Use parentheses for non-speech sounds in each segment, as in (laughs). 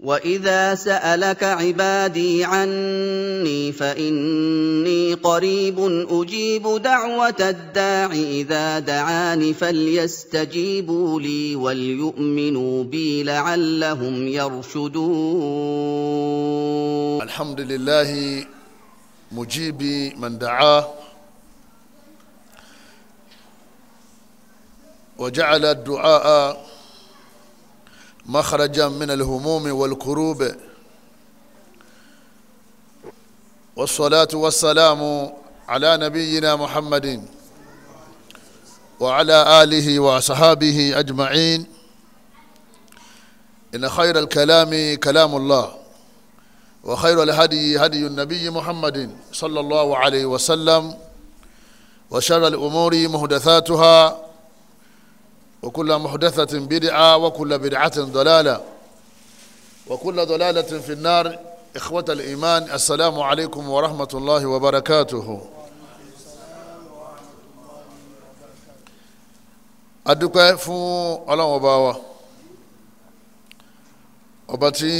واذا سالك عبادي عني فاني قريب اجيب دعوه الداع اذا دعان فليستجيبوا لي وليؤمنوا بي لعلهم يرشدون الحمد لله مجيب من دعاه وجعل الدعاء مخرجا من الهموم والكروب والصلاة والسلام على نبينا محمد وعلى آله وصحابه أجمعين إن خير الكلام كلام الله وخير الهدي هدي النبي محمد صلى الله عليه وسلم وشر الأمور مهدثاتها وكل محدثة بدعة وكل بدعة ضلالة وكل ضلالة في النار إخوة الإيمان السلام عليكم ورحمة الله وبركاته adúpẹ́ fún ọlọ́run ọba wa ọba tí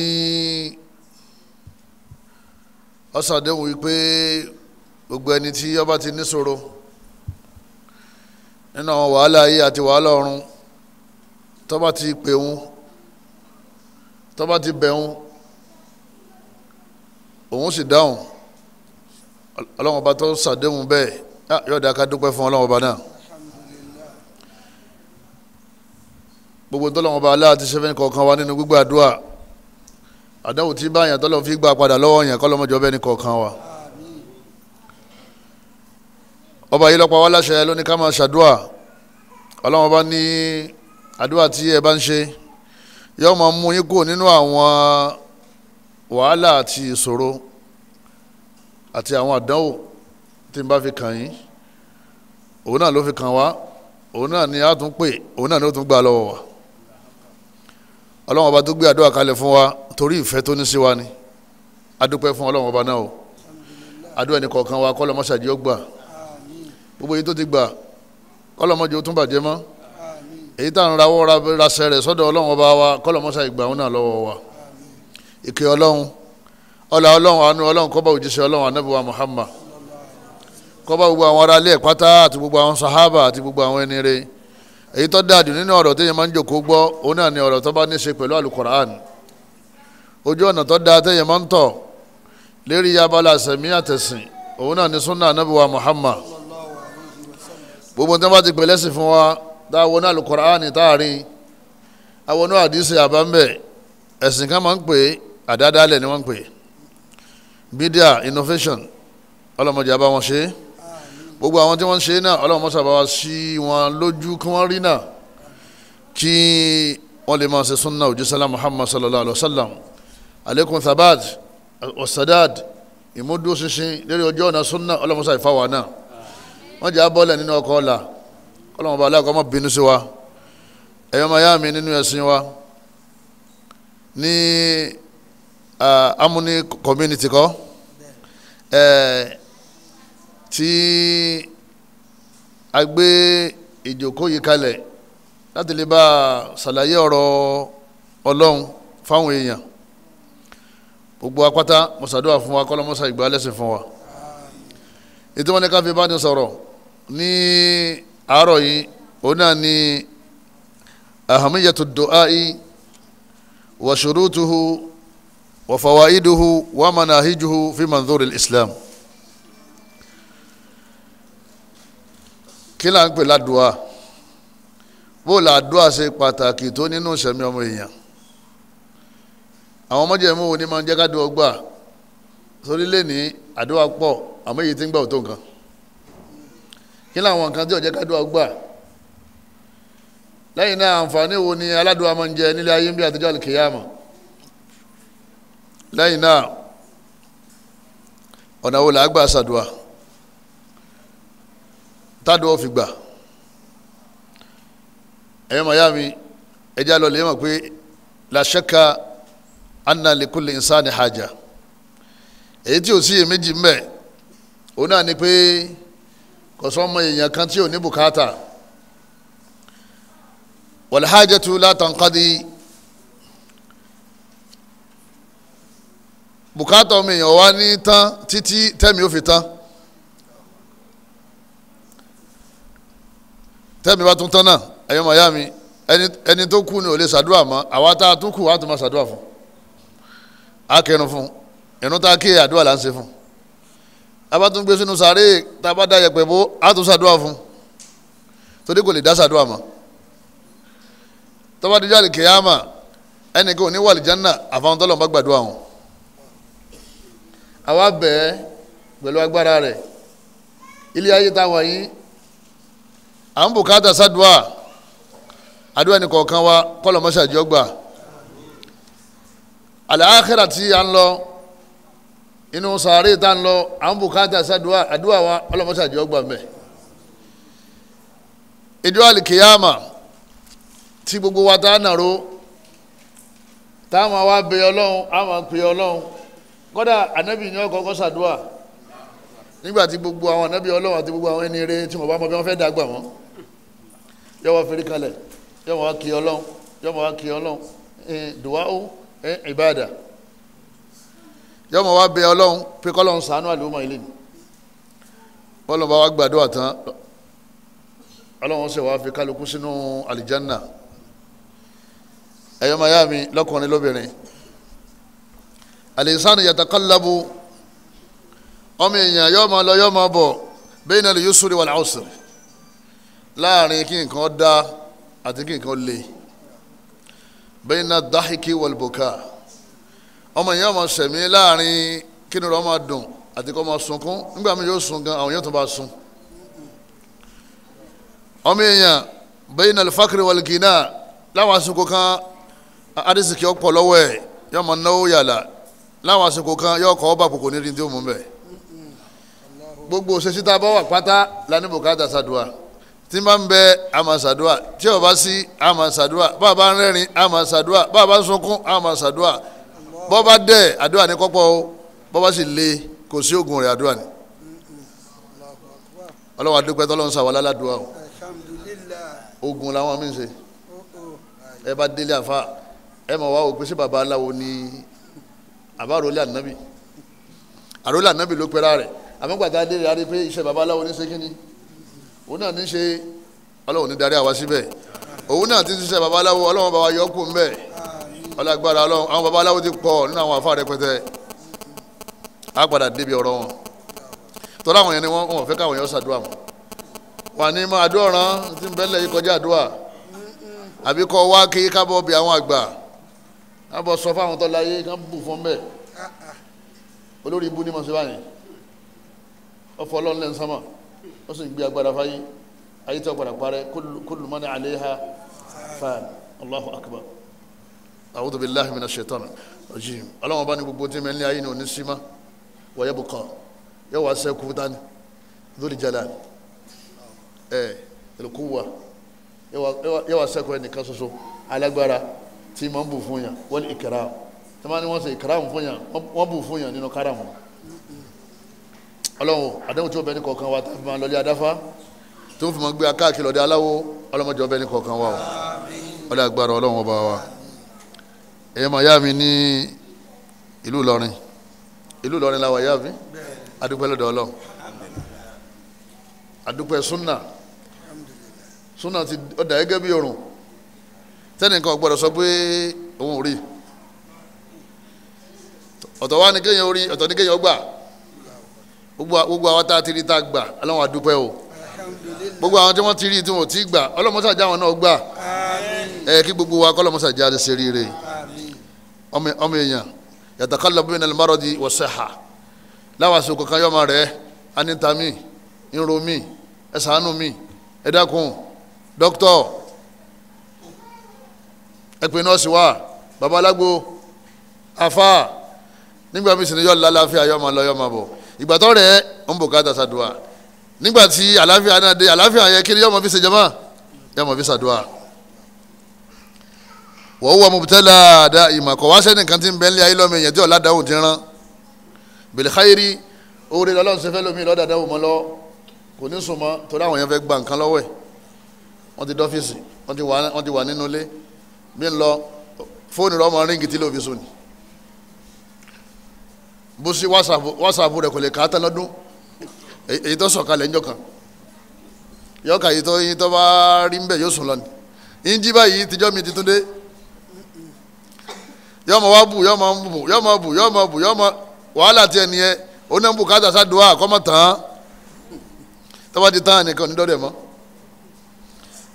ó ṣàdéhùn wípé gbogbo ẹni tí ọba ti níṣòro nínú àwọn wàhálà ayé àti wàhálà ọ̀run tọ́ba ti pè wọn tọ́ba ti bẹ̀ wọn òun sì dáhùn ọlọ́wọ́n ọba tó ṣàdéhùn bẹ́ẹ̀ ah, yóò dá ká dúpẹ́ fún ọlọ́wọ́n ọba náà gbogbo tọ́lọ́wọ́n ọba aláàtí sẹ́fẹ́ni kọ̀ọ̀kan wa nínú gbígbà àdúrà àdáwò tí báyàn tọ́lọ́ fi gbà padà lọ́wọ́ yẹn kọ́lọ́mọjọ́ bẹ́ẹ̀ ni kọ̀ọ̀kan wa ọba yìí lọ́pàá wa láṣẹ lóní ká máa ṣàdúrà ọlọ́wọ́n ọba ní àdúrà tí ẹ bá ń ṣe yóò máa mú yín kúrò nínú àwọn wàhálà àti ìṣòro àti àwọn àdánwò tí n bá fi kàn yín òun náà ló fi kàn wá òun náà ni a tún pè òun náà ni ó tún gbà lọ́wọ́ wa ọlọ́wọ́n ọba tó gbé àdúrà kalẹ̀ fún wa torí ìfẹ́ tó ní sí wa ni adúpẹ́ fún ọlọ́wọ́n ọba náà o àdúrà ẹni kọ̀ọ̀kan wa kọ́lọ́mọṣàdì ó gbà gbogbo yìí tó ti gbà kọ́lọ́mọdé ó tún bàjẹ́ mọ́ èyí tá à ń rawọ́ rasẹ̀ rẹ̀ sọ́dọ̀ ọlọ́run ọba wa kọ́lọ́mọ́sá ìgbà òun náà lọ́wọ́ wa ìkẹ́ ọlọ́run ọlá ọlọ́run àánú ọlọ́run kọ́ba òjíṣẹ́ ọlọ́run anábìwá Muhammad kọ́ba gbogbo àwọn ará ilé ẹ̀pátá àti gbogbo àwọn sahaba àti gbogbo àwọn ẹni rẹ̀ èyí tó dáa jù nínú ọ̀rọ̀ téèyàn máa ń jòkó gbọ́ òun náà ni ọ̀rọ̀ tó bá ní í ṣe pẹ̀lú alukur'an ojú ọ̀nà tó dáa téèyàn máa ń tọ̀ lérí abala sẹ̀mí àtẹ̀sìn òun náà ni sunna anábìwá Muhammad gbogbo tí wọ́n bá ti pè fún wa tá a wọnú alukur'ani tá a rí a wọnú àdìsí àbámbẹ̀ ẹ̀sìn kan máa ń pè é àdádálẹ̀ ni wọ́n ń pè media innovation ọlọ́mọdé àbá wọn ṣe é gbogbo àwọn tí wọ́n ń ṣe é náà ọlọ́mọ sábà wá sí wọn lójú kí wọ́n rí náà kí wọ́n lè máa ṣe sunna òjísàlá muhammad sallallahu alayhi wa sallam sabad thabad wasadad ìmúdúróṣinṣin lórí ọjọ́ ọ̀nà sunna ọlọ́mọ sábà ìfáwà náà wọ́n jẹ́ abọ́lẹ̀ nínú ọkọ̀ ọ̀la ọlọ́mọba aláàkọ́ ọmọ bínú sí wa ẹ̀yọ́ máa yá mi nínú ẹ̀sìn wa ní amúni community kọ́ tí a gbé ìjókòó yìí kalẹ̀ láti lè bá ṣàlàyé ọ̀rọ̀ ọlọ́run fáwọn èèyàn gbogbo apáta mọ̀sádọ́wà fún wa kọ́lọ́mọ́sá ìgbà lẹ́sìn fún wa ètò wọn ni ká fi bá ní sọ̀rọ̀ ní. Ni àárọ̀ yìí òun náà ni ahamiyatu du'ai wa shurutuhu wa fawaiduhu wa manahijuhu fi manzuri islam kí là ń pè ládùá bó làdùá ṣe pàtàkì tó nínú ìṣẹ̀mí ọmọ èèyàn àwọn ọmọdéjẹmú wo ni máa ń jẹ́ ká dùn ọgbà sórílẹ̀ ní àdúrà pọ̀ àmọ́ èyí tí ń gbà ò nǹkan kí làwọn nǹkan tí ó jẹ́ kádùá gbà lẹ́yìn náà àǹfààní wo ni aládùá máa ń jẹ nílé ayé ń bí àtijọ́ àlùkìyàmọ̀ lẹ́yìn náà ọ̀nà wo làá gbà ṣàdùá tádùá ò fi gbà ẹ̀yẹ́ màyá mi ẹ̀jẹ̀ àlọ́ lè mọ̀ pé la anna li kulli insani èyí tí ò sí iyèméjì ń bẹ òun náà ni pé. Pe kò sọ ọmọ èèyàn kan tí ò ní bùkátà wàlhájẹtù látàǹkadì bùkátà ọmọ èèyàn wa ní tán títí tẹ́mi ó fi tán tẹ́mi bá tún tán náà ẹ̀yọ́ màyá mi ẹni tó kú ni ò lè ṣàdúrà mọ́ àwa tá a tún kù á tún máa ṣàdúrà fún a fún ìrún tá a kéye àdúrà là ń ṣe fún abatun gbé sínú sàárè taba da yẹpẹ bó a tún ṣàdúrà fún torí kò lè dá ṣàdúrà mọ́ tọ́ba dídá lè kéyàmà ẹnìkan ò ní wà lìjánà àfahàn tọ́lọ̀ bá gbàdúrà wọn. àwa bẹ̀ẹ́ pẹ̀lú agbára rẹ̀ ilé ayé táwa yìí à ń bùkátà ṣàdúrà àdúrà ẹnì kọ̀ọ̀kan wa kọ́lọ̀ mọ́ṣáájú ọgbà àlẹ́ tí a ń lọ. inú sàárè tá ń lọ à bùkátà sàdúà àdúà wa ọlọ́mọṣàjì ọgbà mẹ́ ìjọ àlìkèyàmà tí gbogbo wa tá nàró táwọn wa bẹ ọlọ́run àwọn pè ọlọ́run kódà ànábì ní ọkọ̀ sàdúà gbogbo àwọn ànábì ọlọ́run àti gbogbo àwọn ẹni eré tí wọ́n bá mọ bí wọ́n fẹ́ dàgbà wọ́n yọ wọ́n fẹ́rí kalẹ̀ yọ wọ́n yọmọ wa bẹ ọlọ́run pé kọ́lọ́run ṣàánú àlùmọ́ ilé ni bọ́lọ̀ bá wa gbàdúrà tán ọlọ́run ṣe wàá fi kálukú sínú àlìjánà ẹ̀yọ́ màyá mi lọ́kùnrin lóbìnrin àlìsàn yàtàkàlábù ọmọ èèyàn yọ́ máa lọ yọ́ máa bọ̀ bẹ́ẹ̀ni àlè yusuf wal usr láàrin kí nǹkan dá àti kí nǹkan le bẹ́ẹ̀ni àdáhìkì wal buka ọmọ yẹn ọmọ sẹ̀mí láàrin kínú rẹ̀ ọmọ dùn àti kọ́ ọmọ sunkún nígbà mi yóò sun gan àwọn yóò tún bá sun. ọmọ èèyàn bayna al-fakri wal láwọn àsìkò kan adísìkì ọ̀pọ̀ lọ́wọ́ ẹ̀ yóò máa náwó yàlà láwọn àsìkò kan yóò kọ́ ọba kòkò ní ìdí òmùmẹ́ gbogbo òṣèṣì tá pátá la ní bùkátà sàdùà tí máa ń bẹ àmà sàdùà tí ó bá sí àmà sàdùà bá a bá ń rẹ́rìn àmà sàdùà bá a bá ń sunkún àmà sàdùà bọ́ bá dẹ̀ àdúrà ní kọ́pọ̀ o bọ́ bá sì le kò sí oògùn rẹ̀ àdúrà ni ọlọ́wà dúpẹ́ tọ́lọ́run sàwọ́ aládùá o oògùn làwọn mí ṣe oh, oh. ẹ bá délé àfa ẹ mọ̀ wá òpin sí baba aláwo ní àbárólé ànábì àrólé ànábì ló pẹ́ra rẹ̀ àmọ́gbàtà délé rárí pé iṣẹ́ baba aláwo ní ṣe kíni òun náà ní ṣe ọlọ́run ní darí àwa síbẹ̀ òun náà ti ṣiṣẹ́ baba aláwo ọlọ́run bá wa yọ ọ́ bẹ́ẹ̀ ọlágbára ọlọ́run àwọn baba aláwo ti pọ̀ nínú àwọn àfa rẹpẹtẹ á padà débi ọ̀rọ̀ wọn tọ́lá àwọn yẹn ni wọ́n fẹ́ káwọn yẹn ṣàdúrà wọn wà ní ma àdúrà rán tí ń bẹ́lẹ̀ yìí kọjá àdúrà àbí kọ́ wá kí kábọ̀ bí àwọn àgbà kábọ̀ sọ fáwọn tọ́lá yé ká bù fún bẹ́ẹ̀ olórí ibú ni mo ṣe báyìí ọ̀fọ̀ ọlọ́run lẹ́nu sánmà ó sì ń gbé agbára fáyé ayé tó gbàdá parẹ́ kullu man alayha fan Allahu akbar a'udhu billahi minash shaitani rajim ọlọ́wọ́n bá ní gbogbo tí mẹ́lẹ́ ayé ni òní símá wọ́yẹ́ bù kàn yóò wá sẹ́kù dání lórí jala ẹ̀ ẹ̀lùkú wa yóò wá sẹ́kù ẹnìkan ṣoṣo alágbára tí máa ń bù fún yàn wọ́n ní ìkẹ́ra tí wọ́n ní wọ́n sọ ìkẹ́ra fún yàn wọ́n bù fún yàn nínú kára wọn. ọlọ́wọ́n àdéhùn tí ó bẹ ní kọ̀ọ̀kan wa tàbí máa lọlé adáfá tó ń fi máa gbé akáàkiri ọ̀dẹ aláwo ọlọ́mọdé ọbẹ̀ ní kọ̀ọ̀kan wa ọlọ́ agbára ọlọ́wọ́n ọba wa ẹ̀yẹ́ máa yá mi ní ìlú Ìlọrin ìlú Ìlọrin làwọn yá mi adúpẹ́ lọ́dọ̀ Ọlọ́run adúpẹ́ súnà súnà ti ọ̀dà gẹ́gẹ́ bí òrùn tẹ́nìkan gbọ́dọ̀ sọ pé òun ò rí ọ̀tọ̀ wa ni kéèyàn orí ọ̀tọ̀ ni kéèyàn gbà gbogbo àwọn tá a ti rí tá a gbà aláwọn adúpẹ́ o gbogbo àwọn tí wọ́n ti rí tí wọ́n ti gbà ọlọ́mọṣàjà àwọn náà gbà ẹ kí gbogbo wa kọ́ ọlọ́mọṣàjà ṣe rí rè é ọmọ èèyàn yatakallabu bainal maradi wa sihha láwọn àsìkò kan yọmọ rẹ anita mi irun mi ẹsànánú mi ẹ dákun dókítọ̀ ẹ pè nọ́ọ̀sì wa babalágbó afa nígbà míì sinmi yọ lálàáfíà yọmọ lọ yọmọ bọ ìgbàtọ́ rẹ̀ ń bò káta sàdùà nígbà tí àlàáfíà náà dé àlàáfíà yẹ kiri yọmọ fi ṣe jama yọmọ fi sàdùà wọ́n wọ́n mọ̀tẹ́lá dá ìmọ̀ kọ̀ wá sẹ́ni kan tí ń bẹ́ nílé ayé lọ́mọ èèyàn tí ọ̀la dáhùn ti rán bìlìkáyìrì oore lọ́lọ́run ṣe fẹ́ lómi lọ́dà dáhùn mọ́ lọ́wọ́ kò ní sùn mọ́ torí àwọn èèyàn fẹ́ gba nǹkan lọ́wọ́ ẹ̀ wọ́n ti dọ́fíìsì wọ́n ti wà nínú ilé bí ń lọ fóònù rọ́mọ ríngì tí ló sùn bó sí wásaàpù rẹ̀ kò lè káàtà lọ́dún èyí tó sọ̀kalẹ̀ ńjọ́ kan yọ ma wá bù yọ ma bù yọ ma bù yọ ma bù yọ ma wàhálà tiẹ̀ nìyẹn onímù bùkátà sádùá kọ́mọ tán tọ́ba ti tán nìkan onídọ́dẹ̀ mọ́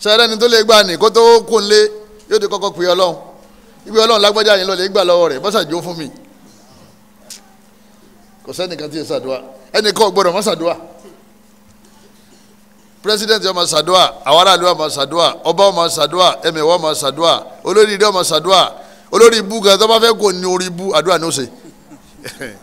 sẹ́rẹ́ ni tó lè gbà ní kó tó kún lé yóò ti kọ́kọ́ pè ọlọ́run ibi ọlọ́run lágbájá yẹn lọ lè gbà lọ́wọ́ rẹ̀ bọ́sà jó fún mi kò sẹ́nìkan tí ì ẹnìkan gbọ́dọ̀ má sàdúà president ọmọ sàdúà àwọn aráàlú ọmọ sàdúà ọba ọmọ sàdúà ẹmẹ̀wọ̀ ọmọ sàdúà olórí ilé ọmọ sàdúà olórí ibú gan tó bá fẹ́ kó ní orí ibú àdúrà ní ó ṣe (laughs)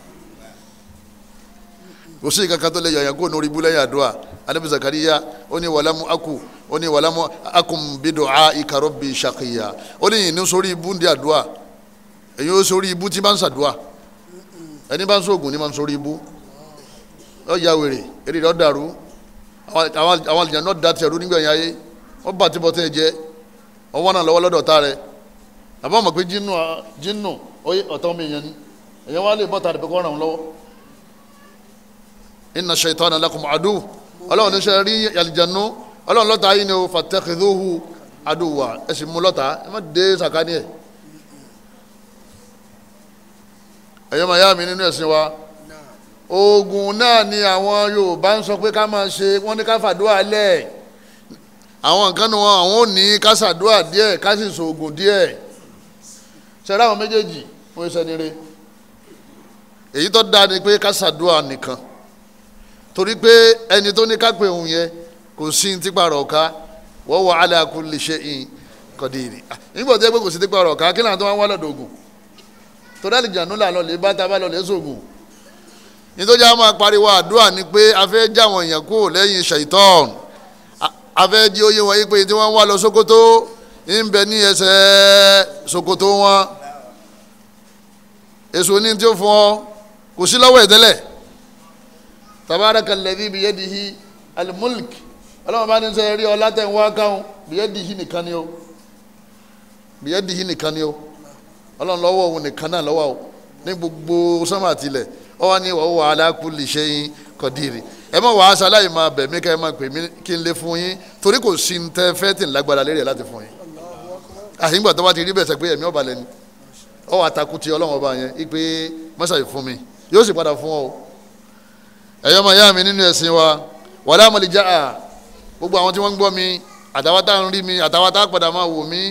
kò sí kankan tó lè yọ̀yàn kó ní orí ibú lẹ́yìn àdúrà anabi zakariya ó ní wàlámù akú ó ní wàlámù akùnbidò a ìkàrọ̀ bíi ṣàkìyà ó ní yìnyín sórí ibú ndí àdúrà èyí ó sórí ibú tí bá ń ṣàdúrà ẹni bá ń sóògùn ni máa ń sórí ibú ó ya wèrè èrè rẹ̀ ó dàrú àwọn àlìyàn náà dá tiẹ̀ rú nígbà yẹn ayé wọ́n bàtí bọ́tẹ́ jẹ́ wọ́n wọ́n náà lọ́wọ́ lọ́dọ̀ tá rẹ̀ àbá mọ̀ pé jinnu jinnu oyè ọ̀tọ́ mi yẹn ni èyàn wá lè bọ́ tàbí kọ́ ràn lọ́wọ́ inna shaytana lakum adu ọlọ́run ní sẹ́ rí àlìjánu ọlọ́run lọ́ta yìí ni o fattakhidhuhu aduwa ẹ sì mú lọ́ta ẹ má dé sàkání ẹ̀ ẹ̀yọ́ máa yá mi nínú ẹ̀sìn wa oògùn náà ni àwọn Yorùbá ń sọ pé ká máa ṣe wọ́n ní ká fàdúrà lẹ̀ àwọn nǹkan ni wọn àwọn ò ní ká ṣàdúrà díẹ̀ ká sì sòògùn díẹ̀ sẹ́rẹ́ àwọn méjèèjì wọ́n ṣe ni re èyí tó dáa ni pé ká ṣàdúrà nìkan torí pé ẹni tó ní ká pè òun yẹn kò sí ní tipa rọ̀ ká wọ́n wọ ala kulli shay'in qadir nígbà tó yẹ pé kò sí tipa rọ̀ ká kí làwọn tó wá wá lọ́dọ̀ ògùn torí àlìjànú là lọ lè bá ta bá lọ lè sògùn nítorí àwọn máa pariwo àdúrà ni pé a fẹ́ jáwọn èèyàn kúrò lẹ́yìn ṣàìtọ́n a fẹ́ jí oyé wọn yí pé tí wọ́n wá lọ Sókótó ń bẹ ní ẹsẹ̀ Sókótó wọn èso ní tí ó fún ọ kò sí lọ́wọ́ ìtẹ́lẹ̀ tabarakalladhi biyadihi al-mulk ọlọ́run bá ní sọ eré ọlá tẹ̀ ń wá káwọn biyadihi nìkan ni o biyadihi nìkan ni o ọlọ́run lọ́wọ́ òun nìkan náà lọ́wọ́ o ní gbogbo sọ́mà tilẹ̀ ọ wá ní ìwọ̀wọ̀ ala kulli shay'in ẹ má wàá ṣaláì máa bẹ̀ mí ká ẹ máa pè mí kí n lè fún yín torí kò sí ní tẹ́ fẹ́ tì ń lágbára lérè láti fún yín àyìnbó àtọ́wá ti rí bẹ̀ sẹ́ pé ẹ̀mí ọ̀bàlẹ̀ ni ọ wà takú ti ọlọ́run ọba yẹn ipe mọ́ṣáì fún mi yóò sì padà fún ọ o ẹ̀yọ́ máa yá mi nínú ẹ̀sìn wa wàlá àmàlìjà à gbogbo àwọn tí wọ́n ń gbọ́ mi àtàwátá ń rí mi àtàwátá padà máa wò mí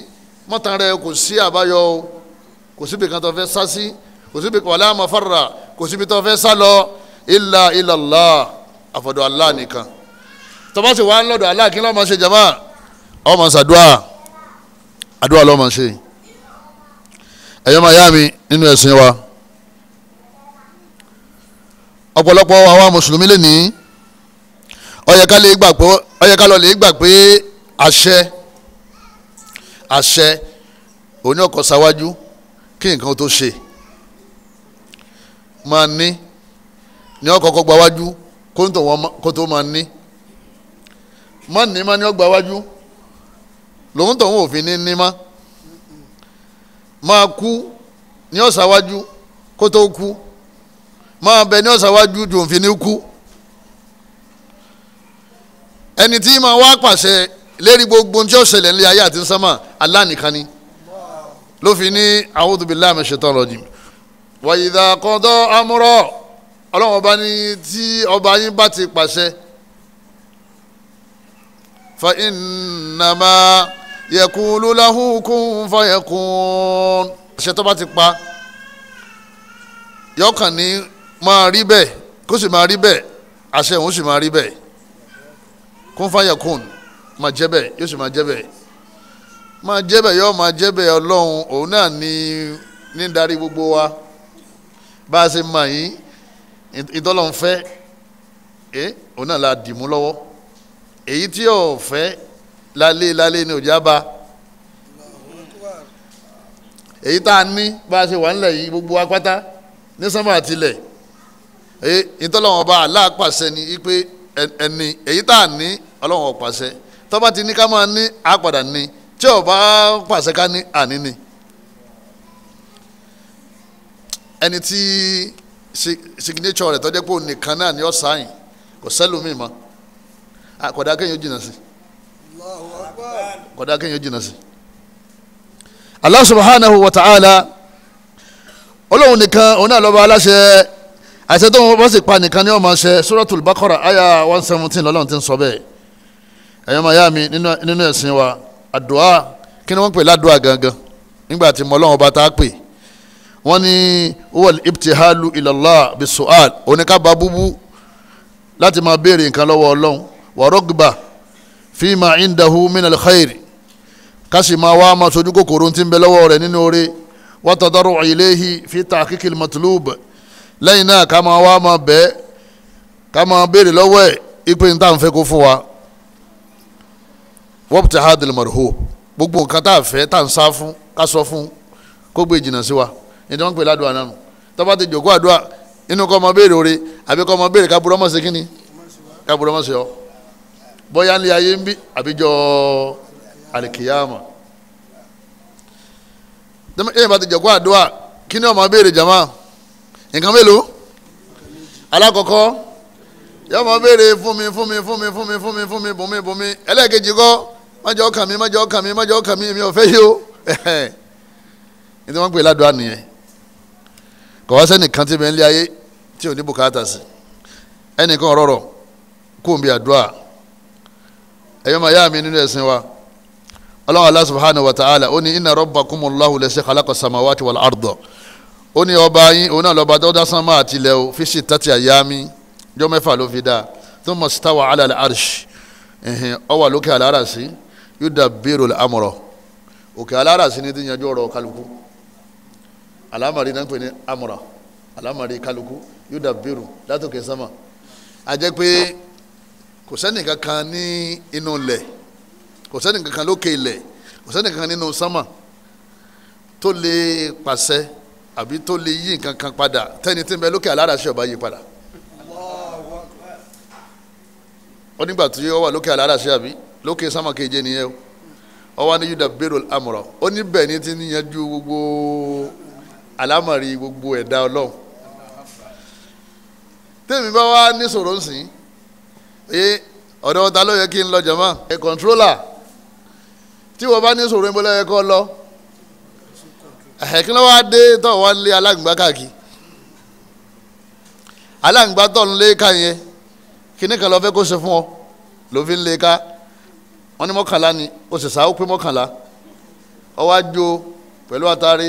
mọ́tàn rẹ kò sí àbáyọ o kò síbi kan tó fẹ́ sá sí kò síbi wàlá àmàfàrà kò síbi tó fẹ́ sá lọ ilà ilàlá àfọ̀dọ̀ Allah nìkan tọ́ba sì wá ń lọ́dọ̀ Allah kí ló máa ṣe jàmá ó máa ṣàdúà àdúà ló máa ṣe ẹ̀yọ́ máa yá mi nínú ẹ̀sìn wa ọ̀pọ̀lọpọ̀ àwa mùsùlùmí lè ní ó yẹ ká lè gbà pé ó yẹ ká lọ lè gbà pé àṣẹ àṣẹ òní ọkọ̀ ṣáwájú kí nǹkan tó ṣe máa ní ní ọkọ̀ ọkọ̀ gbáwájú kó tó máa ní má ní má ní ọgbà wájú lòun tó ń wò fi ní ní má máa kú ní ọ̀sáwájú kó tó kú máa bẹ ní ọ̀sáwájú ju òfin ní kú ẹni tí máa wá pàṣẹ lérí gbogbo tí ó ṣẹlẹ̀ ní ayé àti sámà Allah nìkan ni ló fi ní a'udhu billahi minash shaitanir rajim wa idha qada amra ọlọ́wọ́n bá ní tí ọba yín bá ti pàṣẹ fa innama yakulu lahu kun fayakun àṣẹ tó bá ti pa yọkàn ní máa rí bẹ́ẹ̀ kó sì máa rí bẹ́ẹ̀ àṣẹ òun sì máa rí bẹ́ẹ̀ kun fayakun máa jẹ́ bẹ́ẹ̀ yóò sì máa jẹ́ bẹ́ẹ̀ máa jẹ́ bẹ́ẹ̀ yóò máa jẹ́ bẹ́ẹ̀ ọlọ́run òun náà ní ní darí gbogbo wa bá a ṣe mọ̀ yín ìtọ́lọ́run fẹ́ eh, òun náà la dìmú lọ́wọ́ èyí tí yóò fẹ́ lálé lálé ni òjá bá èyí tá a ní bá a ṣe wà nílẹ̀ yìí gbogbo apáta ní sánmà àtìlẹ̀ èyí ìtọ́lọ́wọ́n bá aláàpàṣẹ ni pé ẹni èyí tá a ní ọlọ́wọ́n pàṣẹ tọ́ba ti ní ká máa ní àpàdà ní tí ò bá pàṣẹ ká ní àní ni ẹni tí signature rẹ̀ tọ́jú pé òun nìkan náà ni ó sáyìn kò sẹ́lùmí mọ́ àkọ́dá kéèyàn jìnnà sí i kódà kéèyàn jìnnà sí. Allah subhanahu wa ta'ala olóhùn nìkan òun náà lọ́ba aláṣẹ àṣẹ tó wọ́n sì pa nìkan ni wọ́n máa suratul baqara aya one seventeen lọ́lọ́run ti ń sọ bẹ́ẹ̀ ẹ̀yọ́ máa yá mi nínú ẹ̀sìn wa àdúà kí ni wọ́n pè ládùá gangan nígbà tí mọ́lọ́wọ́n bá tá a pè wọ́n ní wọ́n ibtihalu ilallah bisual oníkàbà búbú láti máa béèrè nǹkan lọ́wọ́ ọlọ́run wàrọ́gbà fíìmà ìndàhù mìnà lẹ́kàìrì kásì máa wá máa sojú kòkòrò tí ń bẹ lọ́wọ́ rẹ̀ nínú oore wàtàdàrọ̀ ìléhi fi tàkìkì matulub lẹ́yìn náà ká máa wá máa bẹ́ ká máa béèrè lọ́wọ́ ẹ̀ ipe ní tá à ń fẹ́ kó fún wa wọ́pútà hadil marhub gbogbo nǹkan tá a fẹ́ tá à ń sá fún ká sọ fún kó gbé wa ní tí wọ́n ń pè ládùúgbò àná tó bá ti jòkó àdúrà inú kọ́ ọmọ béèrè oore àbí kọ́ ọmọ béèrè ká burú ọmọ sí kíni ká burú ọmọ bóyá ní ayé ń bí àbíjọ alikiyama ẹ̀yìn bá ti jọ̀kọ́ àdúrà kí ni ọmọ béèrè jama nǹkan mélòó alákọ̀ọ́kọ́ yọ ọmọ béèrè fún mi fún mi fún mi fún mi fún mi fún mi bùnmi bùnmi ẹlẹ́ẹ̀kejì kọ́ májọ ọkàn mi májọ ọkàn mi májọ ọkàn mi mi ò fẹ́ yìí o (laughs) ní tí wọ́n ń pè ládùúgbò nìyẹn kò wá sẹ́nìkan tí bẹ́ẹ̀ ń lé ayé tí ò ní bùkátà sí ẹnìkan ọ̀rọ̀ kó o bí àdúrà ẹ̀yọ́ màá yá mi nínú ẹ̀sìn wa ọlọ́run Allah subhanahu wa ta'ala ó ní inna rabbakumullahu lẹ́sẹ̀ khalaqa samawati wal arda ó ní ọba yín òun náà lọ́ba tó dá sánmà àtìlẹ̀ o fi sittati ayyami jọ́ mẹ́fà ló fi dá thumma stawa ala al-arsh ó wà lókè alára sí yudabbiru al-amra òkè alára sí ni ti yanjú ọ̀rọ̀ kálukú alámàrí náà ń pè ní amra alámàrí kálukú yudabbiru látòkè sánmà àjẹpẹ́ kò sẹ́ni kankan ní inú ilẹ̀ kò sẹ́ni kankan lókè ilẹ̀ kò sẹ́ni kankan nínú sánmà tó lè pàṣẹ àbí tó lè yí nkankan padà tẹ́ni tí ń bẹ lókè aláràṣẹ ọba yí padà ó nígbà tí ó wà lókè àbí lókè sánmà keje nìyẹn o ní yúdà bẹ́rù amọ̀rọ̀ ó ni ti ń yanjú gbogbo alámọ̀rí gbogbo ẹ̀dá ọlọ́run tẹ́mi bá wá ní ee ọ̀dọ̀ ta ló yẹ kí n lọ jọ̀mọ́ ẹ kọ̀ǹtrólà tí wọ́n bá ní sọ̀rọ̀ níbo lọ́yẹ kọ́ lọ ẹ̀hẹ́ kí ló wá dé tó wá lé alágbèbá káàkiri alágbèbá tó ń lé ká yẹn kíní kan lọ fẹ́ kó ṣe fún ọ ló fi ń lé ká wọ́n ní mọ́kànlá ni ó sì sáwó pé mọ́kànlá ọwọ́ ajo pẹ̀lú àtàrí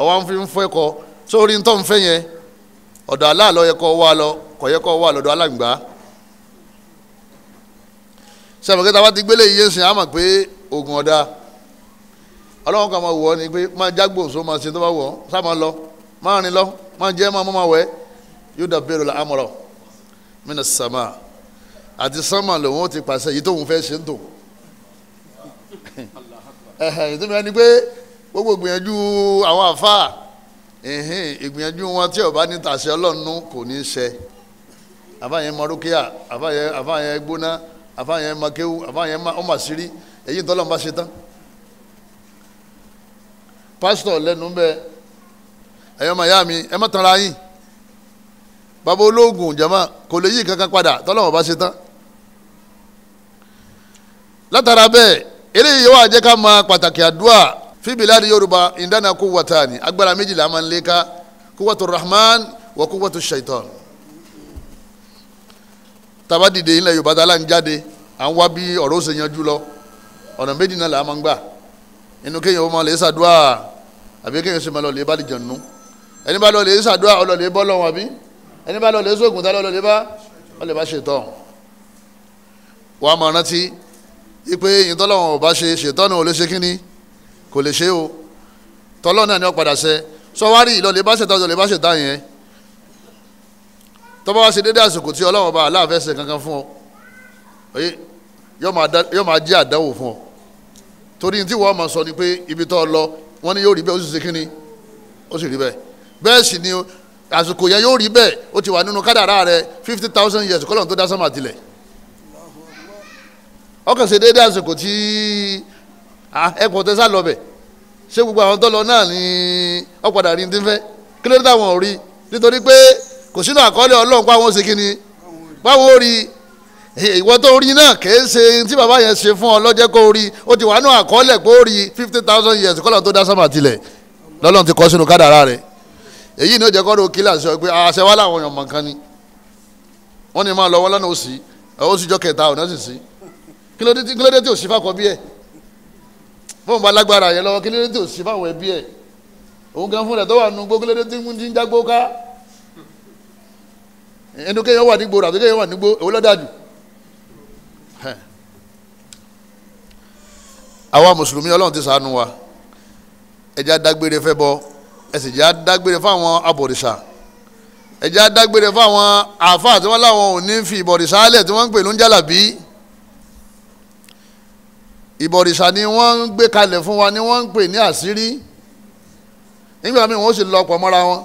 ọwọ́ fi ń fẹ́ kọ sórí ń tọ́ ń fẹ́ yẹn ọ̀dọ̀ aláàlọ́ yẹ kọ́ wá lọ kọ̀ yẹ kọ́ wá lọ́dọ̀ alágbèbá sẹ́mi kẹta wa ti gbélé iye sìn àmọ̀ pé oògùn ọ̀dà ọlọ́run kan máa wọ̀ ọ́ ni pé máa jágbó òṣó máa ṣe tó bá wọ̀ ọ́ sá máa lọ máa rìn lọ máa jẹ́ máa mọ́ máa wẹ̀ yóò dà bẹ́ẹ̀rù la amọ̀rọ̀ mina sàmà àti sàmà lòun ó ti pàṣẹ yìí tóun fẹ́ ṣe ń tò ìdúnnú (laughs) ẹni pé gbogbo ìgbìyànjú àwọn àfáà ìgbìyànjú wọn tí ó bá ní tàṣẹ ọlọ́run kò ní í ṣe àbáyẹn mọ́rúkíà àbáyẹn gbóná àfààyàn ma kéwú àfààyàn ma ọmọ àṣírí èyí tọ́lọ́ bá ṣe tán pásítọ̀ lẹ́nu bẹ́ẹ̀ ẹ̀yọ́ màyá mi ẹ má tanra yín bàbá ológun jama kò lè yí kankan padà tọ́lọ́ wọn bá ṣe tán látara bẹ́ẹ̀ eléyìí wà jẹ́ ká máa pàtàkì àdúrà fíbíládì yorùbá ìdáná kó wata ni agbára méjìlá máa ń léka kó wàtò rahman wà kó wàtò shaitan taba dìde ilẹ̀ yorùbá tá a là ń jáde à ń wá bí ọ̀rọ̀ ṣe yanjú lọ ọ̀nà méjì náà là á máa ń gbà inú kéèyàn ó máa lè ṣàdúrà àbí kéèyàn ṣe máa lọ lè bá lè jẹun ẹni bá lọ lè ṣàdúrà ọlọ lè bọ́ lọ́wọ́ àbí ẹni bá lọ lè ṣoògùn tá lọ lè bá ọ bá ṣètọ́ wàá máa rántí ipe yìí tọ́lọ́wọ́n ò bá ṣe ṣètọ́ náà ò lè kò lè ṣe o tọ́lọ́ náà ni ó padà ṣe sọ wá rí ìlọlẹ́ bá ṣètọ́ ìlọlẹ́ tọ́ba wá ṣe dédé àsìkò tí ọlọ́wọ́n bá aláàfẹ́ ṣe kankan fún ọ oye yóò máa jẹ́ àdánwò fún ọ torí tí wọ́n máa sọ ni pé ibi tó lọ wọ́n ní yóò rí bẹ́ẹ̀ ó sì ṣe kí ni ó sì rí bẹ́ẹ̀ bẹ́ẹ̀ sì ni àsìkò yẹn yóò rí bẹ́ẹ̀ ó ti wà nínú kádàrá rẹ fifty thousand years kọ́lọ́n tó dá sánmà tilẹ̀ ọkàn ṣe déédéé àsìkò tí ẹ̀kọ́ tẹ sá lọ bẹ̀ ṣé gbogbo àwọn tó lọ náà ni ọ̀padà rí ní fẹ́ kí ló dé táwọn kò sínú àkọọ́lẹ̀ ọlọ́run pa àwọn ṣe kí ni báwo rí ìwọ tó rí náà kèé ṣe tí bàbá yẹn ṣe fún ọ lọ́jẹ́ kó rí ó ti wà nù àkọọ́lẹ̀ pé ó rí fifty thousand years kọ́lọ̀ tó dá sábà tilẹ̀ lọ́lọ́run ti kọ́ sínú kádàrá rẹ̀ èyí ni ó jẹ́ kọ́ ló kílà sọ pé àṣẹ ah, wà láwọn èèyàn mọ̀kan ni wọ́n ní máa lọ wọ́n lọ́nà òsì òsì jọ kẹta ọ̀nà sì sí kí ló dé tí kí ló dé tí bí ẹ̀ fóun bá lágbára yẹn lọ́wọ́ kí ló dé tí òsì fàwọn ẹbí ẹ̀ òun gan fúnra tó wà nù gbó kí ló dé tí ń jágbó ká inú kéèyàn wà nígboro àti kéèyàn wà nígbó èwo lọ́dàjù àwa mùsùlùmí ọlọ́run ti ṣàánú wa ẹja dágbére fẹ́ bọ ẹsì jẹ́ adágbére fáwọn abọ̀rìṣà ẹja dágbére fáwọn àáfàá tí wọ́n láwọn ò ní fi ìbọ̀rìṣà alẹ̀ tí wọ́n ń pè ló ń jálàbí ìbọ̀rìṣà ni wọ́n ń gbé kalẹ̀ fún wa ni wọ́n ń pè ní àṣírí nígbà míì wọ́n sì lọ pọ̀ mọ́ra wọn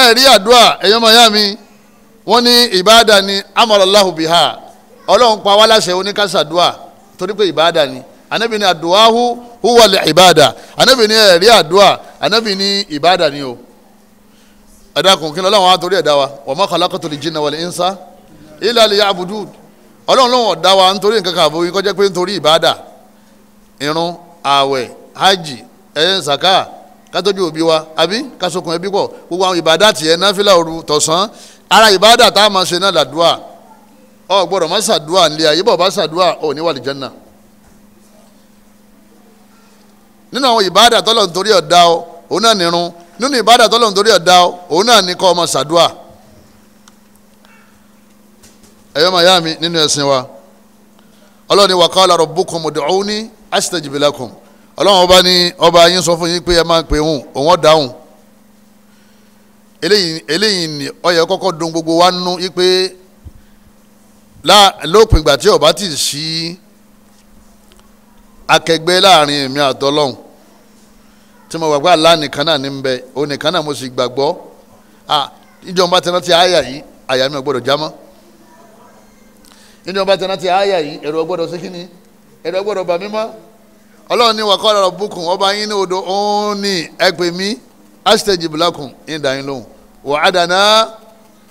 ẹ rí àdúrà ẹ̀yọ́ mọ̀yá mi wọ́n ní ìbáàdà ni amọ̀lọ́láhùn bìhá ọlọ́run pa wá láṣẹ oníkàṣàdúà torí pé ìbáàdà ni anabi ni aduahu huwa le ìbáàdà anabi ni ẹ̀rí àdúà anabi ni ìbáàdà ni o ẹ̀dá kùnkí ni ọlọ́run wa torí ẹ̀dá wa wa ma khalaqtu lil jinna wal insa illa liya'budun ọlọ́run lọ́wọ́ dá wa nítorí nǹkan kan àbòyí kọjá pé nítorí ìbáàdà irun ààwẹ̀ hajj ẹ̀yẹ zaka kátọ́jú òbí wa àbí kásokùn ẹbí pọ̀ gbogbo àwọn ìbádà tiẹ̀ náfìlà òru tọ̀sán ara ìbádà tá a máa ṣe náà làdúà ọ gbọ́dọ̀ má ṣàdúà nílé ayé bọ̀ bá ṣàdúà ò ní wà lìjánà nínú àwọn ìbádà tọ́lọ̀ nítorí ọ̀dá o òun náà nírun nínú ìbádà tọ́lọ̀ nítorí ọ̀dá o òun náà ní kọ́ ọmọ ṣàdúà ẹ̀yọ́ máa yá mi nínú ẹ̀sìn wa ọlọ́ni wàkàlà rabbukum ud'uni astajib lakum ọlọ́run ọba ní ọba yín sọ fún yín pé ẹ máa pè hùn òun ọ̀dáhùn eléyìí eléyìí ni ó yẹ kọ́kọ́ dùn gbogbo wa nú yí pé lópin ìgbà tí ọba ti sí akẹgbẹ́ láàrin èmi àtọlọ́hún tí mo gbàgbọ́ àlá nìkan náà ní ń bẹ òun nìkan náà mo sì gbàgbọ́ ìjọba tẹná ti àyà yìí àyà mi ò gbọ́dọ̀ já mọ́ ìjọba tẹná ti àyà yìí ẹ̀rù ò sí kí ni ẹ̀rù ò bà mí mọ́. ọlọ́run ní wàkọ́ ọ̀rọ̀ bùkún ọba yín ní odò òun ní ẹgbẹ́ mi asitẹ́jì bùlákùn ní ìdáyín lóhùn wà á dáná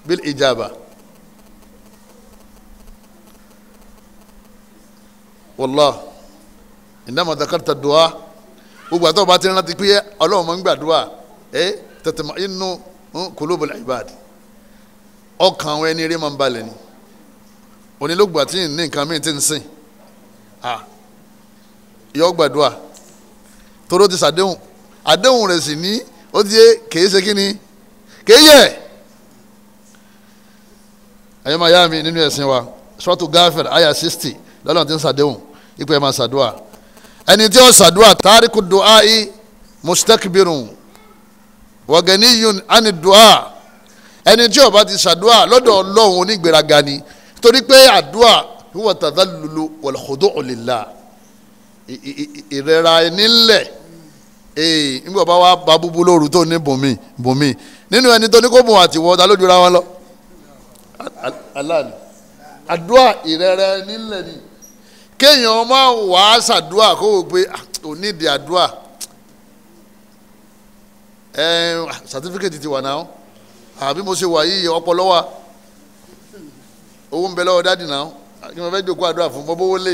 bí ìjàmbá. wàlláh ìdáhùn àtàkàtà dùá gbogbo àtọ́ bá ti rántí pé ọlọ́run máa ń gbàdúrà ẹ tètèmọ́ inú kulubul hm, ibad ọkàn àwọn ẹni eré máa ń balẹ̀ ni onílógbà tí ní nǹkan míì ti ń sìn yọ gbàdúrà toró ti sàdéhùn àdéhùn rẹ̀ sì ní ó ti yé kèé ṣe kí ni kèé yẹ ẹ̀yọ́ máa yá mi nínú ẹ̀sìn wa sọ́tù gáfẹ̀r àyà sixty lọ́nà tí ń sàdéhùn ipò ẹ̀ máa sàdúà ẹni tí ó sàdúà tàríkù dùá i mustakbirun wọ̀gẹ̀niyun ani dùá ẹni tí ó bá ti sàdúà lọ́dọ̀ ọlọ́run onígbèraga ni torí pé àdúà huwa tadallulu wal khudu'u lillah ìrẹ́ra nílẹ̀ ee nígbà bá wa ba búbú lóru tó ní bùnmi bùnmi nínú ẹni tó ní kó bùn àti wọ́ta lójú ra wọn lọ aláàlú àdúrà ìrẹ́ra nílẹ̀ ni kéèyàn máa wà á ṣàdúrà kó o pé onídìí ah, àdúrà ẹ sàtífíkẹ́tì ah, ti wà náà àbí mo ṣe wà yìí ọpọlọ wa owó ń bẹ lọ́wọ́ dáàdì náà kí wọ́n fẹ́ jókòó àdúrà fún bọ́bọ́wọ́ lé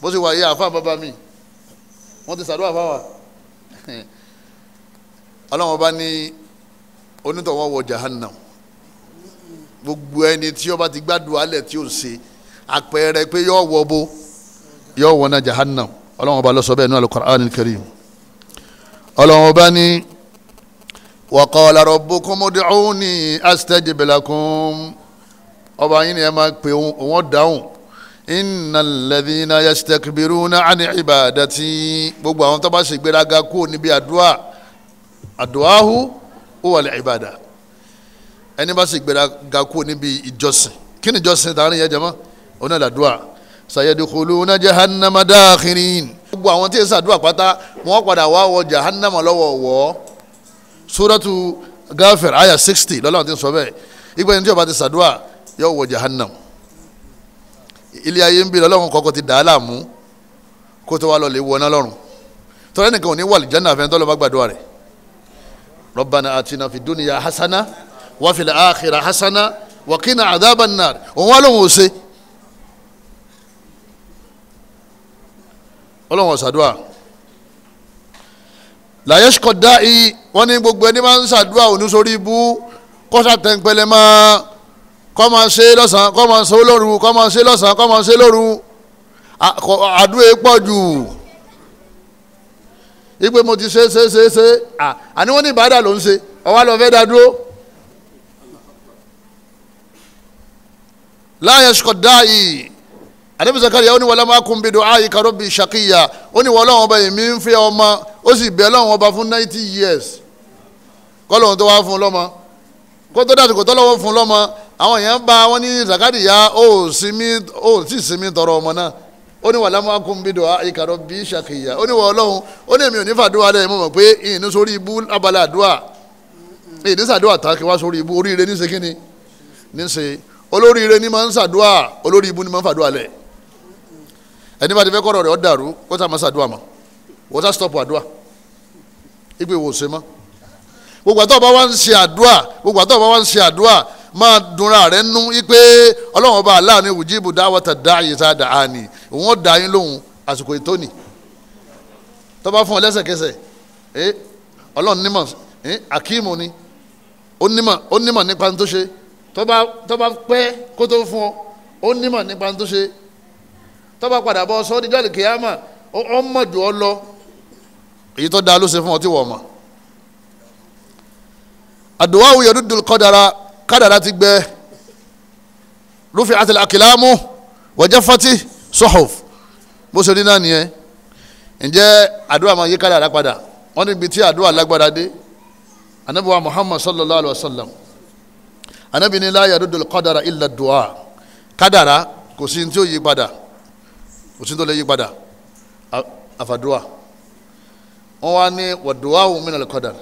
bó ṣe wà yí àfa bàbá mi wọ́n ti ṣàdúrà fáwa ọlọ́run ọba ní onítọ̀wọ́ wọ jahannam gbogbo ẹni tí ó bá ti gbàdúrà alẹ̀ tí ó ń ṣe àpẹẹrẹ pé yọ wọ bó yọ wọ náà jahannam ọlọ́run ọba ló sọ bẹ́ẹ̀ ní al-Qur'an al ọlọ́run ọba ní wa qala rabbukum ud'uni astajib lakum ọba yín ni ẹ máa pè wọ́n dáhùn innal ladhina yastakbiruna an ibadati gbogbo àwọn tó bá ṣe gbéraga kúrò níbi àdúrà àdúràhù huwa al-ibada ẹni bá ṣe gbéraga kúrò níbi ìjọsìn kí ni ìjọsìn tààrin yẹn jẹmọ́ ọ̀nà àdúrà sayadkhuluna jahannama dakhirin gbogbo àwọn tí yẹn ṣàdúrà pátá wọ́n padà wá wọ jahannama lọ́wọ́ wọ́ suratu gáfẹ̀rẹ̀ àyà sixty lọ́la àwọn tí ń sọ bẹ́ẹ̀ ìgbà yẹn tí ó bá ti ṣàdúrà yóò wọ jahannama ilé ayé ń bí lọ́lọ́run kọ́kọ́ ti dà á láàmú kó tó wá lọ lè wọná lọ́rùn tọ́lá nìkan ò ní wà lìjánà fẹ́ tọ́lọ́ bá gbàdúrà rẹ̀ Rabbana atina fi dúnìyà hasana wa fil akhirah hasana wa qina òun wá lóhùn òsè ọlọ́run ọ̀sàdúrà làyẹ́sìkọ̀ dá wọ́n ní gbogbo ẹni máa ń sàdúrà òun sórí ibú kọ́sà tẹ́ńpẹ́lẹ́ máa kọ́ máa ṣe lọ́sàn-án kọ́ máa ṣe lóru kọ́ máa ṣe lọ́sàn-án kọ́ máa ṣe lóru àdúrà pọ̀ jù ipe mo ti ṣe ṣe ṣe ṣe àní wọ́n ní ìbádà ló ń ṣe ọwọ́ lọ fẹ́ dá dúró. láyé ṣùkọ̀dá yìí àdébí Zakariya ó ní wọlé máa kún bí do ayé karó bíi ṣàkíyà ó ní wọlé ọba yìí mi ń fi ọmọ ó sì bẹ Ọlọ́run ọba fún ninety years kọ́ lóun tó wá fún lọ́mọ kó tó dàsìkò tọ́lọ́wọ́ fún lọ́mọ àwọn èèyàn bá wọn ní zakariya ó sinmi ó sì sinmi tọrọ ọmọ náà ó ní wàlámù akúnbídò ìkàrọ̀ bí ṣàkìyà ó ní wọ ọlọ́run ó ní èmi ò ní fàdúrà lẹ́yìn mọ̀ mọ̀ pé ìní sórí ibú abala àdúrà ìní sàdúrà tá kí wá sórí ibú oríire ní ṣe ni ní ṣe olóríire ní máa ń sàdúrà olórí ibú ní máa ń fàdúrà lẹ̀ ẹni bá ti fẹ́ kọ́rọ̀ rẹ̀ ọ́ dàrú kó tá máa sàdúrà mọ́ wọ́n sá stọ́pù àdúrà ìgbéwòsè mọ́ gbogbo àtọ́ bá wá ń ṣe àdúrà gbogbo àtọ́ bá wá ń ṣe àdúrà máa dunra rẹ nú wípé ọlọ́run ọba aláàánú ìwùjíbù dáwọ́tà dáàyè tá a dà á ní òun dà yín lóhùn àsìkò ìtóni tó bá fún ọ lẹ́sẹ̀kẹsẹ̀ ẹ ọlọ́run nímọ̀ ẹ akíìmù ni ó nímọ̀ nípa tó ṣe tó bá tó bá pẹ́ kó tó fún ọ ó nímọ̀ nípa tó ṣe tó padà bọ́ sọ́ọ́ díjọ́ lè kéyàmà mọ̀ jù ọ lọ èyí tó dáa ló ṣe fún ọ tí wọ́n mọ̀ àdùwà òye dúdú kọ́dara kádàrá ti gbẹ rúfin àtàlẹ́ àkìlámù wọ́jà fati sọ́hóf bó ṣe rí náà nìyẹn e. ǹjẹ́ àdúrà máa yí kádàrá padà wọ́n níbi tí àdúrà lágbára dé anabiwa muhammad sallallahu alaihi wa sallam anabi ni láyà dúdú kọ́dara illa dùwà kádàrá kò sí ní tí ó yí padà kò sí ní tó lè yí padà àfàdúà wọ́n wá ní wàdùwà òun mìíràn kọ́dara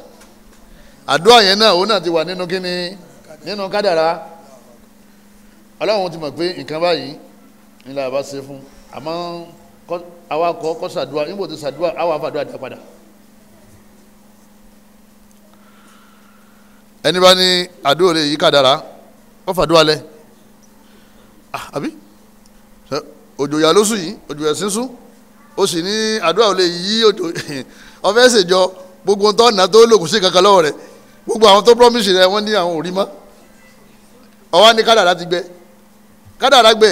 àdúrà yẹn náà òun náà ti wà nínú kíni nínú kádàrá ọlọ́run ti mọ̀ pé nǹkan báyìí nílẹ̀ àbá ṣe fún àmọ́ àwa kọ́ kọ́ sàdúrà níbo ti sàdúrà àwa fàdúrà dá padà. ẹni bá ní àdúrà lè yí kádàrá ó fàdúrà lẹ ah, àbí òjò yà lóṣù yìí òjò yà sínsú ó sì ní àdúrà lè yí òjò ọfẹ́ (laughs) ṣèjọ gbogbo ntọ́nà tó lòkùsí kankan lọ́wọ́ rẹ̀ gbogbo àwọn tó promise rẹ wọ́n ní àwọn ò rí mọ́ ọwọ́ ni kádàrá ti gbẹ kádàrá gbẹ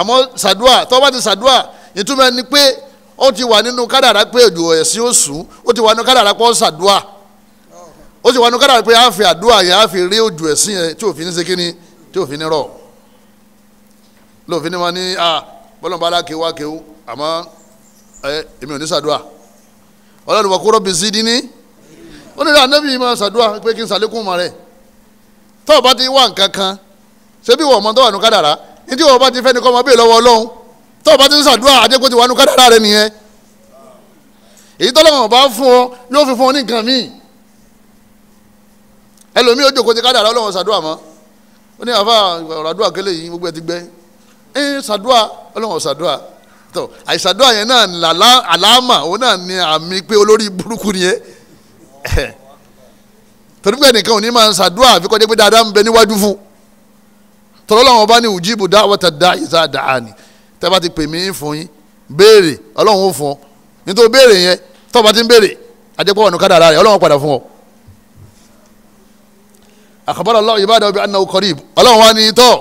àmọ́ sàdúà tó bá ti sàdúà ìtumọ̀ ẹni pé ó ti wà nínú kádàrá pé òjò ẹ̀sìn ó sùn ó ti wà nínú kádàrá pé ó sàdúà ó ti wà nínú kádàrá pé á fi àdúà yẹn á fi rí òjò ẹ̀sìn yẹn tí òfin ní ṣe kíni tí òfin ní lófin ní wọn ní bọ́lọ̀mọ́ alákewá kéwú àmọ́ èmi ò ní sàdúà ọlọ́run wọ́n kúrò bí zidini ó ní anabi máa ṣàdúrà pé kí n ṣàlékún mọ́ rẹ̀ tó o bá ti wà nǹkan kan ṣé bí wọ́n mọ tó wà nù kádàrá ní tí wọ́n bá ti fẹ́ ni kọ́ ọmọ bíi lọ́wọ́ ọlọ́run tó o bá ti ń ṣàdúrà àjẹkù ti wà nù kádàrá rẹ nìyẹn èyí tó lọ́wọ́ bá fún ọ yóò fi fún ọ ní nǹkan míì ẹlòmíì ó jòkó ti kádàrá ọlọ́run ṣàdúrà mọ́ ó ní àfa ọ̀rọ̀ kélé yìí gbogbo ẹ ti gbẹ́ ẹ yẹn náà làlámà òun náà ní àmì pé olórí burúkú nìyẹn (laughs) torí pé ẹnìkan ò ní máa ń ṣàdúrà àfi kọ́jẹ́ pé dáadáa ń bẹ níwájú fún tọ́lọ́ làwọn bá ní ujibu da'wata da'i iza da'ani tẹ́ bá ti pè mí fún yín béèrè ọlọ́run ó fún ọ nítorí béèrè yẹn tọ́ bá ti ń béèrè àjẹpọ̀ ọ̀nù kádàrá rẹ̀ ọlọ́run padà fún ọ. akhbara Allahu ibadahu bi annahu qarib ọlọ́run wá ní tọ́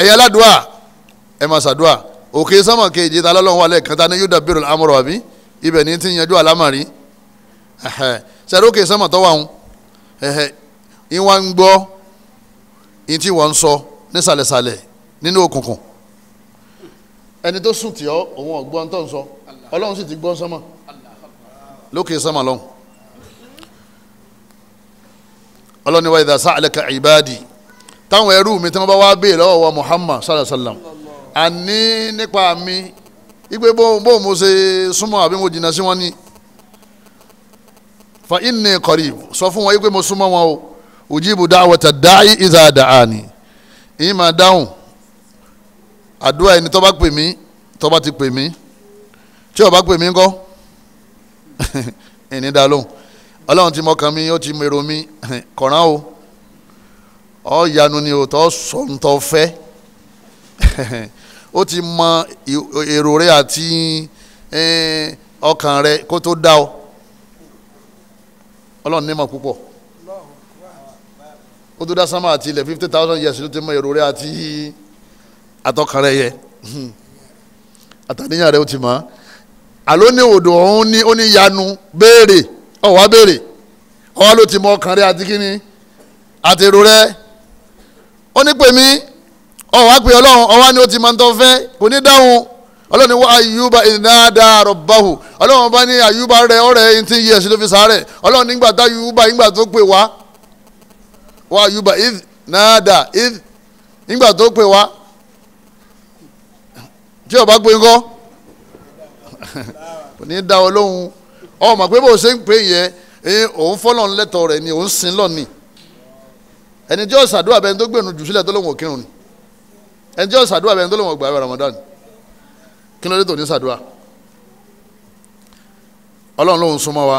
ẹ̀yà aládùá ẹ̀ máa ṣàdùá òkè sọ́mọ̀ kejì ta lọ́lọ́run wà lẹ́ẹ̀kan ta ni yudabbiru al-amra àbí ibẹ̀ ní ti yanjú àlámàrí sẹ́dọ̀ òkè sẹ́mọ̀ tọ́wọ́ àwọn ìwà ń gbọ́ ìyẹn tí wọ́n sọ nínú òkùnkùn ẹni tó sùn tì ọ́ òun ọ̀gbọ́n tó ń sọ ọlọ́run sì ti gbọ́ sọ́mọ̀ lókè sọ́mọ̀ lọ́hùn ọlọ́run wa idha sa'alaka ibadi táwọn ẹrú mi Muhammad sallallahu alayhi wa sallam àní nípa mi ìgbé bó bó mo ṣe fa inni qarib sọ fún wọn mo wọn o ujibu da'wata da'i idha da'ani èyí dáhùn àdúrà ẹni tó pè mí ti pè mí tí pè mí (laughs) ẹni dá lóhùn ọlọ́run ti mọ̀kàn mi ó ti mèrò mi (laughs) kọ̀ọ̀rán o ọ yanu ni o sọ sọ̀ǹtọ̀ fẹ́ (laughs) ó ti èrò rẹ eh, ọkàn rẹ ọlọ́run ní mọ̀ púpọ̀ ó tó dá sámà àti ilẹ̀ fifty thousand years ló ti mọ èrò rẹ àti atọ́kan rẹ yẹ àtàníyàn rẹ ó ti mọ̀ àló ní odò ọ̀hún ní ó ní yanu béèrè ọ̀wá béèrè ọ̀wá ló ti mọ ọkàn rẹ àti kíni àti èrò rẹ ó ní pèmí ọ̀wá pè ọlọ́run ọ̀wá ni ó ti máa ń tọ́ fẹ́ kò ní dáhùn ọlọ́run ní wá ayúbá ìnáda rọ̀báhù ọlọ́run bá ní ayúbá rẹ ọ̀rẹ́ ẹni tí ń yí ẹ̀sìn ló fi sàárẹ̀ ọlọ́run nígbà tá ayúbá nígbà tó pè wá wá ayúbá ìnáda nígbà tó pè wá tí ọba gbé ńkọ́ kò ní í dá ọ lóhùn ọmọ pé bó ṣe ń pè yẹn ẹyin òun fọlọ́n lẹ́tọ̀ rẹ̀ ni òun sin lọ́ọ̀ni ẹni tí ó ṣàdúrà bẹ́ẹ̀ tó gbẹ̀nu jù sílẹ̀ tó lóun òkírun ni ẹni tí ó ṣàdúrà tó lóun ọgbà Ramadan kí ló dé tó ní sàdúrà ọlọ́run ló ń súnmọ́ wa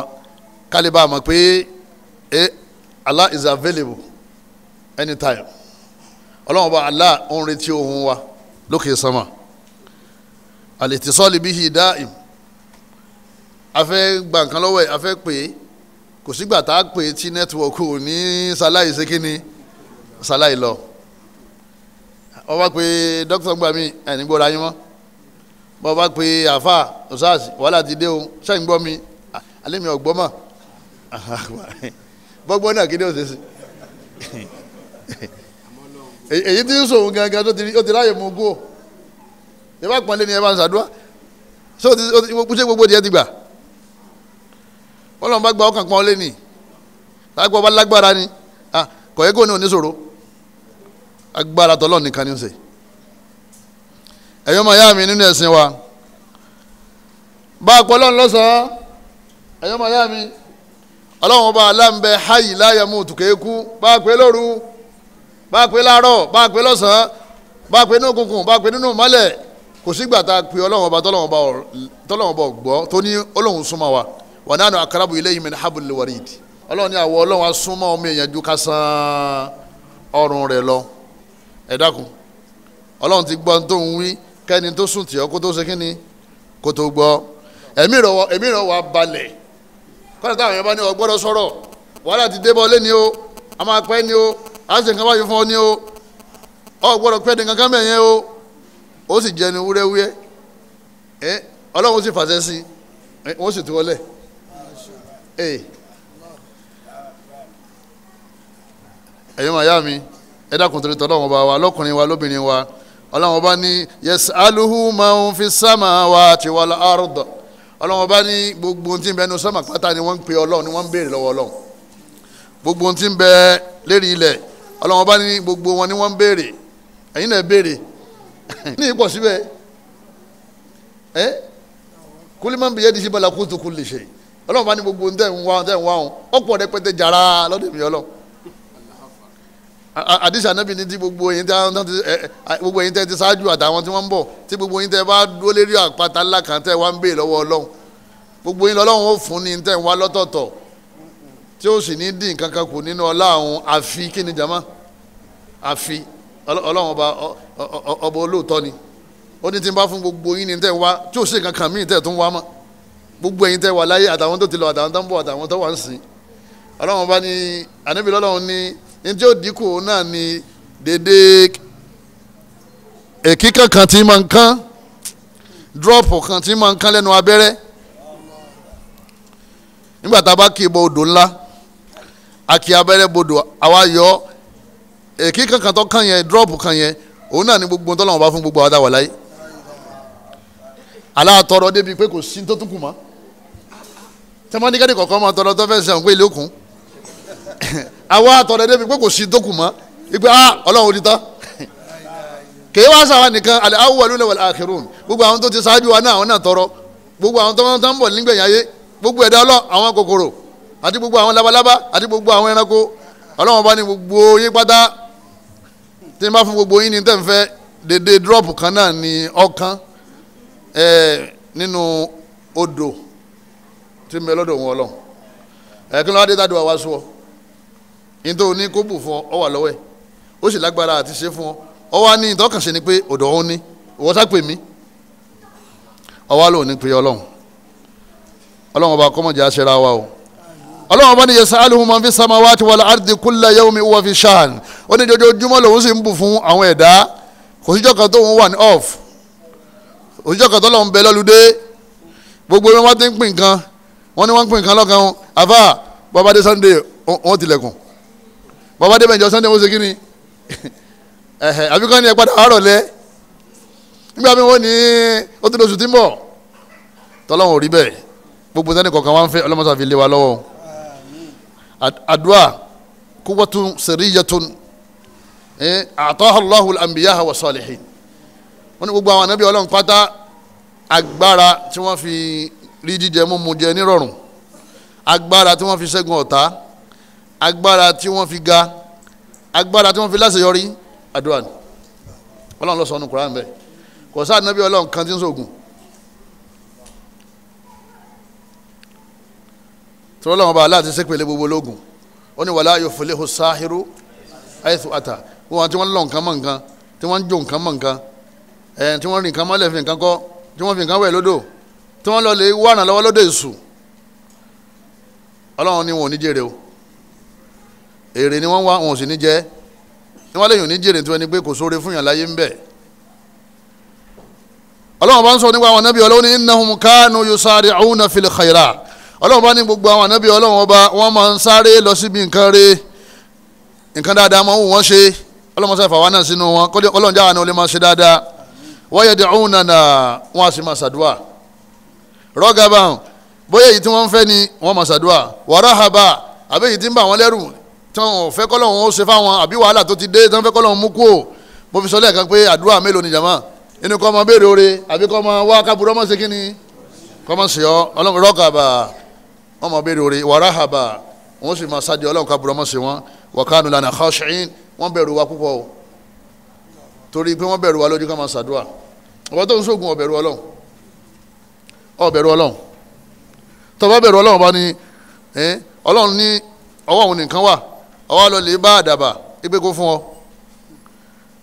kálí bá a mọ̀ pé ẹ eh, Allah is available anytime ọlọ́run bá Allah ń retí ohun wa lókè sánmà al-ittisal bihi da'im afẹ́ gba nǹkan lọ́wọ́ ẹ̀ afẹ́ pè é kò sígbà tá a pè é tí nẹ́tíwọ̀kì ò ní sáláì ṣe kí ni sáláì lọ wọ́n wá pé dókítà gbà mí ẹ̀ nígbó yín mọ́ bọ́ bá pe àfa ọ̀sáàsì wàhálà ti dé o sẹ́yìn gbọ́ mi ah, alẹ́ mi ọ̀gbọ́n mọ̀ (laughs) gbọ́gbọ́n náà kí ni ó ṣe sí (laughs) èyí tí ń sòwò gangan tó ti ráyè mú kú o ẹ bá pọ́nlé ni ẹ bá ń ṣàdúrà ṣé ṣé gbogbo díẹ̀ ti gbà wọ́n lọ́n bá gba ọkàn pọ́nlé ni lágbọ́ bá lágbára ni ah, kọ̀yẹ́kọ́ ni ò ní ṣòro agbára tọ́lọ́ nìkan ni ó ṣe ẹ̀yọ́ máa yá mi nínú ẹ̀sìn wa bá a pọ̀ lọ́n lọ́sàn-án ẹ̀yọ́ máa yá mi ọlọ́run ọba aláǹbẹ háyì láyàmú òtùkẹ́kù bá a pè lóru bá a pè láàárọ̀ bá a pè lọ́sàn-án bá a pè nínú òkùnkùn bá a pè nínú ìmọ́lẹ̀ kò sígbà tá a ọlọ́run ọba tọ́lọ́run ọba gbọ́ tó ní ọlọ́run súnmọ́ wa wà nánú akarabu ilayhi min hablil warid ọlọ́run ní àwọ ọlọ́run wa súnmọ́ ọmọ èèyàn kẹni tó sùn tì kó tó se kíni kó tó gbọ́ ẹ̀mí ìrọ̀wọ́ ẹ̀mí ìrọ̀wọ́ abalẹ̀ kọ́ni táwọn yẹn bá ní ọgbọ́dọ̀ sọ̀rọ̀ wàhálà ti lé ni o a máa pẹ́ ni o a sì nǹkan fún ọ ni o ọ gbọ́dọ̀ pẹ́ ni kankan o ó sì jẹni wúrẹ́wúrẹ́ ẹ ọlọ́run sì fàṣẹ sí wọ́n sì tu ọ lẹ̀ ẹ̀yin mi ẹ dákun torí wa lọ́kùnrin wa ọlọ́run bá ní yas'aluhu man fi samawati wal ard ọlọ́run bá ní gbogbo ohun tí ń bẹ nínú sánmà pátá ni wọ́n ń pe ọlọ́run ni wọ́n ń béèrè lọ́wọ́ ọlọ́run gbogbo ohun tí ń bẹ lérí ilẹ̀ ọlọ́run bá ní gbogbo wọn ni wọ́n ń béèrè ẹ̀yin náà béèrè ní ipò síbẹ̀ ẹ́ kuliman biyadihi malakutu kulli shay ọlọ́run bá ní gbogbo ohun tẹ̀ ń wá ọ̀pọ̀ rẹpẹtẹ jàrá lọ́dẹ̀ mi ọlọ́run àdìsí ànábì ní ti gbogbo yín gbogbo yín tẹ́ ti ṣáájú àtàwọn tí wọ́n ń bọ̀ tí gbogbo yín tẹ́ bá dúró lérí àpáta ńlá kan tẹ́ wá ń bè lọ́wọ́ ọlọ́run gbogbo yín lọ́lọ́run ó fún ní tẹ́ ń wá lọ́tọ̀ọ̀tọ̀ tí ó sì ní dín kankan kù nínú ọlá àwọn àfi kí ni jama àfi ọlọ́run ọba ọba olóòótọ́ ni ó ní tí n bá fún gbogbo yín ní tẹ́ wá tí ó sì kankan míì tẹ́ tún wá mọ́ gbogbo yín tẹ́ wà láyé àtàwọn tó ti lọ àtàwọn tó ń bọ̀ àtàwọn tó wà ń sìn ọlọ́run ọba ni ànábì lọ́lọ́run ni ní tí ó dínkù náà ni dédé èkí kankan tí máa ń kán dírọ́pù kan tí máa ń kán lẹ́nu abẹ́rẹ́ nígbà tá a bá kì í bọ odò ńlá a abẹ́rẹ́ bodò àwa yọ èkí kankan tó kàn yẹn dírọ́pù kan yẹn òun náà ni gbogbo ntọ́lọ́wọ́n bá fún gbogbo àwọn àdáwà láyé aláàtọ̀rọ̀ débi pé kò sí tó tún kù mọ́ tẹ́mọ́nìkẹ́ni kọ̀ọ̀kan máa tọrọ tó fẹ́ sẹ́wọ̀n pé ilé òkun àwa àtọ̀rẹ́ débi pé kò sí dókù mọ́ ìgbà ah, ọlọ́run ti tán kèé wá sáwa nìkan àlẹ́ awwaluna wal akhirun gbogbo àwọn tó ti ṣáájú wa náà àwọn náà tọrọ gbogbo àwọn tó wọn tán bọ̀ nígbẹ̀yìn ayé gbogbo ẹ̀dá ọlọ́ àwọn kòkòrò àti gbogbo àwọn labalábá àti gbogbo àwọn ẹranko ọlọ́run bá ní gbogbo yín pátá tí n bá fún gbogbo yín ní tẹ̀ ń fẹ́ dédé drop kan náà ní ọkàn ẹ̀ nínú odò tí ń bẹ lọ́dọ̀ wọn ọlọ́run ẹ̀ kí ló wá dé tá a dùn àwa sùn ọ́ nítorí ní kó bù fún ọ ọ wà lọ́wọ́ ẹ̀ ó sì lágbára àti ṣe fún ọ ọ wá ní ìtọ́kànṣe ni pé ọ̀dọ̀ òun ni ìwọ sá pè mí ọ wá lòun ní pé ọlọ́run ọlọ́run ọba kọ́mọ̀jà aṣẹ́ra wa o ọlọ́run ọba ní yasaluhum man fi samawati wal ardi kulla yawmi huwa fi sha'n ó ní jojoojúmọ́ lòun sì ń bù fún àwọn ẹ̀dá kò síjọ́ kan tóun wà ní off òṣìṣẹ́ kan tó lọ́n bẹ lọ́lùdé gbogbo wọn ti ń pín nǹkan wọn ni wọ́n ń pín nǹkan lọ́kàn wọn àfà bàbá dé Sunday wọ́n tilẹ̀kùn bàbá débẹ̀ ìjọ sunday wọ́n ṣe kí ni (laughs) àbíkọ́ ni ẹ padà àárọ̀ lẹ́ nígbà mi wọ́n ní ó ti lóṣù tí ń bọ̀ tọ́lọ́hún ò rí bẹ́ẹ̀ gbogbo sani kọ̀ọ̀kan wá ń fẹ́ ọlọ́mọṣà fi lé wa lọ́wọ́ àdúrà quwwatun sirriyatun ataha Allahu wa salihin wọ́n ní gbogbo àwọn ànábì ọlọ́run pátá agbára tí wọ́n fi rí jíjẹ mú mu jẹ nírọ̀rùn agbára tí wọ́n fi ṣẹ́gun ọ̀tá agbára tí wọ́n fi ga agbára tí wọ́n fi láṣeyọrí àdúrà ni ọlọ́run ló sọ ọ́nù kúránì bẹ́ẹ̀ kò sáà nàbí ọlọ́run kan tí ń sògùn tí ọlọ́run bá aláàtí sẹ́pẹ̀lẹ́ gbogbo ológun ó ní wàlá yuflihu sáhírú àìsù àtà wọn àti wọn lọ nǹkan mọ nǹkan tí wọn ń jó nǹkan mọ nǹkan ẹ̀ eh, tí wọ́n rìn nǹkan mọ́lẹ̀ fi nǹkan kọ́ tí wọ́n fi nǹkan wẹ̀ lódò tí wọ́n lọ lè wà ràn lọ́wọ́ lódò èṣù ọlọ́run ni wọn ò ní jèrè o èrè ni wọ́n wá wọn ò sì ní jẹ́ ni wọ́n léyìn ní jèrè tí wọ́n ní pé kò sóore fún yàn láyé ń bẹ̀. ọlọ́run bá ń sọ nípa àwọn anábì ọlọ́run ní innahum kanu yusari'una fil khayra. ọlọ́run bá ní gbogbo àwọn anábì ọlọ́run ọba wọ́n máa ń sáré lọ síbi nǹkan re nǹkan dáadáa máa ń wù wọ́n ṣe ọlọ́run sọ fàwọn náà sínú wọn ọlọ́run jáwa ni ó lè máa ṣe dáadáa wa yad'unana wọn a sì máa ṣàdúrà rọ́gàbà bóyá èyí tí wọ́n ń fẹ́ ni wọ́n wọ́n tán ò fẹ́ kọ́ lọ́hún ó ṣe fáwọn àbí wàhálà tó ti dé tán fẹ́ kọ́ lọ́hún mú kú o mo fi sọ lẹ́ẹ̀kan pé àdúrà mélòó ni jàmá inú kọ́ ọmọ béèrè oore àbí kọ́ ọmọ wá kábùrọ́ mọ̀ ṣe kí ni kọ́ ọmọ sì ọ́ ọlọ́run rọ́kàbà ọmọ béèrè oore wàràhàbà wọ́n sì máa sáde ọlọ́run kábùrọ́ mọ̀ ṣe wọ́n wàkánu lànà khashin wọ́n bẹ̀rù wa púpọ̀ o torí pé wọ́n bẹ̀rù wa lójú ká máa ṣàdúrà ọ̀pọ̀ tó ń sógun ọ̀bẹ̀rù ọlọ́run ọ̀bẹ̀rù ọlọ́run tọ́ba bẹ̀rù ọlọ́run bá ní ọlọ́run ní ọwọ́ òun nìkan wà àwa lọ lè bá àdàbà ipe kó fún ọ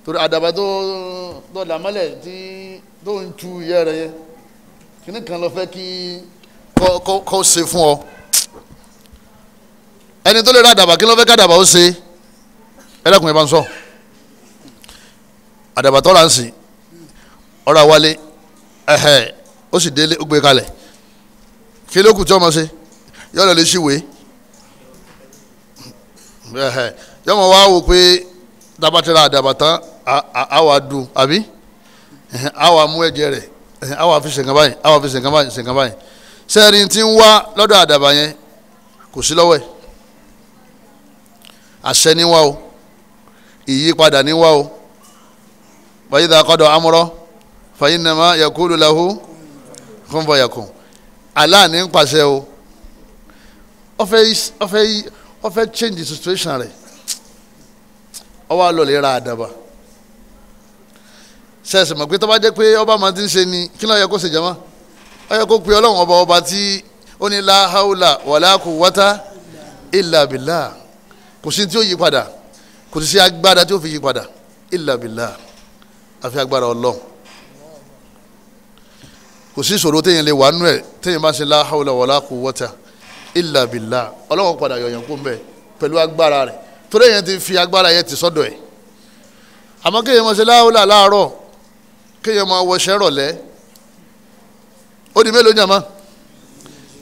torí àdàbà tó tó làmọ́lẹ̀ tí tó ń tu ìyá rẹ yẹ kíní kan lọ fẹ́ kí kọ́ kọ́ ṣe fún ọ ẹni tó lè ra àdàbà kí ló fẹ́ ká àdàbà ó ṣe ẹlẹ́kùn yẹn bá ń sọ àdàbà tọ́ra ń sìn ọ̀rọ̀ àwálé ẹ̀hẹ̀ ó sì délé ó gbé kalẹ̀ kí ló kù tí ọmọ ṣe yọ̀ọ́ lọ lè ṣíwèé. yọmọ wa wò pé dabatẹ́ra àdàbàtán awa dùn abi àwa mú ẹ̀jẹ̀ rẹ̀ àwa fi ṣèǹkan báyìí fi ṣèǹkan báyìí ṣèǹkan báyìí sẹ́ẹ̀rì tí ń wá lọ́dọ̀ àdàbà yẹn kò sí lọ́wọ́ ẹ̀ ni o ìyípadà o bàyí dà amúrọ́ fàyín nàmá yakulu lahu kún fọ aláàní ń pàṣẹ o ọfẹ́ ó fẹ́ change the situation rẹ̀ ó wá lọ lè ra àdàbà sẹ́ẹ̀sì mọ̀ pé tó bá jẹ́ pé ọba máa ti ń ṣe ni kí ló yẹ kó ṣe jẹ́ mọ́ ó yẹ kó pe ọlọ́run ọba ọba tí ó ní la haula wala quwwata illa billah kò sí tí ó yí padà kò sí agbára tí ó fi yí padà illa àfi agbára ọlọ́run kò sí ìṣòro téèyàn lè wà nú ẹ̀ téèyàn bá ṣe la haula wala illa billah ọlọ́wọ́n padà yọ̀yàn kó mbẹ pẹ̀lú agbára rẹ̀ torí yẹn ti fi agbára yẹn ti sọ́dọ̀ ẹ̀ àmọ́ kéèyàn máa ṣe láwùlà láàárọ̀ kéèyàn máa wọṣẹ́ rọ̀lẹ́ ó di mélòó jàmá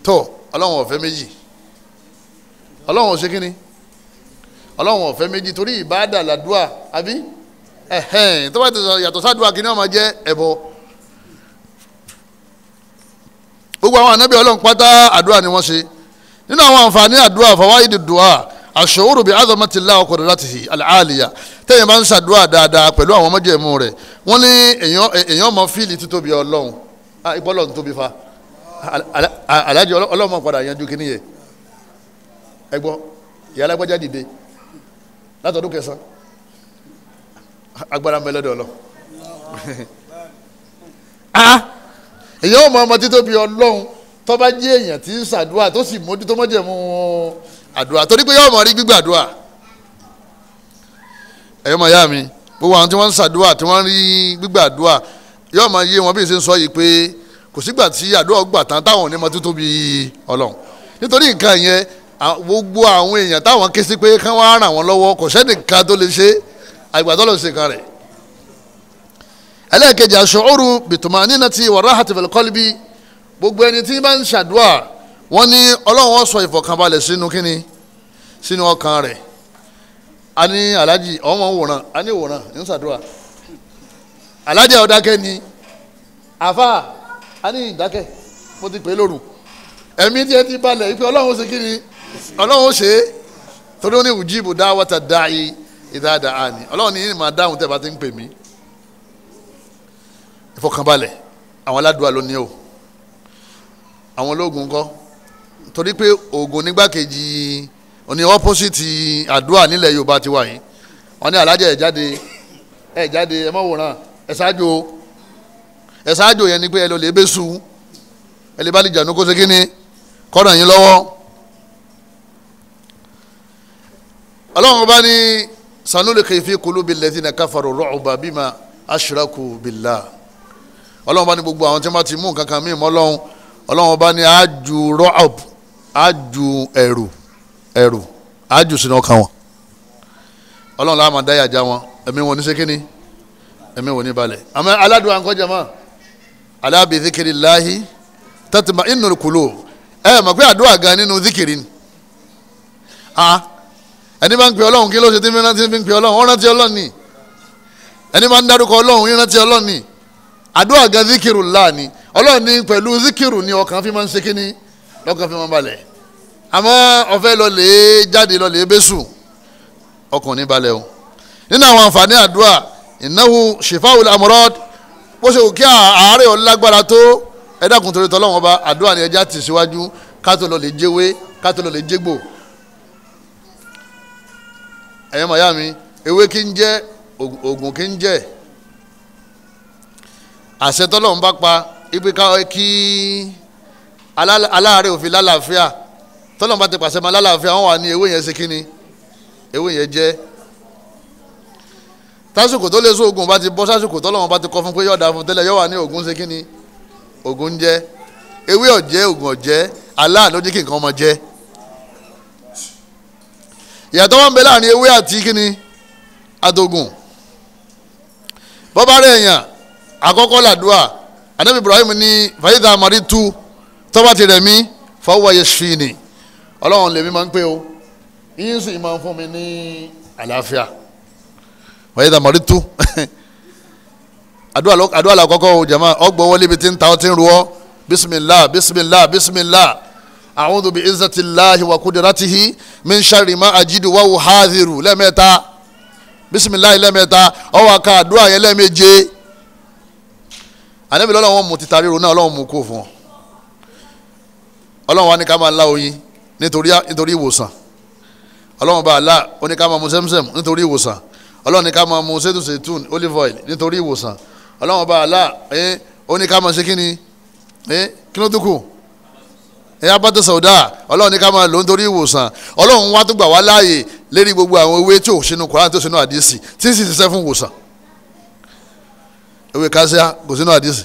tó ọlọ́wọ́n ọ̀fẹ́ méjì ọlọ́wọ́n ṣe kínní ọlọ́wọ́n ọ̀fẹ́ méjì torí ìbáàdà làdúà àbí ẹ̀hẹ́n tó bá ti sọ yàtọ̀ sádùá kínní ó máa jẹ́ ẹbọ gbogbo àwọn ànábì Ọlọ́run pátá àdúrà ni wọ́n ṣe nínú àwọn àǹfààní àdúrà fawaidu du'a àṣòwòrò bíi azamati Allah wa qudratihi al-aliya tẹ́yìn bá ń ṣàdúrà dáadáa pẹ̀lú àwọn ọmọdéẹ̀mú rẹ̀ wọ́n ní èèyàn mọ fíìlì títóbi ọlọ́run ìbọ́lọ̀ ń tóbi fa alájọ ọlọ́mọ padà yanjú kínní yẹ ẹ gbọ́ ìyá alágbájá dìde látọdún kẹsàn agbára mẹlẹ́dẹ̀ ọlọ́ (laughs) ah! èèyàn mọ ọmọ títóbi ọlọ́run tó bá jẹ́ èèyàn tí ń ṣàdúrà tó sì mójútó mọ́jẹ̀mú àdúrà torí pé yóò mọ̀ rí gbígbàdúrà ẹ̀yọ́ mọ̀ ya mi gbogbo àwọn tí wọ́n ń ṣàdúrà tí wọ́n ń rí gbígbàdúrà yóò mọ̀ yé wọn bí ṣe ń sọ yìí pé kò sígbà tí àdúrà gbà tán táwọn onímọ̀ tó tóbi ọlọ́run nítorí nǹkan yẹn gbogbo àwọn èèyàn táwọn ké sí pé kán wá ràn wọ́n lọ́wọ́ kò sẹ́nìkan gbogbo ẹni tí bá ń ṣàdúrà wọ́n ní ọlọ́run ó sọ ìfọ̀kànbalẹ̀ sínú kínní sínú ọkàn rẹ̀ a ní alájì ọmọ wòran a ní wòran ń ṣàdúrà alájà ọ̀dákẹ́ ni àfa a ní ìdákẹ́ mo ti pè é lóru ẹ̀mí díẹ̀ ti balẹ̀ ipe ọlọ́run ṣe kínní ọlọ́run ṣe é torí ó ní ìwùjíìbù dáwọ́ta dáì ìdáàdà àní ọlọ́run ní ìmọ̀ dáhùn tẹ́ bá ti ń pè mí ìfọ̀kànbalẹ̀ àwọn aládùúgbò ló ní o àwọn ológun kọ́ torí pé oògùn nígbàkejì òní ọ́pọ́sìtì àdúrà nílẹ̀ yorùbá ti wà yìí ní alájà ẹ̀ jáde ẹ̀ jáde ẹ̀ mọ̀ wòran ṣáájú ẹ̀ ṣáájú yẹn ni pé ẹ lọ lè bẹ́ sùn ẹ lè bá lè jànú kó ṣe kí ni kọ́ràn yín lọ́wọ́ ọlọ́run bá ní sanulike fi kulubi lẹ́tìnà káfàró rọ́ọ̀bà bímà aṣírakù bìlá ọlọ́run bá ní gbogbo àwọn tí wọ́n ti mú nǹkan kan mí mọ́ lọ́hùn ọlọ́run ọba ní àjù rọ́ọ̀b àjù ẹ̀rù ẹ̀rù àjù sínú ọkàn wọn ọlọ́run láàmà dáyà já wọn ẹ̀mí wọn ní sékíní ẹ̀mí wọn ní balẹ̀ àmọ́ aládùn àǹkọ́jà mọ́ alábi zikiri láhi tẹ́tìmá inú kúló ẹ̀ mọ̀ pé àdúrà gan nínú zikiri ni ẹni bá ń pè ọlọ́run kí ló ṣe tí fi ń pè ọlọ́run ó rántí ọlọ́run ni ẹni bá ń dárúkọ ọlọ́run ó ọlọ́run ni àdúrà gan zikiri láà ni ọlọ́run ní pẹ̀lú zikiru ni ọkàn fi máa ń ṣe kínní lọ́kàn fi máa ń balẹ̀ àmọ́ ọ̀fẹ́ lọ lè jáde lọ lè bẹ́sù ọkàn ní balẹ̀ o nínú àwọn àǹfààní àdúrà ìnáwó ṣèfáwò amúrọ́d bó ṣe kí àárẹ̀ ọ̀lágbára tó ẹ̀dàkùn torí tọ́lọ́wọ́n ọba àdúrà ni ẹja tì síwájú kátó lọ jẹ́wé kátó lọ jẹ́gbò ẹ̀yẹ́ màyá mi ewé kí ń jẹ́ oògùn kí ń jẹ́ àṣẹ tọ́lọ́wọ́n bá pa ibi kí aláàárẹ̀ òfin lálàáfíà tọ́lọ́mù bá ti pàṣẹ máa lálàáfíà wọ́n wà ní ewé yẹn ṣe kínni ewé yẹn jẹ́ tásìkò tó lè so oògùn bá ti bọ́ sásìkò tọ́lọ́mù bá ti kọ fún pé yọ̀ọ̀dà fún tẹ́lẹ̀ yọ̀ọ̀ wà ní oògùn ṣe kínni oògùn jẹ́ ewé ọ̀jẹ́ oògùn ọ̀jẹ́ aláàló ní kí nǹkan ọmọ jẹ́ ìyàtọ̀ wọn bẹ láàrin ewé àti kíni adogun bọ́bá rẹ̀ èèyàn àkọ́kọ́ làdúà anabi ibrahim ní fàyídà maritu tọ́ba ti rẹ̀ mí fáwọn yashfini ọlọ́run lèmi máa ń pé o yín sì máa ń fún mi ní àlàáfíà fàyídà maritu (laughs) àdúrà làkọ́kọ́ o jama ọgbọ̀n wọlé ibi tí ń ta ọtí ń ruọ́ bisimilah bisimilah bisimilah a'udhu bi izzatillahi wa kudiratihi min sharri ma ajidu wa uhadhiru lẹ́mẹ̀ta bisimilah lẹ́mẹ̀ta ọwọ́ aka àdúrà yẹn lẹ́mẹ̀je ànábì lọ́la wọn mú ti taríro náà ọlọ́run mú kó fún wọn ọlọ́run wa ní ká máa lá oyin nítorí ìwòsàn ọlọ́run bá a lá ó ká máa mu sẹ́mùsẹ́mù nítorí ìwòsàn ọlọ́run ní ká máa mu sẹ́tùsẹ̀tù olive oil nítorí ìwòsàn ọlọ́run bá a lá ẹ́ ó ní ká máa ṣe kí ni ẹ́ kí ló dúkù ẹ́ abátó sọ̀dá ọlọ́run ní ká máa lò nítorí ìwòsàn ọlọ́run wá tó gbà wá láàyè lérí gbogbo àwọn ewé tí ò sínú Kùránì tó sínú àdìsí tí ń sì ṣiṣẹ́ fún ìwòsàn Ewe kásíá kò sínú àdìsí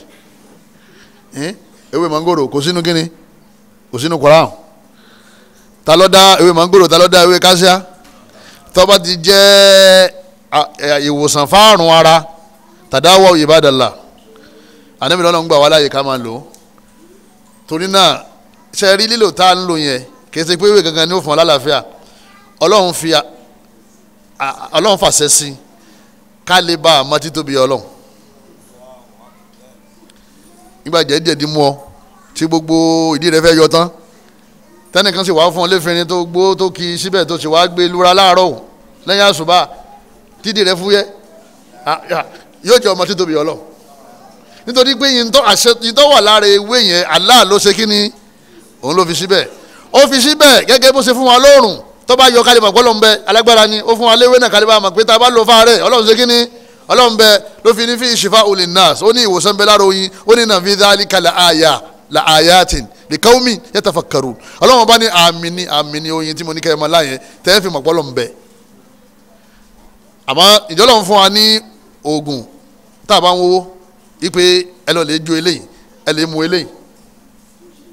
ewe mangoro kò sínú kíni kò sínú koran ta ló mangoro ta ewe dá ewé kásíá tó bá ti jẹ́ ìwòsàn fáàrùn ara tàdáwọ̀ ìbádàlá ànábì lọ́nà ń gbà wá láyè ká máa lò ó torí náà ṣe rí lílo tá a ń lò yẹn kì í ṣe pé ewé gangan ni ó fún ọ lálàáfíà ọlọ́run fi ọlọ́run fàṣẹ sí ká lè bá a mọ títóbi ọlọ́run nígbà jẹ́jẹ́ di mú ọ tí gbogbo ìdí rẹ fẹ́ yọ tán tẹ́nìkan sì wá fún ọ léfinrin tó gbó tó kì í síbẹ̀ tó sì wá gbé lura láàárọ̀ lẹ́yìn àṣùbà tídì rẹ fúyẹ́ yóò jẹ́ ọmọ tí tóbi ọlọ nítorí pé ìtọ́ wà lára ewé yẹn Allah ló ṣe kí ni òun ló fi síbẹ̀ ó fi síbẹ̀ gẹ́gẹ́ bó ṣe fún wa lóòrùn tó bá yọ kálíbà gbọ́dọ̀ ń bẹ alágbára ni ó fún wa léwé náà kálíbà mọ̀ bá lò fáre ọlọ́run ṣe kí ni ọlọ́run bẹ ló fi ní fi ìṣìfà olè nas ó ní ìwòsàn bẹ lára oyin ó ní nàfi dhalika la àyà la àyàtìn lìkàwọ́mì yatafakkarun ọlọ́run bá ní àmì ní àmì ní oyin tí mo ní kẹ́ máa láyẹn tẹ́ fi mọ̀ pọ́lọ́ ń bẹ. àmọ́ ìjọlọ́run fún wa ní oògùn tá a bá ń wowó ipe ẹ lọ lè ju eléyìí ẹ lè mu eléyìí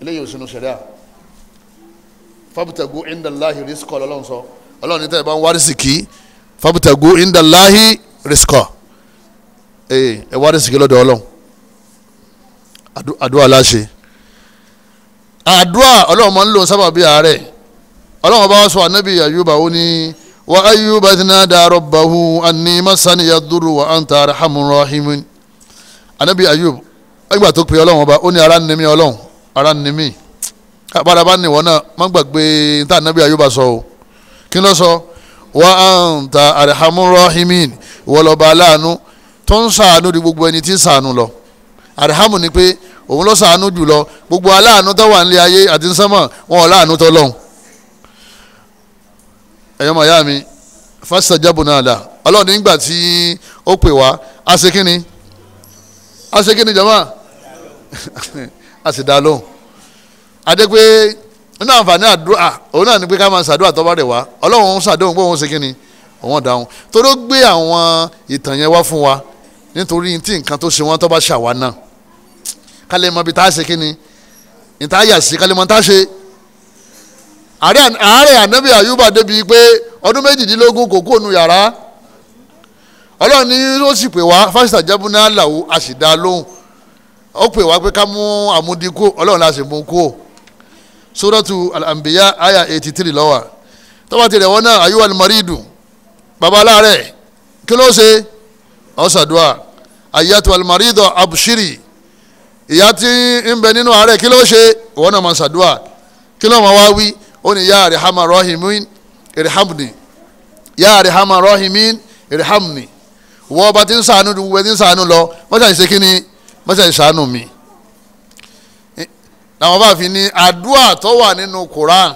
eléyìí ò sínú sẹ̀ríà fabtagu indallahi rizqa ọlọ́run sọ ọlọ́run ní tẹ́ ẹ bá ń wá rísíkì fabtagu indallahi rizqa ee eh, ẹ wá rísìkì lọ́dọ̀ ọlọ́run Adu, láṣẹ àdúrà ọlọ́run máa ń lò sábà bí àárẹ̀ ọlọ́run bá wá sọ ànábì àyùbá ó ní wa ayuba tinada rabbahu anni masani yaduru wa anta arhamur rahimin ànábì ayub, ẹgbà tó pe ọlọ́run ọba ó ní ara ni mí ọlọ́run ara ni mí àbára bá nìwọ náà má gbàgbé níta ànábì àyùbá sọ o kí ló sọ wa anta arhamur rahimin wọlọ́ba aláàánú tó ń sàánú di gbogbo ẹni tí ń sàánú lọ àdìhámù ni pé òun ló sàánú jù lọ gbogbo aláàánú tó wà nílé ayé àti sánmọ̀ wọn ò láàánú tó lọ́hùn. ẹ̀yọ́ màyá mi fásitì jábọ̀ náà là ọlọ́run nígbà tí ó pè wá a ṣe kí ni a ṣe kí ni jama (laughs) a sì dá lóhùn adé pé nínú àǹfààní àdúrà òun náà ni pé ká máa ṣàdúrà tó bá rẹ̀ wá ọlọ́run ń ṣàdéhùn pé òun ṣe kí ni òun dáhùn tó ló gbé àwọn ìtàn yẹn wá fún wa nítorí tí nǹkan tó ṣe wọ́n tó bá ṣàwa náà kálẹ̀ mọ́ bí tá a ṣe kí ni ìta yà sí kálẹ̀ mọ́ tá a ṣe. àárẹ̀ ànábì àyùbá débi pé ọdún méjìdínlógún kò kúrò nù yàrá ọlọ́run ní ó sì pè wá fásitì àjẹbùnà làwọ̀ a lóhùn ó pè wá pé ká mú àmúdínkù ọlọ́run la sì mú kú o sórọ́tù al-anbiya aya eighty three lọ́wọ́ tọ́ba tirẹ̀ wọ́n náà ayúwà ni mọ̀rí dùn baba kí ló ṣe ọ̀sàdúà ayatu almaridọ abushiri ìyá tí ń bẹ nínú àárẹ̀ kí ló ṣe ìwọ náà máa ṣàdúà kí ló máa wá wí ó ní ya arihama rahimin irhamni ya arihama rahimin irhamni wọ́n ọba tí ń sànú gbogbo ẹni ń sànú lọ mọ́ṣáì ṣe kínní mọ́ṣáì ṣàánú mi làwọn bá fi ní àdúà tó wà nínú Quran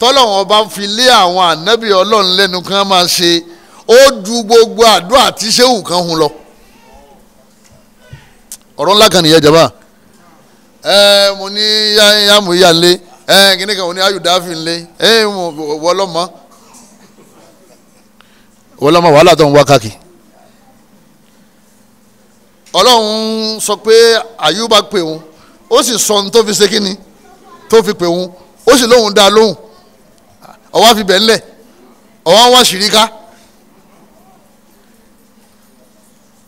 tọ́lọ́wọ́n bá fi lé àwọn ànábì ọlọ́run lẹ́nu kí máa ṣe ó ju gbogbo àdúrà tí sẹ́wù kan hun lọ ọ̀rọ̀ ńlá kan nìyẹn jaba ẹ mo ní yàmú yà lé ẹ kíní kan mo ní ayùdáfin lé ẹ mo wọlọ́mọ wọlọ́mọ wàhálà tó ń wá káàkiri ọlọ́run sọ pé àyùbá pè wọn ó sì sọ ohun tó fi ṣe kíni tó fi pè wọn ó sì lóhùn dá lóhùn ọwọ́ fi ńlẹ̀ ọwọ́ wá ṣìríkà.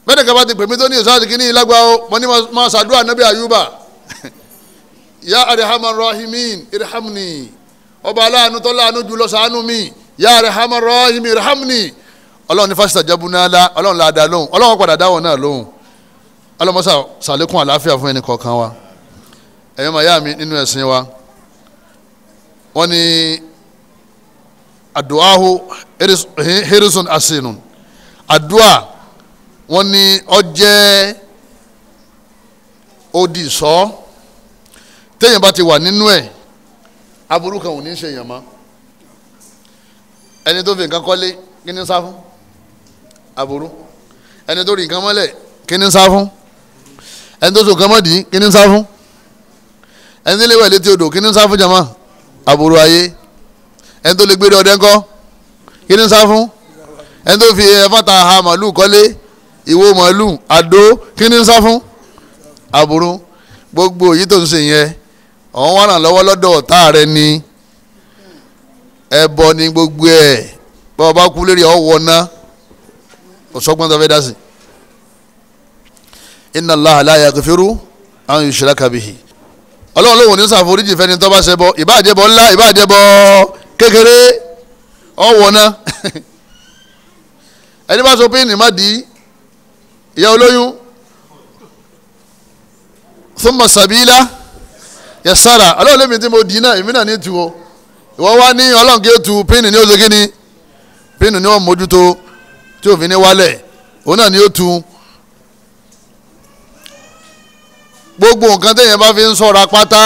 bẹ́ẹ̀ ni kaba ti pèmí tó ní ìsáàtì kìíní ìlágbá o mo ní ma ṣàdúrà nàbí àyùbá (laughs) ya arihamar rahimin irhamni ọba aláàánú tó láàánú jùlọ ṣàánú mi ya arihamar rahimin irhamni ọlọ́run ní fásitì àjẹbùnáàlá ọlọ́run là á dá lóhùn ọlọ́run padà dáwọ̀ náà lóhùn ọlọ́mọṣà ṣàlékún àlàáfíà fún ẹnì kọ̀ọ̀kan wa ẹ̀yọ́ màá yá mi nínú ẹ̀sìn wa wọ́n ní àdúà hirisun asinun àdúà wọ́n ní ọjẹ́ odi sọ téèyàn bá ti wà nínú ẹ̀ aburú kan ò ní ṣe èèyàn mọ́ ẹni tó fi nǹkan kọ́lé kí ni sá fún aburú ẹni tó rí nǹkan mọ́lẹ̀ kí ni sá fún ẹni tó so nǹkan mọ́dì kí ni sá fún ẹni tó lè wẹ̀ létí odò kí ni sá fún jama aburú ayé ẹni tó lè gbére ọdẹ ńkọ́ kí ni sá fún ẹni tó fi ẹ̀fọ́ta ha màlúù kọ́lé ìwo màálù àdó kí ni ń sá gbogbo èyí tó ń ṣe yẹn ọ̀hún wà ràn lọ́wọ́ lọ́dọ̀ ni ẹbọ ni gbogbo ẹ̀ bá ọba kú lérí ọwọ́ ná ọ̀sọ́gbọ́n tó fẹ́ dá sí. inna Allaha la yaghfiru an yushraka bihi ọlọ́run lòun ní ṣàforíjì fẹ́ni tó bá ṣe ìbáàjẹ́ ńlá ìbáàjẹ́ kékeré ọwọ́ sọ pé ní má ìyá olóyún thumma yasara ọlọ́run lèmi tí mo dì náà èmi náà ní o ìwọ wá ní ọlọ́run kí o tu pínì ní oṣù kínní pínì ní wọn mójútó tí òfin ní wálẹ̀ òun náà o tu fi ń sọ̀ra pátá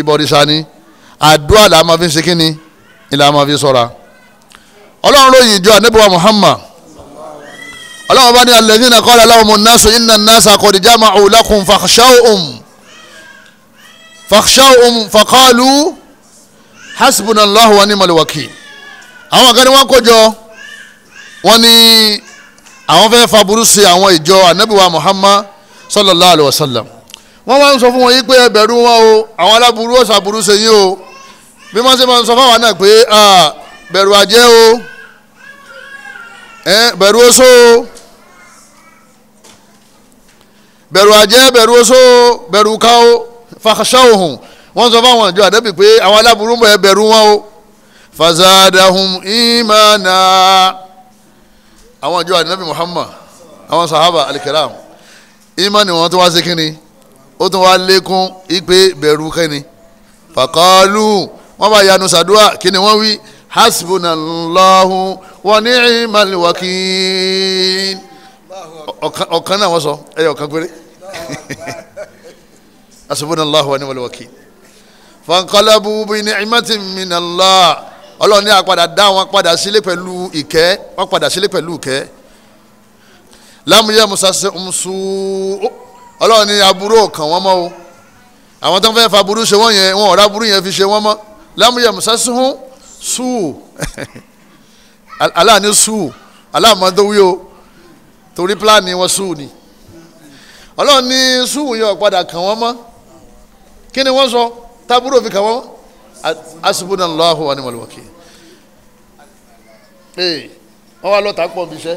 ìbọ̀rìṣà ni àdúrà làá máa fi ń ṣe kínní fi sọ̀ra ọlọ́run lóyìn ìjọ ànábì Muhammad ọlọ́run bá ní alladhina qala lahumu nnasu inna nnasa qad jama'u lakum fakhshawhum fakhshawhum faqalu hasbunallahu wa ni'mal wakil àwọn kan ní wọ́n kójọ wọ́n ní àwọn fẹ́ faburú sí àwọn ìjọ anabiwa muhammad sallallahu alayhi wa sallam wọ́n máa ń sọ fún wọn yìí pé ẹ bẹ̀rù wọn o àwọn aláburú ọ̀sà burú ṣe yín o bí wọ́n ṣe máa ń sọ fáwọn náà pé bẹ̀rù àjẹ́ o bẹ̀rù oṣó bẹ̀rù àjẹ́ bẹ̀rù oṣó bẹ̀rù káwó fàṣà òhùn wọ́n sọ fáwọn àjọ àdẹ́bì pé àwọn aláburú mọ̀ ẹ bẹ̀rù wọn o fàzádàhùn ìmàna àwọn àjọ àdẹ́bì Muhammad àwọn sahaba alikiram ìmàni wọn tó wá sí kínni ó tún wá lékún ìpè bẹ̀rù kínni fàkọ́lù wọ́n bá yanu sàdúà kínni wọ́n wí hasbunallahu wa niimal wakil ọ̀kan náà wọ́n sọ ẹ̀yọ̀ kan péré. (laughs) asubunallahu wa niwal wakil fankalabu bi ni'matin minallah ọlọ́run ní àpadà dá wọn padà sílé pẹ̀lú ìkẹ́ wọn padà sílé pẹ̀lú ìkẹ́ lámúyẹ musase musu ọlọ́run ní aburú ọ̀kan wọn mọ. o àwọn tó ń fẹ́ fa aburú ṣe wọ́n yẹn wọn ọ̀rá aburú yẹn fi ṣe wọ́n mọ́ lámúyẹ musase hun sùn (laughs) aláàánú sùn aláàmọ́dówí o torí pílánì wọn sùn ni. ọlọ́run ní sùúrù yẹn padà kàn wọ́n mọ́ kí ni wọ́n sọ tábúrò fi kàn wọ́n mọ́ asubunallahu wa ni'mal wakil ee wọ́n wá lọ́tà pọ̀ bíṣẹ́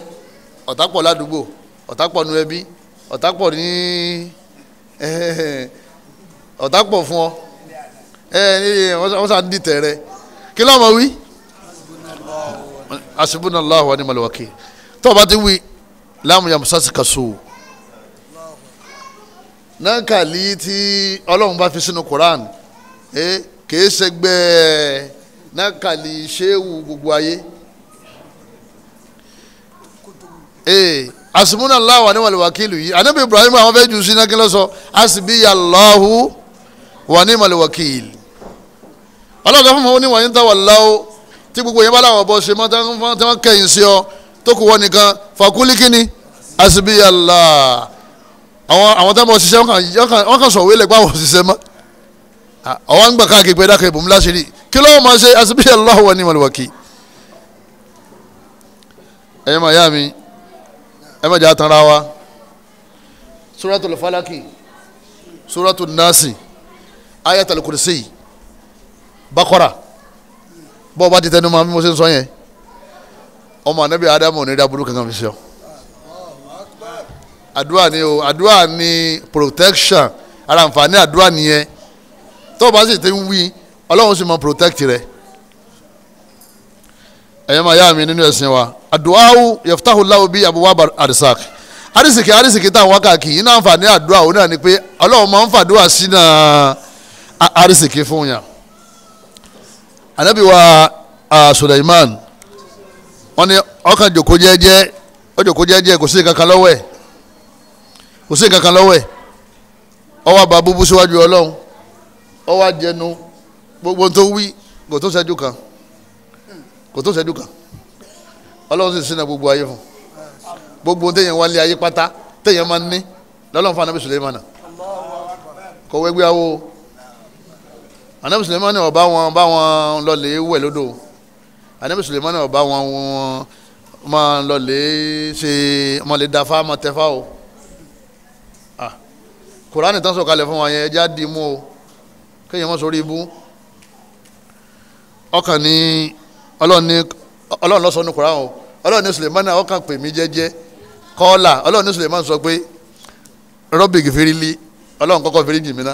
ọ̀tá pọ̀ ládùúgbò ọ̀tá pọ̀ nu ẹbí ọ̀tá pọ̀ ní (laughs) ọ̀tá pọ̀ fún ọ wọ́n sá di tẹ̀rẹ̀ kí ló ma wí asubunallahu wa ni'mal wakil tó bá ti wí láàmú yàmú sásìkà sóò nákàlí tí ọlọ́run bá fi sínú Quran kìí ṣẹgbẹ́ nákàlí ṣéwù gbogbo ayé asimuna allah wa ni wàllu wakilu yìí anabi ibrahim àwọn fẹ́ jù sí náà kí ló asibi allahu wa ni wàllu wakilu ọlọ́dọ̀ fún mi ní wàyí ń tà wà láwọ́ tí gbogbo yẹn bá láwọn bọ́ ṣe máa tán kẹ́yìn sí ọ tó kù wọ́n nìkan fàkúlì asibi allah àwọn àwọn tá a mọ̀ ṣiṣẹ́ wọ́n kàn sọ̀wé lẹ́gbẹ́ àwọn ṣiṣẹ́ mọ́ àwọn àgbà káàkiri pé dákẹ́ ìbomú láṣẹ́rì kí ló máa ṣe asibíyà Allahu wa ni'mal wakil ẹ̀yẹ́ màá yá mi ẹ̀ mọ̀jà tanra wa suratul falaki suratul nasi Ayat kursi bakora bọ́ọ̀ bá ti tẹnu ma bí mo ṣe ń sọ yẹn ọmọ anabi adamu ò ní kankan fi ṣe ọ́ àdúrà ni o àdúrà ni protection ara àǹfààní àdúrà nìyẹn tó o bá sì ti ń wí ọlọ́run sì mọ protect rẹ ẹ̀yẹ́ máa yá mi nínú ẹ̀sìn wa àdúràwù yẹ̀fútàhù láwù bíi àbúwá àdìsák àdìsìkì àdìsìkì táwọn wákàkì iná àǹfààní àdúrà òun náà ni pé ọlọ́run máa ń fàdúrà sí náà àdìsìkì fún yàn anabi wa Suleiman wọ́n ní ọkàn jòkó jẹ́jẹ́ ó jòkó jẹ́jẹ́ kò sí kankan lọ́wọ́ ẹ̀ kò sí nǹkan kan lọ́wọ́ ẹ̀ ọwọ́ àbá búbú síwájú ọlọ́run ọwọ́ àjẹnu gbogbo tó wí kò tó ṣẹ́jú kan kò tó ṣẹ́jú kan ọlọ́run sì sínú gbogbo ayé fún gbogbo téèyàn wá lé ayé pátá téèyàn máa ń ní lọ́lọ́run fún anabi suleimana kò wẹ́gbẹ́ awo anabi suleimana ọba wọn bá wọn lọlé wẹ̀ lódò anabi suleimana ọba wọn wọn máa lọlé ṣe ọmọlẹ́dáfá ọmọ o. kùránì tán sọ̀kalẹ̀ fún wa yẹn ẹja dì í mú o kéèyàn mọ́ sórí ibú ọkàn ní ọlọ́ọ̀ni ọlọ́ọ̀ni lọ́sọ̀ọ́ ní kùránì o ọlọ́ọ̀ni Sulemana ọkàn pè mí jẹ́jẹ́ sọ pé kọ́kọ́ fèrè jì mí ná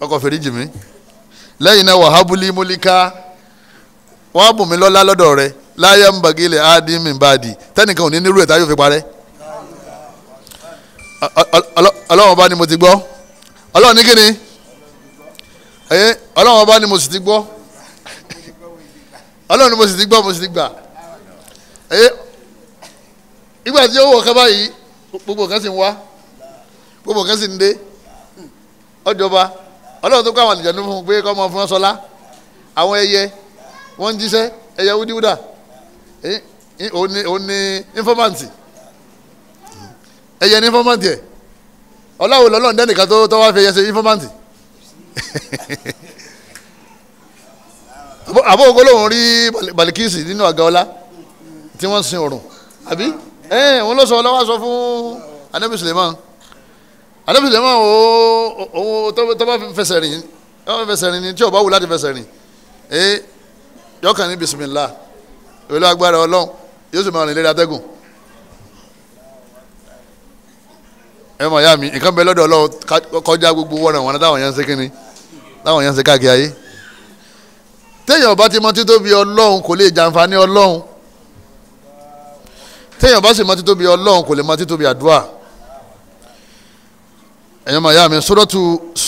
kọ́kọ́ jì mí lẹ́yìn náà wàhábùlì múlíkà lọ́dọ̀ láyé tẹ́nìkan ò ní nírú ẹ̀ ọlọ́run ọba ni mo ti gbọ́ ọlọ́run ní kíni ọlọ́run ọba ni mo sì ti gbọ́ ọlọ́run ni mo sì ti gbọ́ mo sì ti gbà ìgbà tí ó wọ̀ ká báyìí gbogbo kan sì ń wá gbogbo kan sì ń dé ọjọba ọlọ́run tó kọ́ àwọn àlùjànnú fún un pé kọ́ ọmọ fún ọsọlá àwọn ẹyẹ wọ́n ń jíṣẹ́ ẹyẹ wúdiwúdà òun ni informanti ẹyẹ ní informant yẹ ọláwo lọ́lọ́run dẹ́nìkan tó tọ́ wá fi ẹyẹ ṣe informant àbó ogolóhùn rí balikisi nínú àga ọlá tí wọ́n sin òrùn àbí ẹ̀ẹ́n òun ló sọ ọlọ́wọ́ sọ fún anabi suleiman anabi suleiman o o tó bá fẹsẹ̀ rìn tó bá fẹsẹ̀ rìn ni tí o bá wù láti fẹsẹ̀ rìn ee yọkàn ní bisimilah ìwé ló agbára ọlọ́run yóò sì máa rìn lérí atẹ́gùn ẹ mọ̀ ya mi nǹkan bẹ lọ́dọ̀ Ọlọ́run kọjá gbogbo wọn àwọn táwọn yẹn ń ṣe kínní táwọn yẹn ń ṣe káàkiri ayé téèyàn bá ti mọ títóbi Ọlọ́run kò lè jàǹfààní Ọlọ́run téèyàn bá sì mọ títóbi Ọlọ́run kò lè mọ títóbi àdúrà ẹ̀yàn mọ̀ ya mi sọ́dọ̀tù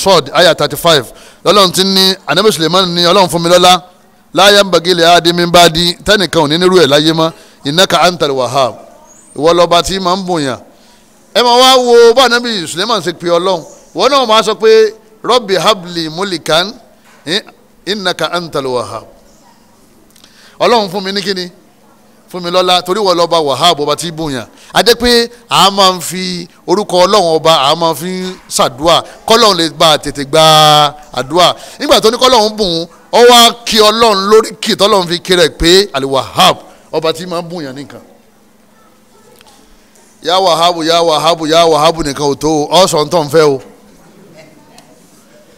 sọ́ọ̀d àyà thirty five lọ́lọ́run ti ní anabi Suleiman ní Ọlọ́run fún mi lọ́lá láyà ń bàgẹ́ ilẹ̀ àdé mi bá di tẹ́nìkan ẹ máa wá wo bá anabi suleiman ṣe pe ọlọ́run wọn náà máa sọ pé rọ́bì habli mulikan eh, innaka antal wahab ọlọ́run fún mi ní kíni fún mi lọ́la torí wọ́n lọ́ba wahab ọba tí bùnyàn a jẹ́ pé a máa ń fi orúkọ ọlọ́run ọba a máa fi ń ṣàdúà kọ́lọ́run lè gba tètè gba àdúà nígbà tó ní kọ́lọ́run bùn ọ wá kí ọlọ́run lórí kì fi kí rẹ̀ pé al ọba tí máa ń bùnyàn nìkan yá wàhábù yá wàhábù yá habu nìkan ò tó o ọ̀sán habu ń fẹ́ o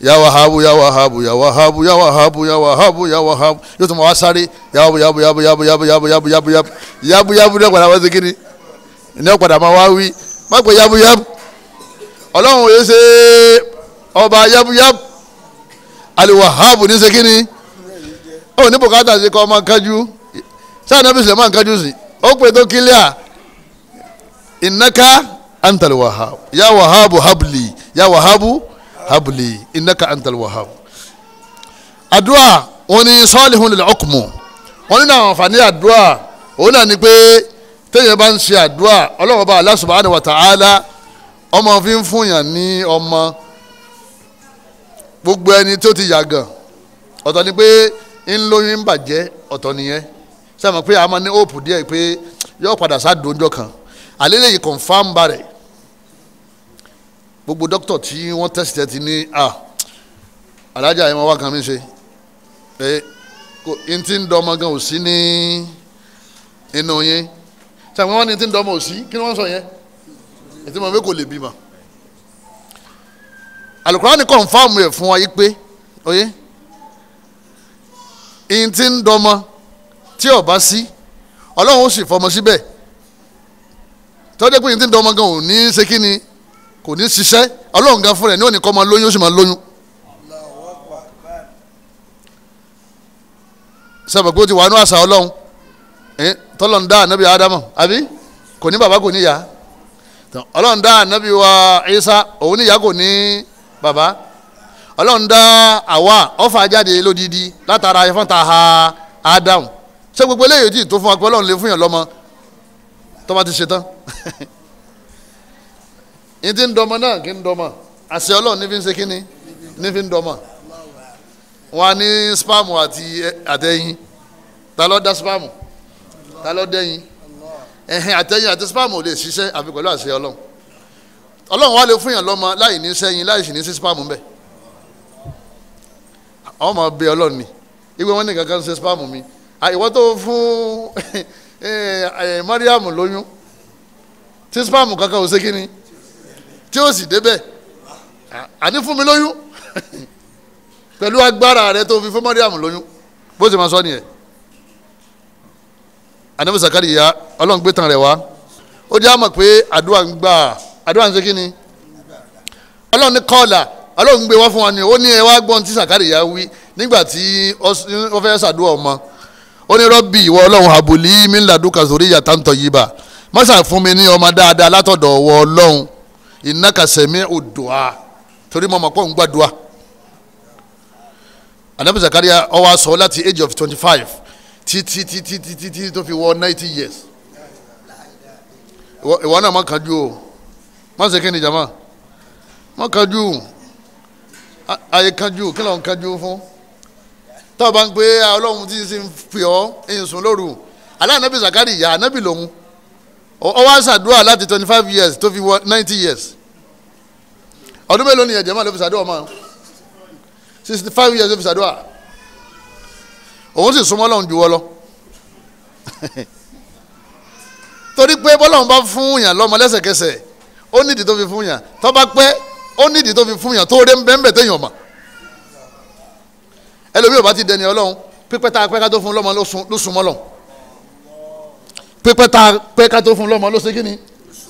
yá wàhábù habu wàhábù yá wàhábù yá wàhábù yá wàhábù yá wàhábù yóò tún mọ̀ wá sáré yábù yábù yábù yábù yábù yábù yábù yábù yábù yábù yábù ní ọ̀padà wá sí kíni ní ọ̀padà máa wá wí má pé yábù yábù ọlọ́run ò yẹ ṣe ọba yábù yábù aliwahabu ní ṣe kíni ó ní bùkátà sí kọ́ ọmọ kájú sáà nàbí sùlẹ̀mán kájú sí ó pè tó kílíà innaka antal wahab ya wahabu habli ya wahabu habli innaka antal wahab. àdúrà wọn ni salihun lil hukmu wọn nínú àwọn adua. àdúrà òun náà ni pé téèyàn bá ń ṣe àdúrà Ọlọ́run Allah subhanahu wa ta'ala ọmọ fi ń fúnyàn ní ọmọ gbogbo ẹni tó ti yàgàn ọ̀tọ̀ ni pé ń lóyún ń bàjẹ́ ọ̀tọ̀ nìyẹn sẹ́mi pé a máa ní hope díẹ̀ pé yóò padà sá dòńjọ́ kan àlélẹ́ yìí confam ba rẹ̀ gbogbo dókítà tí wọ́n tẹ̀sítẹ̀ ti ní a alájà yìí wọ́n wá kan mi ṣe pé n ti ń dọ́mọ gan ò sí ní inú yín sàmì wọn ni n ti ń dọ́mọ ò sí kí ni wọ́n sọ yẹn ètò ìmọ̀ pé kò lè bímọ alukurani confam rẹ̀ fún wa yìí pé oye n ti ń dọ́mọ tí ó bá sí ọlọ́run ó sì fọmọ síbẹ̀. Si tọ́jú pé yìí ti ń dán gan ò ní ṣe kí ni kò ní ṣiṣẹ́ ọlọ́run gan fún rẹ̀ ní òní kọ́ máa lóyún ó sì máa lóyún. sábà pé ó ti wà nú àṣà ọlọ́run tọ́lọ̀ ń dá ànábì ádámù àbí kò ní bàbá kò ní ìyá ọlọ́run dá ànábì wa Ìsá òun ní ìyá kò ní bàbá ọlọ́run dá àwa ọ̀fà jáde lódìdí látara ẹ̀fọ́n ha ádámù ṣé gbogbo eléyìí tí ì tó fún wa pé ọlọ́run lè fún yàn lọ́mọ tó bá ti ṣe tán. n ndọma ń dọmọ ndọma kí ń dọmọ àṣẹ ọlọ́run ní fi ń ṣe kíni ní fi ń dọmọ wọn ní spam àti àtẹ̀yìn ta ló dá spam ta ló dẹ́yìn ẹ̀hìn àtẹ̀yìn àti spam ò lè ṣiṣẹ́ àfi pẹ̀lú àṣẹ ọlọ́run ọlọ́run wa le fún yàn lọ́mọ láì ní sẹ́yìn láì sì ní sí spam ń bẹ̀ àwọn máa bẹ ọlọ́run ni ìwé wọn ní kankan ṣe spam mi ìwọ́n tó fún (laughs) eh, eh, Mariam lóyún tí spam kankan ò ṣe kí ni tí ó sì débẹ̀ àní fún mi lóyún (laughs) pẹ̀lú agbára rẹ tó fi fún mọ́ríàmù lóyún bó ṣe máa sọ nìyẹn anabi Zakariya ọlọ́run gbé tán rẹ̀ wá ó jẹ́ àmọ̀ pé àdúrà ń gbà àdúrà ń ṣe kí ni ọlọ́run ní kọ́ọ̀là ọlọ́run gbé wá fún wa ni ó ní ẹ wá gbọ́n tí Zakariya wí nígbà tí ó fẹ́ ṣàdúrà ọmọ ó ní rọ́bì ìwọ ọlọ́run àbòlí mi sórí ìyàtà yìí bá a mọ́sà fún mi ní ọmọ dáadáa látọ̀dọ̀ ọwọ́ ọlọ́run innaka sami'u du'a torí mo mọ̀ pé òun gbà anabi Zakaria ó wá láti age of twenty five títí títí títí títí tó fi wọ ninety years ìwọ náà má kánjú o má ṣe kí ni jama má kánjú ayé kánjú kí ló ń kánjú fún tó o bá ń pè ọlọ́run tí ń sin pè ọ́ ìsùn lóru aláàánábì Zakari ìyá ànábì lòun ó wá ṣàdúrà láti twenty five years tó fi ninety years ọdún mélòó ni ẹ̀jẹ̀ máa ló fi ṣàdúrà máa sixty five years ló fi ṣàdúrà òun sì súnmọ́ lọ́hùn ju wọ́ lọ (laughs) torí pé bọ́lọ́hùn bá fún yàn lọ́mọ lẹ́sẹ̀kẹsẹ̀ ó nídìí tó fi fún yàn tó bá pẹ́ ó nídìí tó fi fún yàn tó ré bẹ́ẹ̀ téèyàn mọ̀ ẹlòmíràn bá ti dẹni ọlọ́run pípẹ́ tá a pẹ́ ká tó fún lọ́mọ ló súnmọ́ lọ́hùn pípẹ́ ta pẹ́ ká tó fún lọ́mọ ló ṣe kí ni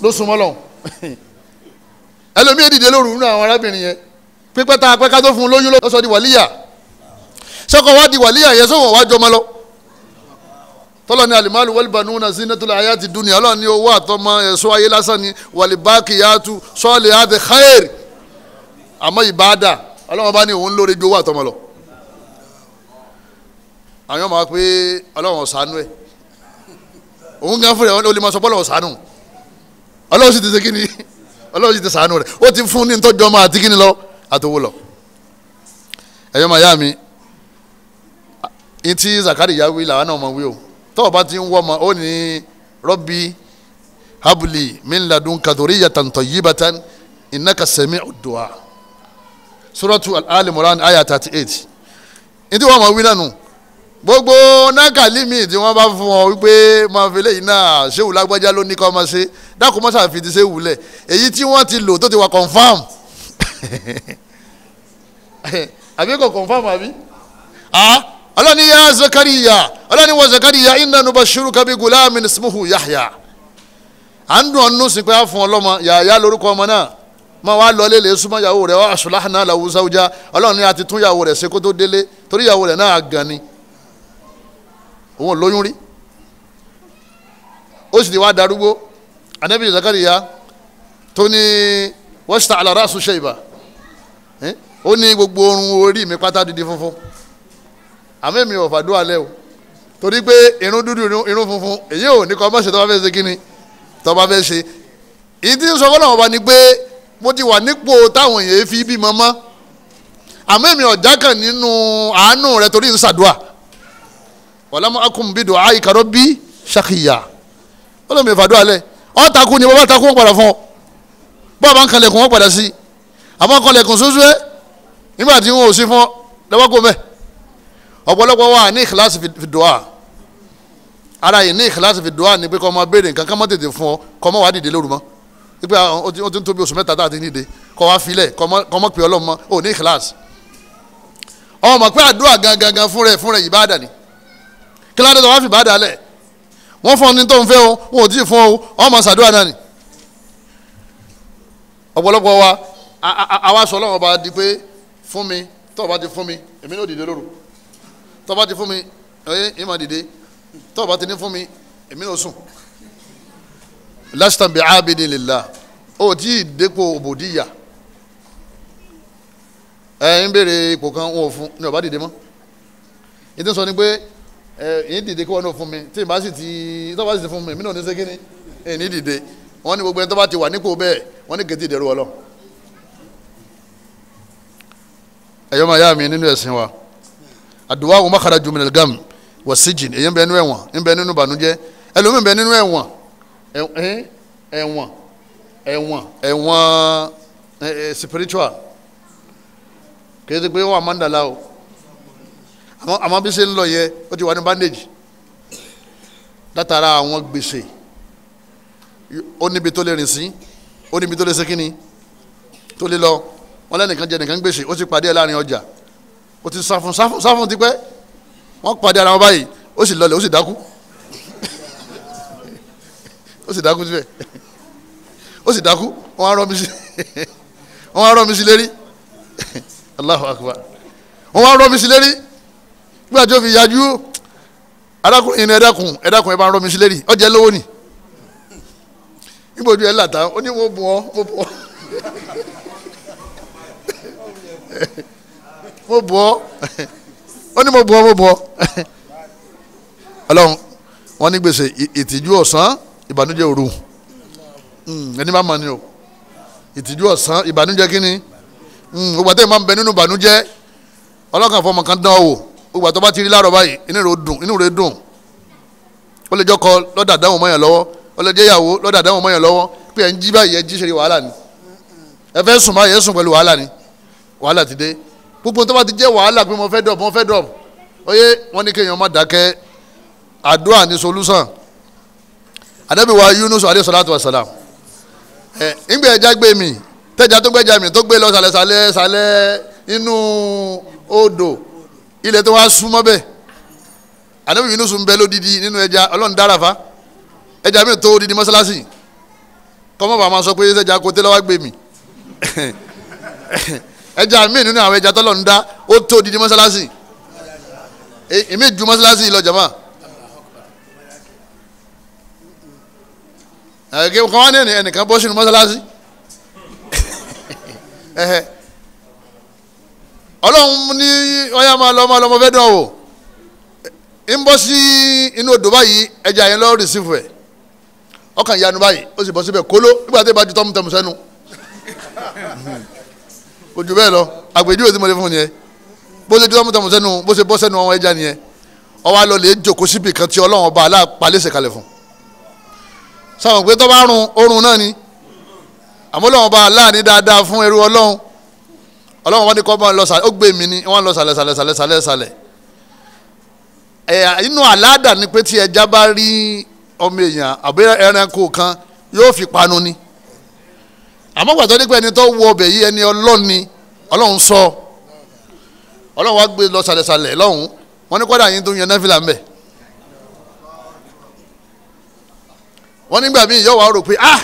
ló súnmọ́ lọ́hùn (laughs) ẹlòmíì dìde lóru nínú àwọn arábìnrin yẹn pípẹ́ ta pẹ́ ká tó fún lóyún ló sọ di wàlíyà sọkọ wa di wàlíyà yẹn sọ wọn wá jọmọ lọ tọ́lọ̀ ni alimalu wẹ́lìbanu na zinatul ayati dunya ọlọ́run ní owó àtọmọ ẹ̀sọ́ ayé lásán ni wàlìbákìyàtú sọ́ọ̀lì àti khair àmọ́ ìbáadà ọlọ́run bá ní òun lórí ju owó àtọmọ lọ àwọn ọmọ wa pé ọlọ́run ọ̀sánú ẹ̀ òun gan fúnra ó lè máa sọ bọ́lọ̀ sànù ọlọ́run sì ti ṣe kíni (laughs) ọlọ́run sì ti sànù rẹ̀ ó ti fún ní tọ́jú ọmọ àti kíni lọ àtòwò lọ. ẹ̀yọ́ màyá mi etí Zakariya wí làwọn náà mọ̀ wí o tọ́wọ́ bá ti ń wọ́ ọmọ ó ní rọ́bì habli min ladun kaduriyatan tayyibatan innaka sami'u du'a suratu al-Al Imran aya thirty eight etí wọ́n mọ̀ wí náà nù gbogbo nákàlí mi tí wọ́n bá fún ọ wípé máa fi léyìn náà ṣéwù lágbájá ló ní kọ́ ọmọ ṣe dákun mọ́sá fi ti ṣéwù lẹ̀ èyí tí wọ́n ti lò tó ti wà confam (laughs) àbí kò confam àbí ọlọ́ni yá zakariya ọlọ́ni wọ zakariya inna nubashiruka bi gulamin ismuhu yahya à ń dùn ọ́nú sí pé a fún yàyà lórúkọ ọmọ náà ma wa lọlé lè súnmọ́ yàwó rẹ̀ ọ́ àṣùláhàná làwùsáwùjá ọlọ́run ni a ti tún yàwó rẹ̀ ṣe kó tó délé torí yàwó rẹ̀ náà gan ni òun ò lóyún rí ó sì ti wá darúgbó anabi zakariya tó ní wọ́sítà alarasu ṣèyíba ó ní gbogbo orun orí mi pátá dídí funfun àmì mi ò fàdúrà lẹ́ o torí pé irun dúdú irun funfun èyí ò ní kọ́ mọ́ṣẹ́ tó bá fẹ́ ṣe kí ni tó bá fẹ́ ṣe ìdí sọ fọlọ́n ọba ni pé mo ti wà nípò táwọn èèyàn fi bímọ mọ́ àmì mi ọ̀já kan nínú àánú rẹ torí ń ṣàdúrà wàlámù akùn bí dùn áyì kàró bí ṣàkìyà ó lè mẹ́fà dùn alẹ́ ọ́n takú ni bọ́bá takú wọn padà fún ọ bọ́ọ̀ bá ń kanlẹ̀kùn wọn padà sí i àmọ́ kanlẹ̀kùn sósú ẹ nígbà tí wọn ò sí fún ọ lọ́wọ́ kó mẹ́ ọ̀pọ̀lọpọ̀ wà ní ìkìláàsì fi dùn á ara yìí ní ìkìláàsì fi dùn á ni pé kọ́ ọmọ béèrè nǹkan kọ́ mọ́ tètè fún ọ kọ́ mọ́ wàá dìde lóru mọ́ pípẹ́ o ti ń tóbi oṣù mẹ́ta tá a ti níde kọ́ wá filẹ̀ kọ́ mọ́ pé ọlọ́mọ ò ní ni kíládé tó wá fìbá dalẹ̀ wọ́n fún ọ ní tó ń fẹ́ o wọn ò tí ì fún ọ ọmọ sàdúrà náà ni ọ̀pọ̀lọpọ̀ wa àwa sọ ọlọ́run ọba di pé fún mi tó o bá ti fún mi èmi náà dìde lóru tó o bá ti fún mi ẹ̀yẹ ìmọ̀ dìde tó o bá ti ní fún mi èmi náà sùn lásìtàn bí ábídì lillah ó tí ì òbòdìyà ẹ̀ ń béèrè ipò kan wọn ò fún ni ọba dìde mọ́ ìdí sọ ni pé èyí dìde kí wọn náà fún mi tí ìbá sì ti tó bá sì ti fún mi èmi náà ní ṣe kíni èyí ní dìde wọn ní gbogbo ẹni tó bá ti wà nípò bẹ́ẹ̀ wọn ní kẹtì ìdẹrù ọlọ. ẹ̀yọ́ máa yá mi nínú ẹ̀sìn wa àdùwá wo mákàrà ju minal gam wà síjìn èyí ń bẹ nínú ẹ̀wọ̀n ń bẹ nínú bànújẹ́ ẹlòmíì ń bẹ nínú ẹ̀wọ̀n ẹ̀wọ̀n ẹ̀wọ̀n ẹ̀wọ̀n spiritual kì í ti pé wọn àmàndàlá àmọ́ bí ṣe ń lọ yẹn ó ti wà ní bandage látara àwọn gbèsè ó níbi tó lè rìn sí ó níbi tó lè ṣe kíni tó lè lọ wọn lẹ́nìkan jẹ nìkan gbèsè ó ti pàdé ẹ̀ láàrin ọjà ó ti sáfún sáfún sáfún tipẹ́ wọ́n pàdé ara wọn báyìí ó sì lọlẹ̀ ó sì dákú (laughs) ó sì dákú síbẹ̀ ó sì dákú wọ́n á rọ́ mi sí (laughs) wọ́n á rọ́ mi sí lérí (laughs) Allahu Akbar wọ́n á rọ́ mi sí lérí gbígbà tí ó fi yájú arákùnrin ní ẹ̀dákùn ẹ̀dákùn ẹ̀ bá ń rọ́ mi sí lérí ọjà lówó ni níbo ju làtà ó ní mo bù ọ́ mo bù ọ́ (laughs) mo bù ọ́ ó ní mo bù ọ́ mo bù ọ́ (laughs) ọlọ́run wọ́n ní gbèsè ìtìjú ọ̀sán ìbànújẹ́ òru hmm, ẹni bá mọ̀ ni o ìtìjú ọ̀sán ìbànújẹ́ kínni ògbà hmm, tẹ́lẹ̀ máa ń bẹ nínú ìbànújẹ́ ọlọ́kàn fọmọ kan dán ọ wò gbogbo àtọ́ bá ti rí láàrọ̀ báyìí inú rẹ̀ dùn inú rẹ̀ dùn ó lè jọkọ lọ́dà dáhùn mọ́yàn lọ́wọ́ ó lè jẹ́ ìyàwó lọ́dà dáhùn mọ́yàn lọ́wọ́ pé ẹ̀ ń jí báyìí ẹ̀ jí ṣe wàhálà ni ẹ fẹ́ sùn báyìí ẹ sùn pẹ̀lú wàhálà ni wàhálà ti dé gbogbo tó bá ti jẹ́ wàhálà pé mo fẹ́ dọ̀ mo fẹ́ dọ̀ oyè wọ́n ní kéèyàn má dákẹ́ àdúrà ní solúsàn ànábì Yunus alayhi salatu wa salam ẹ ìgbẹ́ mi tẹ́jà tó gbẹ́jà mi tó gbé lọ sàlẹ̀ sàlẹ̀ sàlẹ̀ ilẹ̀ tó wá súnmọ́ bẹ́ẹ̀ ànábì Yunus ń bẹ lódìdí nínú ẹja ọlọ́run dára fa ẹja mi tó odidi mọ́sálásì kọ́mọ́ bàá máa sọ pé ẹja kò tẹ́lẹ̀ wá gbé mi (laughs) ẹja mi nínú àwọn ẹja tọ́lọ́run dá ó tó odidi mọ́sálásì e, èmi ju mọ́sálásì lọ jàmá. ẹ̀ẹ́dẹ́gbẹ́ kọ́mọ́ ní ẹnìkan bọ́ sínú mọ́sálásì. (laughs) ọlọ́run ní ọyá máa lọ máa lọ ọmọ fẹ́ dán o ń bọ́ sí inú odò báyìí ẹja yẹn lọ́ọ́ rìsífù ẹ̀ ọkàn ìyanu báyìí ó sì bọ́ síbẹ̀ kóló nígbà tí ì bá ju tọ́mùtọ́mù sẹ́nu kò jù bẹ́ẹ̀ lọ àgbèjúwe tí mo lè fún yẹn bó ṣe ju tọ́mùtọ́mù sẹ́nu bó ṣe bọ́ sẹ́nu ọmọ ẹja nìyẹn ọwọ́ àlọ́ lè jókòó síbi kan tí ọlọ́run ọba aláàpálẹ́sẹ̀ kalẹ̀ fún sáwọn tọ́ bá rún orun náà ni àmọ́ ọlọ́run ọba aláàní dáadáa fún ẹrú ọlọ́run ọlọ́run wọn ni kọ́ bá lọ sàlẹ̀ ó gbé mi ni wọ́n lọ sàlẹ̀ sàlẹ̀ sàlẹ̀ sàlẹ̀ sàlẹ̀ inú àládà ni pé tí ẹja bá rí ọmọ èèyàn àbí ẹranko kan yóò fi panu ni àmọ́ gbàtọ́ pé ẹni tó wọ ọbẹ̀ yìí ẹni ọlọ́ni ọlọ́run wa gbé lọ sàlẹ̀ sàlẹ̀ lọ́hùn wọn ni kọ́dà yín tó yan wọn nígbà míì yóò wá rò pé ah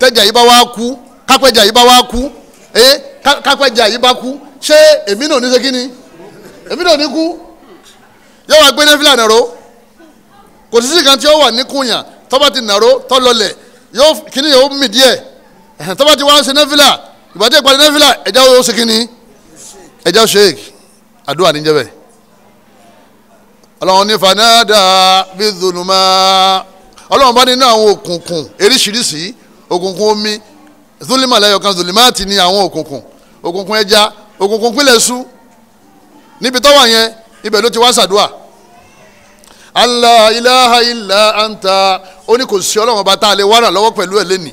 tẹ́jà yìí bá wá kú kápẹ́jà yìí bá wá kú. ee eh, kápẹ́jà yìí bá kú ṣé èmi náà ní ṣe kíni èmi náà ní kú yóò wá gbé nẹ́fìlà nàró kò sí sí kan tí ó wà ní kùnyà tọ́ba ti nàró tọ́lọlẹ̀ yóò kíni yóò mì díẹ̀ tọ́ba ti wá ṣe nẹ́fìlà ìbàdí ìpàdé nẹ́fìlà ẹ̀já yóò ṣe kíni ẹ̀já sheik àdúrà níjẹ́ bẹ́ẹ̀ ọlọ́run ní fanáda bí dùnúmá ọlọ́run bá nínú àwọn òkùnkùn eríṣiríṣi òkùnkùn omi zulima lẹ́yọ̀kan zulimaati ni àwọn òkùnkùn òkùnkùn ẹja òkùnkùn pínlẹ̀ sùn níbi tọ́wọ̀ yẹn ibẹ̀ ló ti wá sàdúà Allah ilaha illa anta oni ní kò sí ọlọ́run ọba tá a lè wára lọ́wọ́ pẹ̀lú ẹ̀ lẹ́nìí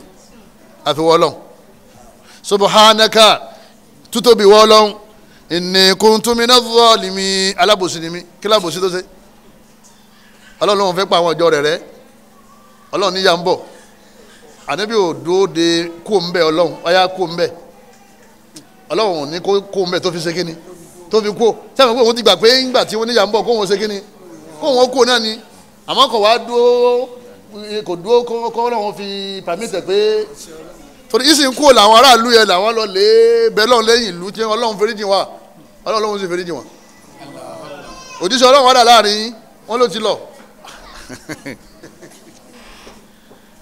àfiwọ́ ọlọ́run subhanaka tútóbi wọ́ ọlọ́run inni kuntu minaz zalimin alábòsí ni mí kí alábòsí tó ṣe ọlọ́run ló ń fẹ́ pa àwọn ọjọ́ rẹ̀ rẹ́ ọlọ́run níyà ń bọ̀ ànábì ò dúró de kó ń bẹ ọlọ́run ọyá kó ń bẹ ọlọ́run ò ní kó ń bẹ tó fi ṣe kíni tó fi kó sẹ́wọ̀n pé òun ti gbà pé ńgbà tí oníyà ń bọ̀ kó wọn ṣe kíni kó wọn kó náà ni àmọ́ kò wá dúró kò dúró kó ọlọ́run fi pàmìtẹ̀ pé torí ìsìn kó làwọn aráàlú yẹn làwọn lọ lé bẹ́ẹ̀ lọ́run lẹ́yìn ìlú tí ọlọ́run foríjì wa ọlọ́run sì foríjì wa òjíṣẹ́ ọlọ́run wà dà láàrin wọn ló ti lọ (laughs)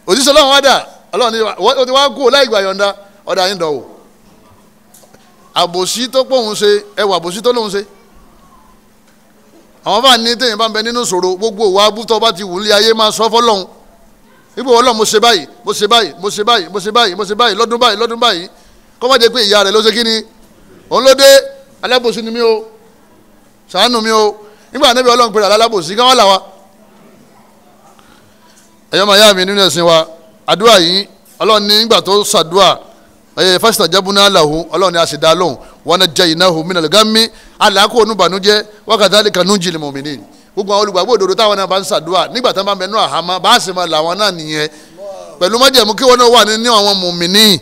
òjíṣẹ́ ọlọ́run wá dà ọlọ́run ní o ti wá kú o láì gbà yọ̀ǹda ọ̀dà yín dọ̀wọ́ àbòsí tó pòun ṣe ẹwà àbòsí tó lóun ṣe àwọn bá ní téèyàn bá ń bẹ nínú ìṣòro gbogbo òwò abútọ́ bá ti wùlé ayé máa sọ fọlọ́run ibo ọlọ́run mo ṣe báyìí mo ṣe báyìí mo ṣe báyìí mo ṣe báyìí mo ṣe báyìí lọ́dún báyìí lọ́dún báyìí kọ́ má jẹ́ pé ìyá rẹ̀ ló ṣe kí ni òun ló dé alábòsí ni mí o ṣàánú mi o nígbà níbi ọlọ́run pèrè alábòsí káwọn là wa ẹ̀yọ́ máa yá mi nínú ẹ̀sìn wa àdúrà yìí ọlọ́run ní ìgbà tó ṣàdúrà ẹ̀yẹ fásitì àjẹbùnà làwù ọlọ́run ní a sì dá lóhùn wọn jẹ ìnáhùn mí nàlẹ́ gánmi àlàkò onúbànújẹ wákàtí àlìkà nújì lè mọ̀mí ni gbogbo àwọn olùgbàgbọ́ òdodo táwọn náà bá ń ṣàdúrà nígbà táwọn bá ń bẹnu àhámọ́ bá a sì máa làwọn náà nìyẹn pẹ̀lú májẹ̀mú kí wọ́n náà wà nínú àwọn mùmíní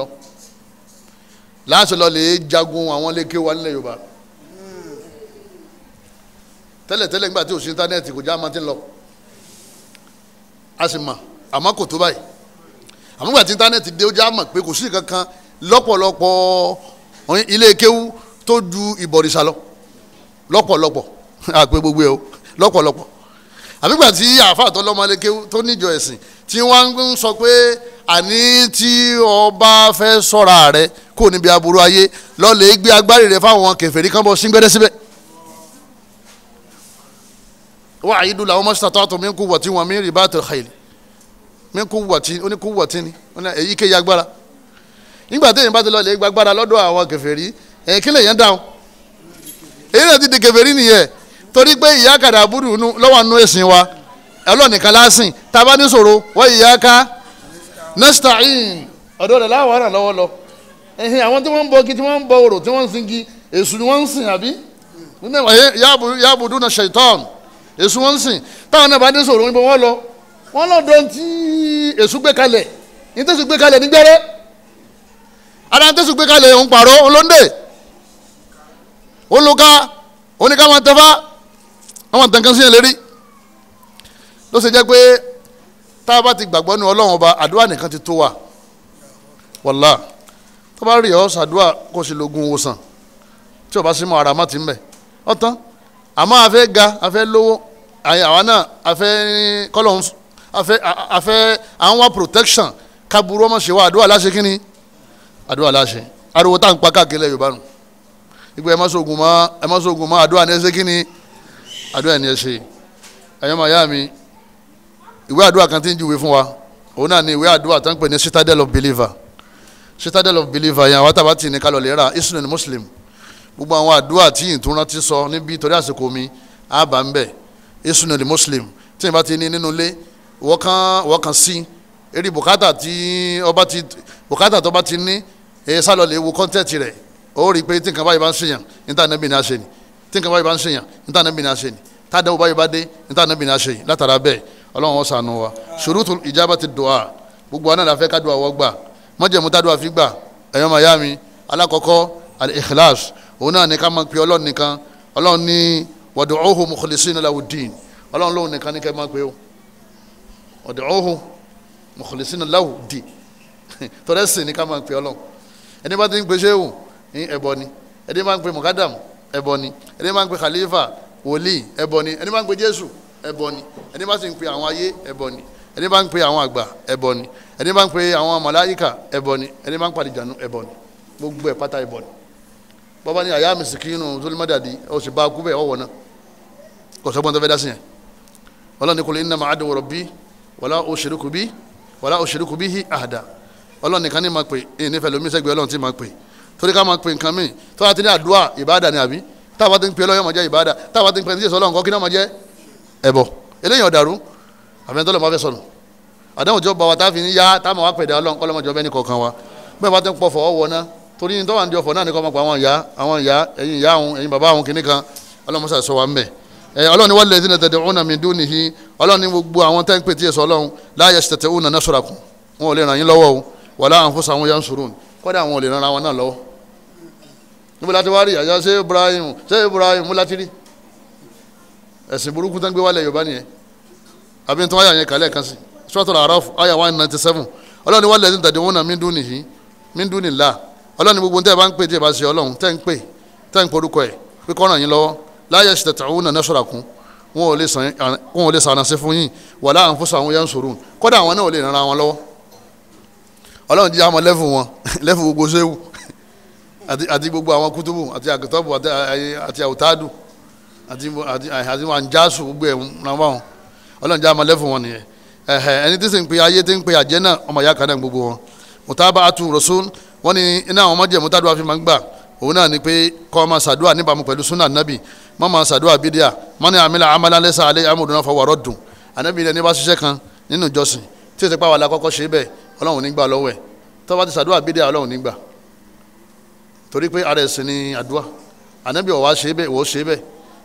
tó láṣọlọ lè jagun àwọn lékè wa nílẹ̀ yorùbá tẹ́lẹ̀tẹ́lẹ̀ nígbà tí o sí íńtánẹ́ẹ̀tì kò já máa ti ń lọ a sì mọ̀ àmọ́ kò tó báyìí àmọ́ nígbà tí íńtánẹ́ẹ̀tì dé ó já mọ̀ pé kò sí kankan lọ́pọ̀lọpọ̀ ilé kéwú tó ju ìbọ̀rìṣà lọ lọ́pọ̀lọpọ̀ (laughs) àpè gbogbo ẹ̀ o lọ́pọ̀lọpọ̀ àmì nígbà tí àáfàá tó lọ́mọ lékè tó níjọ ẹ̀sìn tí wọ́n ń sọ pé àní tí ọba fẹ́ sọ̀ra rẹ kò níbi aburú ayé lọ́lẹ̀ gbé agbárí rẹ fáwọn kèfèrí kan bọ́ síngbẹ́rẹ́ síbẹ̀. wọ́n àyídú làwọn mastata'tum min quwwatin wa min ribatil khayl min quwwatin ó ní quwwatin ni ó ní èyíkéyìí agbára nígbà téèyàn bá ti lọ́lẹ̀ gbé agbára lọ́dọ̀ àwọn kèfèrí ẹ̀ kí lè yẹn dáhùn èyí náà ti di kèfèrí nìyẹn torí pé ìyá kàdà búrú lọ́wọ́ Ọlọ́run nìkan lásìn tá a bá ní ṣòro wọ́n yìí yá ká nasta'in ọ̀dọ́ rẹ̀ láwọn ràn lọ́wọ́ lọ ẹ̀hìn àwọn tí wọ́n ń bọ igi tí wọ́n ń bọ orò tí wọ́n ń sin igi èṣù ni wọ́n ń sìn àbí yábùdú na ṣaitan èṣù wọ́n ń sìn táwọn náà bá ní ṣòro níbo wọ́n lọ wọ́n lọ dán tí èṣù gbé kalẹ̀ ní tẹ̀sù gbé kalẹ̀ nígbẹ́rẹ́ ara ní tẹ̀sù gbé kalẹ̀ òun pààrọ̀ olóńdè olùka oníkàwọn tẹfà àwọn tẹ̀ǹkan sí ẹ̀ lérí ló ṣe jẹ́ pé tá a bá ti gbàgbọ́ nu ọlọ́run ọba àdúrà nìkan ti tó wa wàlá tó bá rí ọ ṣàdúrà kó ṣe lògùn òwòsàn tí o bá sí mọ ara má ti ń bẹ ọtán àmọ́ a fẹ́ ga a fẹ́ lówó àwa náà a fẹ́ kọ́lọ́hún a fẹ́ a fẹ́ à ń wá protection kaburu ọmọ ṣe wa àdúrà láṣẹ kínní àdúrà láṣẹ ariwo tá à ń pa káàkiri lẹ yorùbá nù ìgbà ẹ má sọ̀gùn mọ́ ẹ má sọ̀gùn mọ́ àdúrà ni ẹ ṣe kínní àdúrà ni ẹ ṣe ẹ̀yọ́ màá yá mi ìwé àdúrà kan tí ń júwe fún wa òun náà ni ìwé àdúrà tó ń pè ní citadel of believer citadel of believer yẹn àwọn àtàbà tì ní kálọ̀ lè ra islam and muslim gbogbo àwọn àdúrà tí ìtura ti sọ níbi torí àsìkò mi àbá ń bẹ̀ islam and muslim tí ìbá ti ní nínú ilé wọ́kàn wọ́kàn sí eré bùkátà tí ọba ti bùkátà tó bá ti ní èyí sálọ lè wo kọ́ńtẹ́ẹ̀tì rẹ̀ ó rí i pé tí nǹkan báyìí bá ń ṣèyàn níta níbi ní a ṣe ni tí nǹkan báyìí bá ń ṣèyàn níta níbi ní a ṣe ni tá a dẹ́wọ́ báyìí bá dé níta níbi ní a ṣe yìí látara bẹ́ẹ̀ ọlọ́run wọn sànù wa ṣòrútù ìjábàtì dùà gbogbo anáà láfẹ́ ká dùà wọ́ gbà mọ́jẹ̀mú tá dùà fi gbà ẹ̀yọ́ màyá mi alákọ̀ọ́kọ́ al-ikhlas òun náà ní ká máa pe ọlọ́run nìkan ọlọ́run ní wad'uhu mukhlisina lahud-din ọlọ́run lóhun nìkan ní ká máa pe o wad'uhu mukhlisina lahud-din (laughs) tọ́lẹ́sìn ní ká máa pe ọlọ́run ẹni bá ti ń pe ṣéwù ní ẹ̀bọ ẹni máa ń pe mukadam ẹbọ ẹni máa ń pe khalifa wòlíì ẹbọ ẹni máa ń pe jésù ẹbọ ni ẹni bá sì ń pe àwọn ayé ẹbọ ni ẹni bá ń pe àwọn àgbà ẹbọ ni ẹni bá ń pe àwọn màláyíkà ẹbọ ni ẹni bá ń pàdé jànú ẹbọ ni gbogbo ẹ pátá ẹbọ ni bọ́bá ní àyà mìsìkínú tólimadàdí ó sì bá a kú bẹ́ẹ̀ ọ̀wọ̀ náà kò sọ́gbọ́n tó fẹ́ dá sí yẹn ọlọ́ni kò lè ní màá dùn wọ̀rọ̀ bí wàlá òṣèlúkù bí wàlá òṣèlúkù bí hí àdá ọlọ́ni kan ní máa pè é nífẹ̀ẹ́ lómi sẹ́gbẹ̀ẹ́ ọlọ́run tí máa pè torí ká máa pè nǹkan míì tó bá ti ní àdúrà ìbáàdà ni àbí táwa ti ń pè ọlọ́run yóò máa jẹ́ ìbáàdà táwa ti ń pè ní ẹbọ eléyìí ọ̀dàrú àfẹnitọ́lọ́ máa fẹ́ sọnù àdáhùn jọba wa táfi ní yá táwọn wa pẹ̀lẹ́ ọlọ́run kọ́lọ́mọ jọba ẹni kọ̀ọ̀kan wa bẹ́ẹ̀ bá ti ń pọ̀ fọ́ wọ ná torí ní tọ́wà ń jọ fọ́ náà ní kọ́ máa pa àwọn ìyá àwọn ìyá ẹ̀yin ìyá àwọn ẹ̀yin bàbá àwọn kìnnì kan ọlọ́mọṣà sọ wa ń bẹ̀ ọlọ́run wọ́n lẹ́sìn náà tẹ̀dẹ̀ ọ̀nà mi dún nìyí ọlọ́run ní gbogbo àwọn tẹ́ ń pè tíyẹ̀ sọ ọlọ́run láyé tẹ̀tẹ̀ ọ̀nà náà kù wọn ò lè ràn yín lọ́wọ́ o wàlá àwọn fúnṣà wọn yàn sùúrù kọ́dà wọn ò lè ràn ara náà lọ́wọ́ níbo láti wá rí àyà ṣé Ibrahim ṣé Ibrahim mú ẹ̀sìn burúkú tán gbé wálẹ̀ yorùbá nìyẹn àbí tí wọ́n yà yẹn kálẹ̀ kan sí Suratul Araf àyà one ninety seven ọlọ́run ni wọ́n lẹ́sìn tàdé wọn náà mí dún nìyí mí dún nìlá ọlọ́run ni gbogbo tẹ́ ẹ bá ń pè tí ẹ bá ṣe ọlọ́run tẹ́ ń pè tẹ́ ń porúkọ ẹ̀ pé kọ́ ràn yín lọ́wọ́ la yastati'una nasrakum wala anfusahum yansurun kọ́dà àwọn náà ò lè ràn wọn lọ́wọ́ ọlọ́run jíjá mọ lẹ́fù wọn lẹ́fù (laughs) gbogbo séwù (laughs) àti gbogbo àwọn kútùbù àti àkìtọ́bù àti àwùtádù àti wọn jásù gbogbo ẹ̀ náà wọn ọlọ́run já malẹ́ fún wọn nìyẹn ẹ̀hẹ̀ ẹni tí sì ń pe ayé tí ń pe àjẹ́ náà ọmọ ìyá kan náà gbogbo wọn mùtábà àtú rọ̀sùn wọn ni iná àwọn ọmọdé mùtádùá fi máa ń gbà òun náà ni pé kọ́ máa ṣàdúrà níbàámu pẹ̀lú súnà nábì má máa ṣàdúrà bídíà má ní àmì àmàlà lẹ́sà alẹ́ amòdùnà fọwọ́rọ́ dùn ànábì rẹ̀ ní bá ṣiṣẹ́ kan nínú ìjọsìn tí o ti pa wàhálà kọ́kọ́ ṣe bẹ́ẹ̀ ọlọ́run nígbà lọ́wọ́ ẹ̀ tó bá ti ṣàdúrà bídíà ọlọ́run nígbà torí pé ara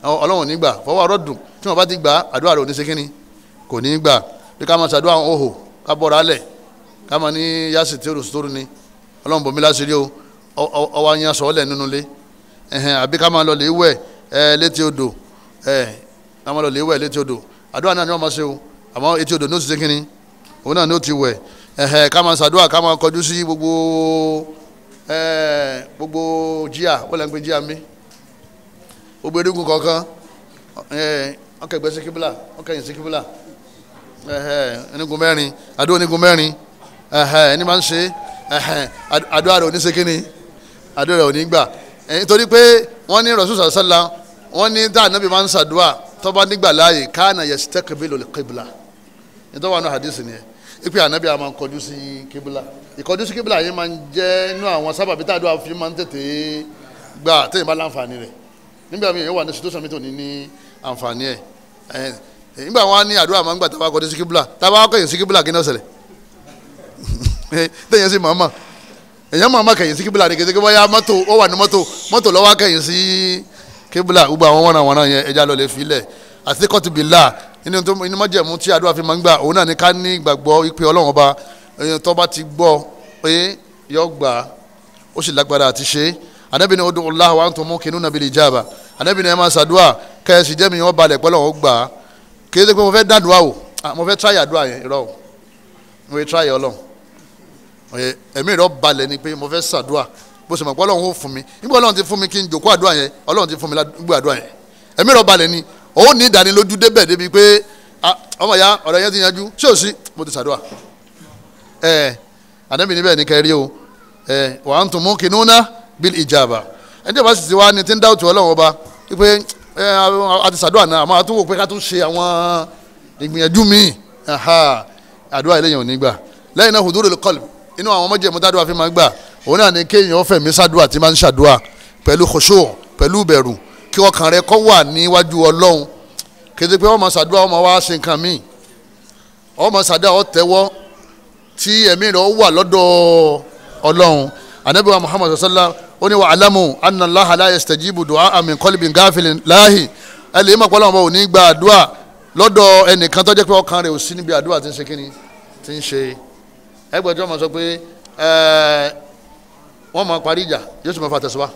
ọlọ́run nígbà fọwọ́ ọ̀rọ̀ tí wọ́n bá ti gbà àdúrà rẹ̀ ò ní ṣe kò ní gbà bí ká máa ṣàdúrà òhò ká ní tí ni ọlọ́run bòmí o ọwọ́ ayan nínú ilé àbí ká máa lọ lè wẹ̀ létí odò ká máa lọ lè wẹ̀ létí odò ni wọ́n máa o àmọ́ etí odò ní ó ti gbogbo erigun kọ̀ọ̀kan eh, wọ́n kẹ̀gbẹ́ sí kíbílà wọ́n kẹ̀yìn sí kíbílà enigun mẹ́rin àdúrà onigun mẹ́rin eh, eh, ẹni máa ń ṣe àdúrà rẹ̀ ò ní ṣe kíni àdúrà rẹ̀ ò ní gbà nítorí pé wọ́n ní Rasul sàlá wọ́n ní tá ànábì máa ń ṣàdúrà tó bá nígbà láàyè káànà yastaqbilu al-qibla nítorí wọn náà hadith nìyẹn ipe ànábì a máa ń kọjú sí kíbílà ìkọjú sí kíbílà yẹn máa ń jẹ́ inú àwọn sábàbí tá àdúrà fi máa ń tètè gbà téèyàn bá láǹfààní rẹ̀ nígbà míì yẹn wà ní situation mi tó ní ní àǹfààní ẹ̀ nígbà wọn ní àdúrà máa ń gbà tá a bá kọ́ dé síkíbùlà tá a bá kọ́ yẹn síkíbùlà kí ni ó ṣẹlẹ̀ tẹ̀yẹ̀ sí màmá èyàn màmá kẹ̀yìn sí kíbùlà ni kẹ̀yìn sí kíbùlà ya mọ́tò ó wà ní mọ́tò mọ́tò lọ́wọ́ kẹ̀yìn sí kíbùlà gbogbo àwọn wọnà wọnà yẹn ẹja lọ lè filẹ̀ àti kọ́tù bìlà inú tó inú mọ́jẹ̀mú tí àdúrà fi máa ń gbà òun náà ni ká ní gbàgbọ́ ìpè ọlọ́run ọba tó ti gbọ́ pé yọ gbà ó sì lágbára àti ṣe é anabi ni udu Allah wa antum muqinuna bil ijaba anabi ni ẹ máa ṣàdúrà kẹ́sì jẹ́mi yẹn wọ́n balẹ̀ pẹ́lú ọ̀hún gbà á kéde pé mo fẹ́ dàdúrà o mo fẹ́ tíráyà àdúrà yẹn irọ́ o mo fẹ́ tíráyà ọlọ́run ẹ̀mí rẹ̀ balẹ̀ ni pé mo fẹ́ ṣàdúrà bó ṣe mọ̀ pé ọlọ́run ó fún mi nígbà ọlọ́run ti fún mi kí n jòkó àdúrà yẹn ọlọ́run ti fún mi gbé àdúrà yẹn ẹ̀mí rẹ̀ balẹ̀ ni òun ní ìdánilójú débẹ̀ débi pé ọmọ ya ọ̀rọ̀ yẹn ti yanjú ṣé mo ti ṣàdúrà ẹ̀ àdẹ́bìnrin bẹ́ẹ̀ ni kẹrí o ẹ̀ wa antum muqinuna bil ijaba ẹni tí a bá sì ti wá ni tí ń dá òtún ọlọ́run ọba wípé ẹ àti sàdúrà náà àmọ́ àtúwò pé ká tún ṣe àwọn ìgbìyànjú míì àdúrà eléyàn ò ní gbà lẹ́yìn náà hudúrò lè kọ́lù inú àwọn ọmọ jẹ̀mú tádùá fi máa ń gbà òun náà ni kéèyàn ó fẹ̀mí sádùá tí máa ń ṣàdùá pẹ̀lú kòṣó pẹ̀lú ìbẹ̀rù kí ọkàn rẹ kó wà níwájú ọlọ́run kété pé ọmọ sàdúrà ọmọ wa anabi wa muhammad sallam ó ní wa alamu anna allaha la yastajibu du'a min qalbin ghafilin lahi ẹ lè má pọ́lọ́mọ́ bá òní gba àdúrà lọ́dọ̀ ẹnìkan tó jẹ́ pé ọkàn rẹ̀ ò sí níbi àdúrà tí ń ṣe kíni tí ń ṣe ẹgbẹ̀jọ́ máa sọ pé wọ́n máa parí ìjà yóò sì máa fa tẹ̀síwá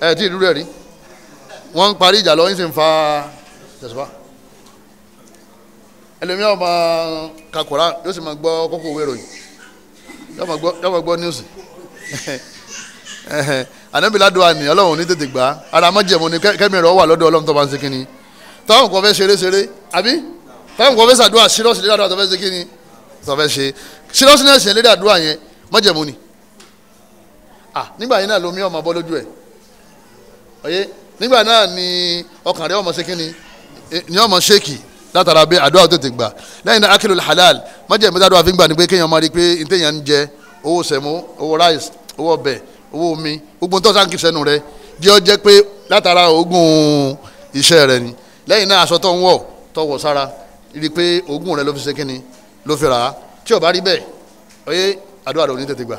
ẹ tí ìlú rẹ̀ rí wọ́n ń parí ìjà fa tẹ̀síwá ẹlòmíràn máa ka Kùránì yóò sì máa gbọ́ kókó yọmọ gbọ́ níwùsì ànábì ládùá ni ọlọ́run ní tètè gbà ara mọ́jẹ̀mú ni kẹ́mi rẹ̀ wà lọ́dọ̀ ọlọ́run tó bá ń ṣe kínni táwọn kan fẹ́ ṣeré ṣeré àbí táwọn kan fẹ́ ṣàdúrà lédè àdúrà tó fẹ́ ṣe kínni tó fẹ́ ṣe ṣírọ́ọ̀ṣì náà ṣe lédè àdúrà yẹn mọ́jẹ̀mú ni nígbà yẹn náà lomi ọmọ bọ́ lójú ẹ̀ ọ̀yẹ́ nígbà náà ni ọkàn rẹ̀ ọmọ ṣe kínni ni ọmọ ṣéèkì látara bẹ́ẹ̀ àdúrà tètè gbà lẹ́yìn náà akilu halal májèmí tá a dúrà fi gbà ní pé kéèyàn máa rí i pé ntẹ̀yàn ń jẹ owó sẹ̀mó owó rice owó ọbẹ̀ owó omi gbogbo tó sáà ń kí sẹ́nu rẹ jẹ́ ọ jẹ́ pé látara oògùn iṣẹ́ rẹ ni lẹ́yìn náà aṣọ tó ń wọ̀ tó wọ̀ sára rí i pé oògùn rẹ ló fi ṣe kíni ló fi rà á tí ò bá rí bẹ́ẹ̀ ọyẹ́ àdúrà rẹ ní tètè gbà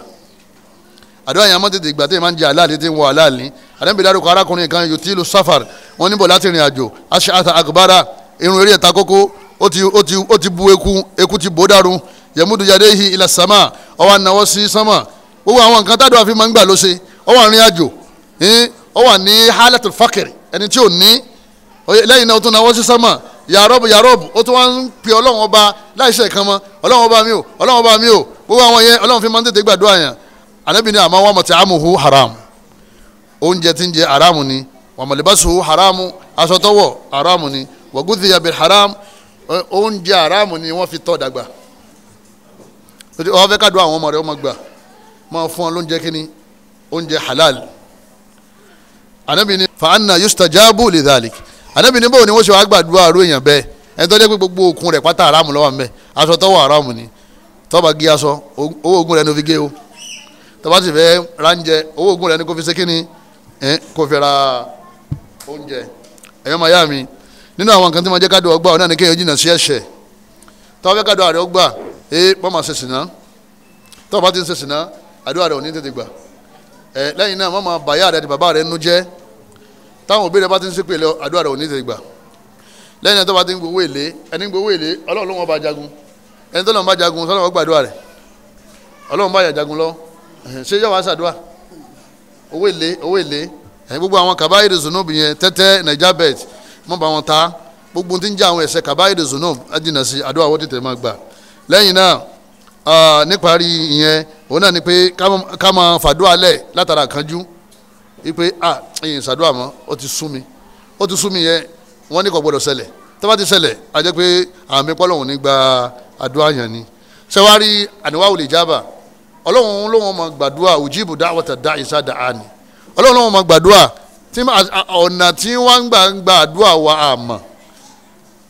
àdúrà yẹn a máa tètè gbà tẹ́ ẹ máa ń jẹ aláàlẹ́ tí ń wọ aláàlẹ́ àdẹ́nbẹ̀dẹ́ àdókò arákùnrin kan yòtí ìlú safar wọn níbọ̀ láti rìn àjò aṣááta agbára irun eré ẹ̀ta kókó ó ti ó ti ó ti bu eku eku ti bò dàrú yẹmudu yadehi ilà sàmà ọwọ́ anáwọ́ sí sàmà gbogbo àwọn nǹkan tá a dọ̀ àfi máa ń gbà ló ṣe ọwọ́ àrin àjò ọwọ́ ní halatu fakiri ẹni tí ò ní lẹ́yìn náà ó tún náwọ́ sí sàmà yàrọ́bù yàrọ́bù ó tún wá ń pè ọlọ́run ọba láìsẹ̀ kan mọ́ ọlọ́run ọba mi ò ọlọ́run ọba mi ò gbogbo àwọn yẹn ọlọ́run fi máa ń tètè gbàdúrà yẹn anabi ní àmọ́ wọn mọ̀tí amuhu haram oúnjẹ tí ń jẹ haramu ni wọn mọ̀lẹ́bàṣu haramu aṣọ tó haramu ni wọ́gùdì yàbí haram oúnjẹ haramu ni wọ́n fi tọ́ dàgbà torí ọ fẹ́ ká do àwọn ọmọ rẹ ọmọ gbà máa fún ọ lóúnjẹ kínní oúnjẹ halal anabi ní fa'anna yustajabu lidhalik anabi ní báwo ni wọ́n ṣe wàá gbàdúrà àrò èèyàn bẹ́ẹ̀ ẹni tó dé pé gbogbo òkun rẹ̀ pátá haramu ló wà ńbẹ̀ haramu ni tó bá gé aṣọ owó ogun rẹ̀ ní o fi gé o. tọ́ba sì ra ránjẹ owó ogun rẹ ni kò fi ṣe kíni kò fi ra oúnjẹ ẹ̀yọ́ máa yá mi nínú àwọn nǹkan tí mo jẹ́ ká do ọgbà ọ̀nà ni kéèyàn jìnnà sí ẹ̀ṣẹ̀ fẹ́ ká do àrẹ ọgbà ee wọ́n máa ṣe sìnà tọ́ba ti ń ṣe sìnà àdúrà rẹ ò ní tètè gbà ẹ lẹ́yìn náà wọ́n máa rẹ àti bàbá rẹ jẹ́ táwọn òbí rẹ bá ti ń lọ àdúrà rẹ ò ní tètè gbà lẹ́yìn náà ti ṣé yóò wá ṣàdúrà owó èlé owó èlé ẹ̀yin gbogbo àwọn kàbáyèrè zunub yẹn tẹ́tẹ́ naija bet mọ́ bá wọn ta gbogbo tí ń jẹ́ àwọn ẹ̀ṣẹ̀ kàbáyèrè zunub ajínà sí àdúrà wọ́n tètè máa gbà lẹ́yìn náà níparí ìyẹn òun náà ni pé ká máa fàdúrà lẹ̀ látara kanjú wípé ah ẹ̀yin ṣàdúrà mọ́ ó ti sú mi ó ti sú mi yẹn wọ́n ní kò gbọ́dọ̀ ṣẹlẹ̀ tó ti ṣẹlẹ̀ a àmì pọ́lọ́hún ní gba àdúrà yẹn ni ṣẹ́wárí àníwáwò lè jábàá ọlọ́run lóun máa gbàdúrà òjìbù dáwọ́tà dá ìsá dá a ni ọlọ́run lóun máa gbàdúrà ọ̀nà tí wọ́n ń gbà ń gbàdúrà wa àmọ́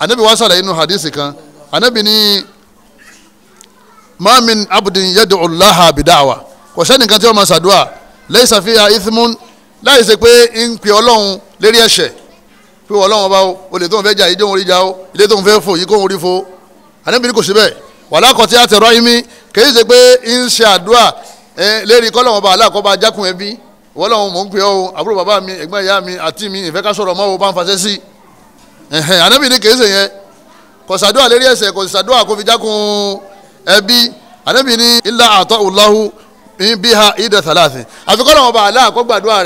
anabi wa sàlàyé inú hadith kan anabi ni mamin abudin yadu olaha bidawa kò sẹ́ni kan tí wọ́n máa ṣàdúrà lẹ́yìn sàfihàn ithmun láì ṣe pé ń pè ọlọ́run lérí ẹ̀ṣẹ̀ pé ọlọ́run ọba o lè tó ń fẹ́ jà yìí tó rí jà o ilé tó ń fẹ́ fò yìí kó ń rí fò anabi ni kò sí wàlákọ̀ tí a tẹ̀rọ yín mi kìí ṣe pé ń ṣe àdúrà lérí kọ́lọ́wọ́n bá aláàkọ́ bá jákùn ẹbí wọ́n lọ́wọ́ mò ń pè ọ́ àbúrò bàbá mi ẹ̀gbọ́n ìyá mi àti mi ìfẹ́ ká sọ̀rọ̀ mọ́ o bá ń fasẹ́ sí i ànábì ni kìí ṣe yẹn kò ṣàdúrà lérí ẹ̀ṣẹ̀ kò ṣàdúrà kò fi jákùn ẹbí ànábì ní ilà àtọ́ ọ̀làhù bí ha ìdẹ̀ sàlàsì àfikọ́ lọ́wọ́ bá aláàkọ́ gbàdúrà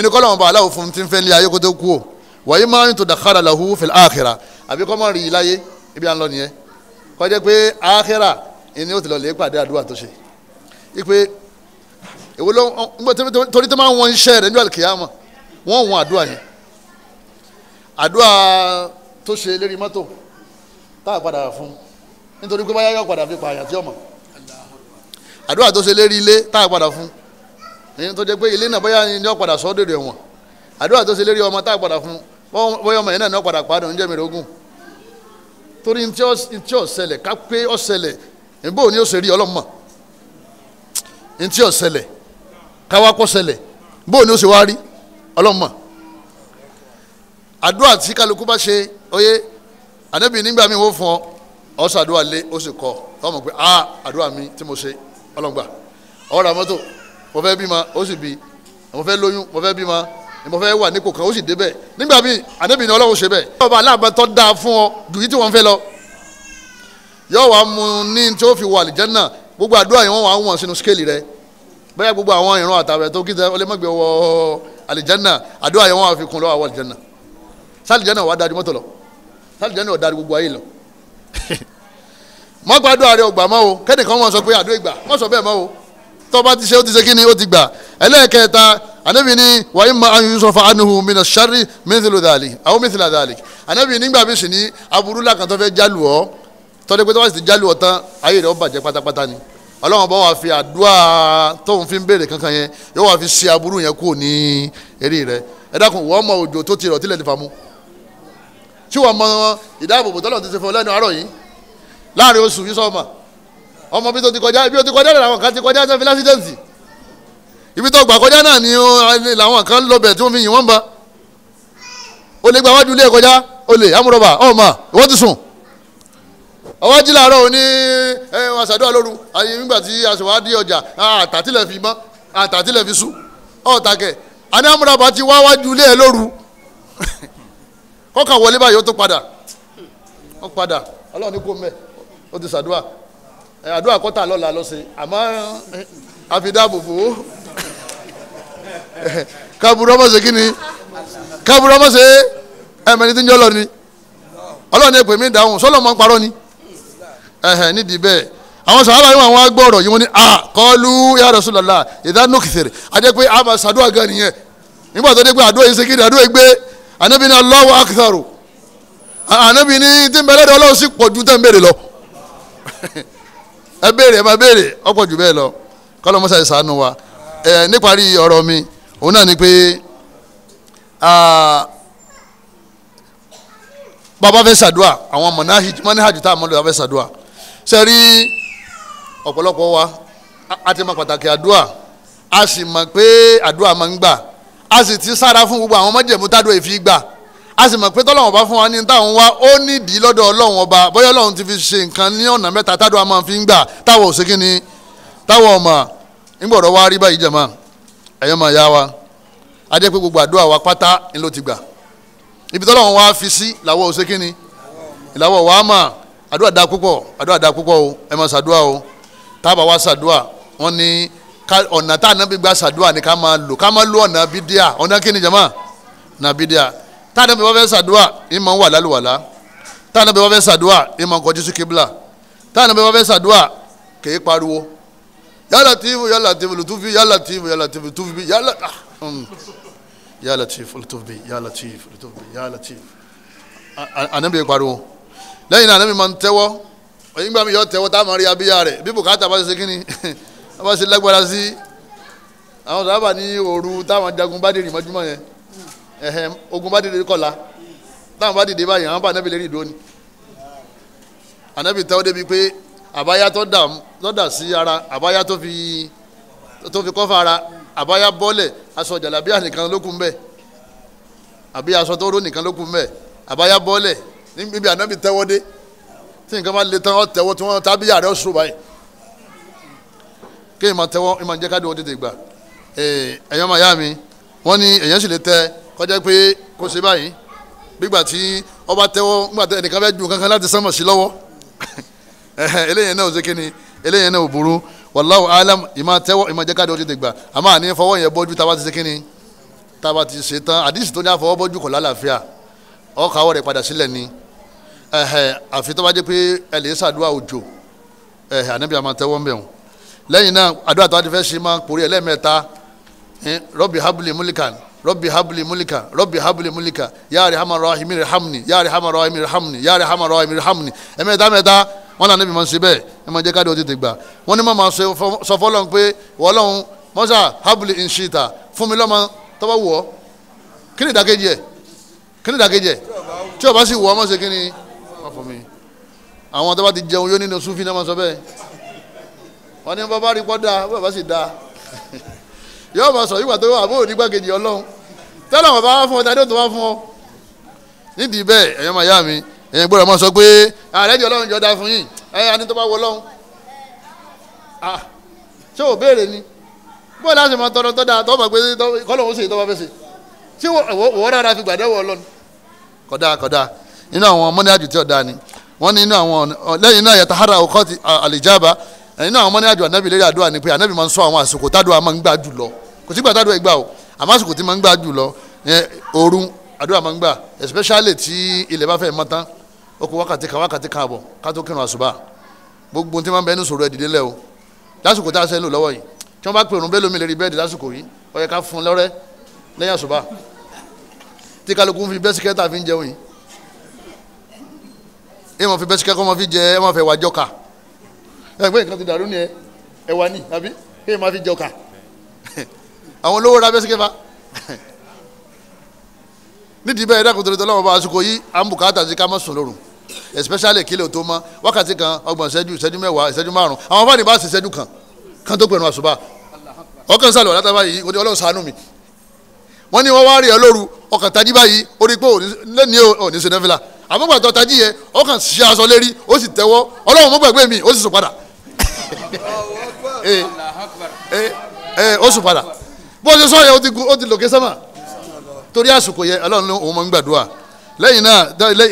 inú kọ́lọ́mù bá aláwọ̀ fún ti ń fẹ́ lé ayé kó tó kú o wàyí máa ń tó dàkàrà làwù fìlà àkìrà àbí kọ́ mọ́ rí i láyé ibi à ń lọ nìyẹn kọjá pé àkìrà ni ó ti lọ lè pàdé àdúrà tó ṣe ipe èwo ló ń gbọ́ torí tó máa ń wọn iṣẹ́ rẹ̀ ní àlùkìyàmọ̀ wọ́n wọn àdúrà yẹn àdúrà tó ṣe lérí mọ́tò tá a padà fún nítorí pé báyọ̀ padà fi pààyàn tí ọmọ àdúrà tó ṣe lérí ilé tá a padà fún ẹni tó jẹ́ pé ilé náà bóyá ni ó padà sọ dèrè wọn àdúrà tó ṣe lérí ọmọ tá a padà fún bóyá ọmọ yẹn náà ni ó padà padà ń jẹ́ mi rógùn torí ntí ó ṣẹlẹ̀ ká pé ó ṣẹlẹ̀ níbo ni ó ṣe rí ọlọ́mọ ntí ó ṣẹlẹ̀ káwá kó ṣẹlẹ̀ bó ni ó ṣe wá rí ọlọ́mọ àdúrà tí kálukú bá ṣe oyè ànábì nígbà mi wò fún ọ ọ ṣàdúrà lé ó sì kọ ọ mo fẹ́ bímọ ó sì bí mo fẹ́ lóyún mo fẹ́ bímọ mo fẹ́ wà nípò kan ó sì débẹ̀ nígbà míì ànábì ni ọlọ́run ṣe bẹ̀. ọba aláàbàtọ́ da fún ọ ju yìí tí wọ́n fẹ́ lọ yóò wá mu ní tí ó fi wà àlìjẹ́nà gbogbo àdúrà yìí wọ́n wà wọ̀n sínú skéèlì rẹ bẹ́ẹ̀ gbogbo àwọn ìran àtàwẹ̀ tó kí ọlẹ́mọ̀gbẹ̀ wọ àlìjẹ́nà àdúrà yìí wọ́n wà fi kun lọ́wọ́ àlìjẹ́nà sálìjẹ́nà wà dájú mọ́tò lọ sálìjẹ́nà ọ̀dà gbogbo ayé lọ (laughs) mọ́gbàdúrà rẹ ọgbà mọ́ o kẹ́nìkan wọn sọ pé àdó ìgbà mọ́ sọ bẹ́ẹ̀ mọ́ o tọ́ba ti ṣe ó ti ṣe kíni ó ti gbà ẹlẹ́ẹ̀kẹta anabi ni wàyí ma an yusufa anuhu mina sari mithila dalik awo mithila dalik anabi nígbà bí sini aburú la kan tó fẹ́ jalu ọ tọ́lẹ́ pé tó bá sì ti jalu ọ tán ayé rẹ̀ ó bàjẹ́ pátápátá ni ọlọ́run bá wà fi àdúrà tóun fi ń béèrè kankan yẹn yóò wà fi ṣe aburú yẹn kúrò ní eré rẹ ẹ dákun wọ́n mọ òjò tó ti rọ̀ tilẹ̀ ti fàmú tí wọ́n mọ ìdáàbòbò tọ́lọ́run ti ṣe fún ọ lẹ́nu àárọ̀ yìí láàrin oṣù yìí sọ́ọ́ ọmọ bí tó ti kọjá ibi tó ti kọjá làwọn kan ti kọjá sẹ́fì lásìdẹ́ǹsì ibi tó gbà kọjá náà ni làwọn kan lọ bẹ̀ tí wọ́n fi yìn wọ́n ba o lè gba wájú ilé kọjá o lè amúrọ̀bà ọ̀ma ìwọ́n ti sùn ọwọ́ jí làárọ̀ òní àṣàdúrà lóru àyè nígbà tí aṣèwà dé ọjà àtàtìlẹ̀ fi mọ́ àtàtìlẹ̀ fi sùn ọ̀tàkẹ̀ àní amúrọ̀bà ti wá wájú ilé lóru kọ́kà wọlé báyìí ó tó padà ó padà ọlọ́run ní kó mẹ́ ó ti ṣàdúrà Eh, àdúrà kọ́tà lọ́la lọ́sẹ̀ àmọ́ àfidáàbòbò eh, (laughs) kábùrọ̀ mọ̀ ṣe kí ni kábùrọ̀ mọ̀ ṣe ẹ̀mẹ́ni tí ń jọ́ lọ ni ọlọ́run ẹ̀pẹ̀ mi dáhùn sọ́lọ́ mọ́ ń parọ́ ni nídìí bẹ́ẹ̀ àwọn sàhábà yìí wọn wá gbọ́ ọ̀rọ̀ yìí wọ́n ní a kọ́lu ya Rasulullah ìdánù kìsìrì ajẹ́ pé a máa ṣàdúrà nìyẹn nígbà tó dé pé àdúrà yìí ṣe kí ni àdúrà yìí gbé anabi ní Allahu akitharu anabi ní tí ń bẹ lẹ́dọ̀ ọlọ́run sì pọ̀ ju tẹ́ ń béèrè lọ (laughs) ẹ béèrè ẹ máa béèrè ọ̀pọ̀ jù bẹ́ẹ̀ lọ kọ́lọ́ mọ́sá ìsànú wa ẹ níparí ọ̀rọ̀ mi òun náà ni pé bàbá fẹ́ ṣàdúà àwọn mọ̀nàhàjù tá a mọ̀ lọ́wọ́ fẹ́ ṣàdúà ṣe rí ọ̀pọ̀lọpọ̀ wa a ti mọ pàtàkì àdúà a sì mọ̀ pé àdúà máa ń gbà a sì ti sára fún gbogbo àwọn mọ̀jẹ̀mú tádùn èéfì gbà a sì mọ̀ pé tọ́lọ́wọ́n bá fún wa ní táwọn wá ó nídìí lọ́dọ̀ ọlọ́run ọba bóyá ọlọ́run ti fi ṣe nǹkan ní ọ̀nà mẹ́ta tádùn a máa fi ń gbà táwọn ò ṣe kí ni táwọn ọmọ ńgbọ̀dọ̀ wá rí báyìí jẹ̀mọ́ ẹ̀yọ́ máa yá wa a jẹ́ pé gbogbo àdúrà wa pátá ń ló ti gbà ibi tọ́lọ́run wá fi sí làwọn ò ṣe kí ni ìlàwọ̀ wa mà àdúrà da púpọ̀ àdúrà da o ẹ máa o tábà wá ṣàdúrà wọ́n ní ọ̀nà tá ni ká máa lò ká máa lò ọ̀nà bídíà ọ̀nà táwọn ẹbí wọn fẹ́ sàdúrà ìmọ̀ ń wà lálùwàlá táwọn ẹbí wọn fẹ́ sàdúrà ìmọ̀ ń kọjú sí kíbla táwọn ẹbí wọn fẹ́ sàdúrà kèé pariwo ya latifu ya latifu lutufi ya latifu ya latifu lutufi bi ya latifu ya latifu lutufi bi ya latifu lutufi bi ya latifu anabi yẹ pariwo lẹ́yìn náà anabi máa ń tẹ́wọ́ ẹ̀yin gbàmí yọ tẹ́wọ́ táwọn arí abíyá rẹ̀ bí bùkátà bá ṣe kíni (laughs) bá ṣe lágbára sí àwọn sábà ní òru táwọn jagun bá dé rìn yẹn ogun bá dìde kọ́la táwọn bá dìde báyìí àwọn bá anabi lérí ìdóni anábì tẹ́wọ́ débi pé àbáyá tó dà sí ara àbáyá tó fi tó fi kọ́fà ara àbáyá bọ́lẹ̀ aṣọ jàlábíà nìkan lókun bẹ́ẹ̀ àbí aṣọ tó ró nìkan lókun bẹ́ẹ̀ àbáyá bọ́lẹ̀ níbi anábì tẹ́wọ́ dé tí nǹkan bá le tán ọ tẹ́wọ́ tí wọ́n tábíyà rẹ̀ sùn báyìí kéèyàn máa tẹ́wọ́ ẹ jẹ́ ká dùn tètè gbà ẹ̀yọ́ màyá mi wọ́n ní èyàn sì lè tẹ́ kọjá pé kò ṣe báyìí gbígbà tí ọba tẹ́wọ́ nígbà tí ẹnìkan fẹ́ ju kankan láti sánmọ̀ sí lọ́wọ́ eléyìí náà ò ṣe kíni eléyìí náà ò burú wallahu alam ìmọ̀ tẹ́wọ́ ìmọ̀ jẹ́ káàdì ó ti dìgbà àmọ́ àní fọwọ́ yẹn bọ́jú táwa ti ṣe kíni táwa ti ṣe tán àdìsí tó ní àfọwọ́ bọ́jú kọ̀ lálàáfíà ọkàwọ́ rẹ̀ padà sílẹ̀ ni àfi tó bá jẹ́ pé ẹ lè ṣàdúrà òjò ànábì àmọ́ tẹ́wọ́ ń bẹ̀rù lẹ́yìn náà àdúrà tó wá ti fẹ́ ṣe máa porí ẹ̀ rọ́bì habli mulikan ربي هب لي ملكا ربي هب لي ملكا يا ارحم الراحمين ارحمني يا ارحم الراحمين ارحمني يا ارحم الراحمين ارحمني ẹ̀mẹ́ta mẹ́ta wọn là níbi máa ń ṣe bẹ́ẹ̀ ẹ máa jẹ́ káàdì òtítì gbà wọn ni màmá sọ fọlọ́n pé wọlọ́hún mọ́sá habli nṣita fún mi lọ́mọ tọ́wọ́ wọ̀ ọ́ kí ni ìdákejì ẹ̀ kí ni ìdákejì ẹ̀ tí o bá sì wọ̀ ọ́ mọ̀ ṣe kí ni wọ́n fún mi àwọn tó ti jẹun yóò nínú súnfín náà máa sọ bẹ́ẹ̀ wọn ni bàbá rí pọ́ bàbá sì dáa (laughs) yóò máa sọ yíwà tó wà bó ní gbàgede ọlọ́run tẹ́lẹ̀ wọn bá wá fún ọ tàbí tó wá fún ọ. nídìí bẹ́ẹ̀ ẹ̀yọ́ máa yá gbọ́dọ̀ máa sọ pé ààrẹ di ọlọ́run fún yín ẹ̀yà ni tó bá wọ ọlọ́run. Ah, ṣé o béèrè ni láti máa tọrọ ma kọ́lọ́hún ṣé wọ́n fi ọlọ́run. ẹni náà àwọn mọ́ni àjọ ànábì lérí àdúrà ni pé ànábì máa ń sọ àwọn àsìkò tádùá máa ń gbà jù lọ kò sígbà tádùá ìgbà o àmọ́ àsìkò tí máa ń gbà jù lọ òru àdúrà máa ń gbà especially tí ilẹ̀ bá fẹ́ mọ́ tán ó kù wákàtí kan wákàtí kan àbọ̀ ká tó kírun àsùbà gbogbo tí máa ń bẹ ní sòrò ẹ̀dìdẹ́ lẹ̀ o lásìkò tá a ṣe ń lò lọ́wọ́ yìí tí wọ́n bá pè òrùn bẹ́ẹ̀ lómi lérí bẹ́ẹ̀dì lásìkò yìí ó yẹ ká fún lọ́rẹ́ lẹ́yìn àsùbà tí kálukú fi bẹ́síkẹ́tà fi ń jẹun yìí èèmọ̀ fi bẹ́síkẹ́ ẹgbẹ́ nǹkan ti dàrú ni ẹ ẹ wà ní àbí kí ẹ máa fi jẹ ọkà (laughs) àwọn olówó ra bẹ́sẹ̀ kẹfà (laughs) nídìí bẹ́ẹ̀ dákun tó lè tọ́lọ́wọ́ bá aṣọ yìí à ń bùkátà sí ká má sùn lóru especially kílẹ̀ tó mọ́ wákàtí kan ọgbọ̀n ìṣẹ́jú ìṣẹ́jú mẹ́wàá ìṣẹ́jú márùn àwọn fáànì bá ṣe ìṣẹ́jú kan kan tó pẹ̀lú àṣùbà ọkàn sàlọ̀ látàbá yìí kò ní ọlọ́run ṣàánú mi wọ́n ní wọ́n wá rí ẹ lóru ọkàn tají báyìí ó rí pé lẹ́ni ò ní sinẹ́fìlà àbúgbàtọ̀ tají yẹ ọkàn ṣe aṣọ lérí ó sì tẹ́wọ́ ọlọ́run mọ́gbàgbé mi ó sì sùn padà Eh, eh, eh, ó sùn padà bó ṣe sọ yẹ ó ti lòkè sẹ́mà torí àsìkò yẹ ọlọ́run ní òun máa ń gbàdúrà lẹ́yìn náà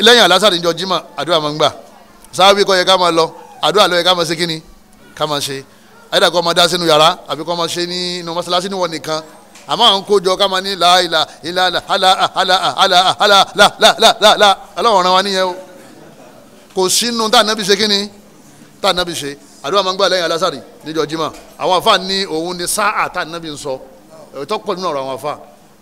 lẹ́yìn alásàrì ìjọ jimá àdúrà máa ń gbà sáábì kọ́ yẹ ká máa lọ àdúrà lọ yẹ ká máa ṣe kíni ká máa ṣe ayédà kọ́ máa dá sínú yàrá àbí kọ́ máa ṣe ní inú mọ́ṣáláṣí níwọ̀n nìkan àmọ́ àwọn kójọ ká máa ní láìla ìlàlà àlà àlà àlà àlà làlàlà ọlọ́run ràn wá níyẹn o àdúrà máa ń gbà lẹ́yìn alásàrì níjọ́ jimá àwọn afa ní òun ni sáà tá nàbí ń sọ ètò pọ̀ nínú ọ̀rọ̀ àwọn afa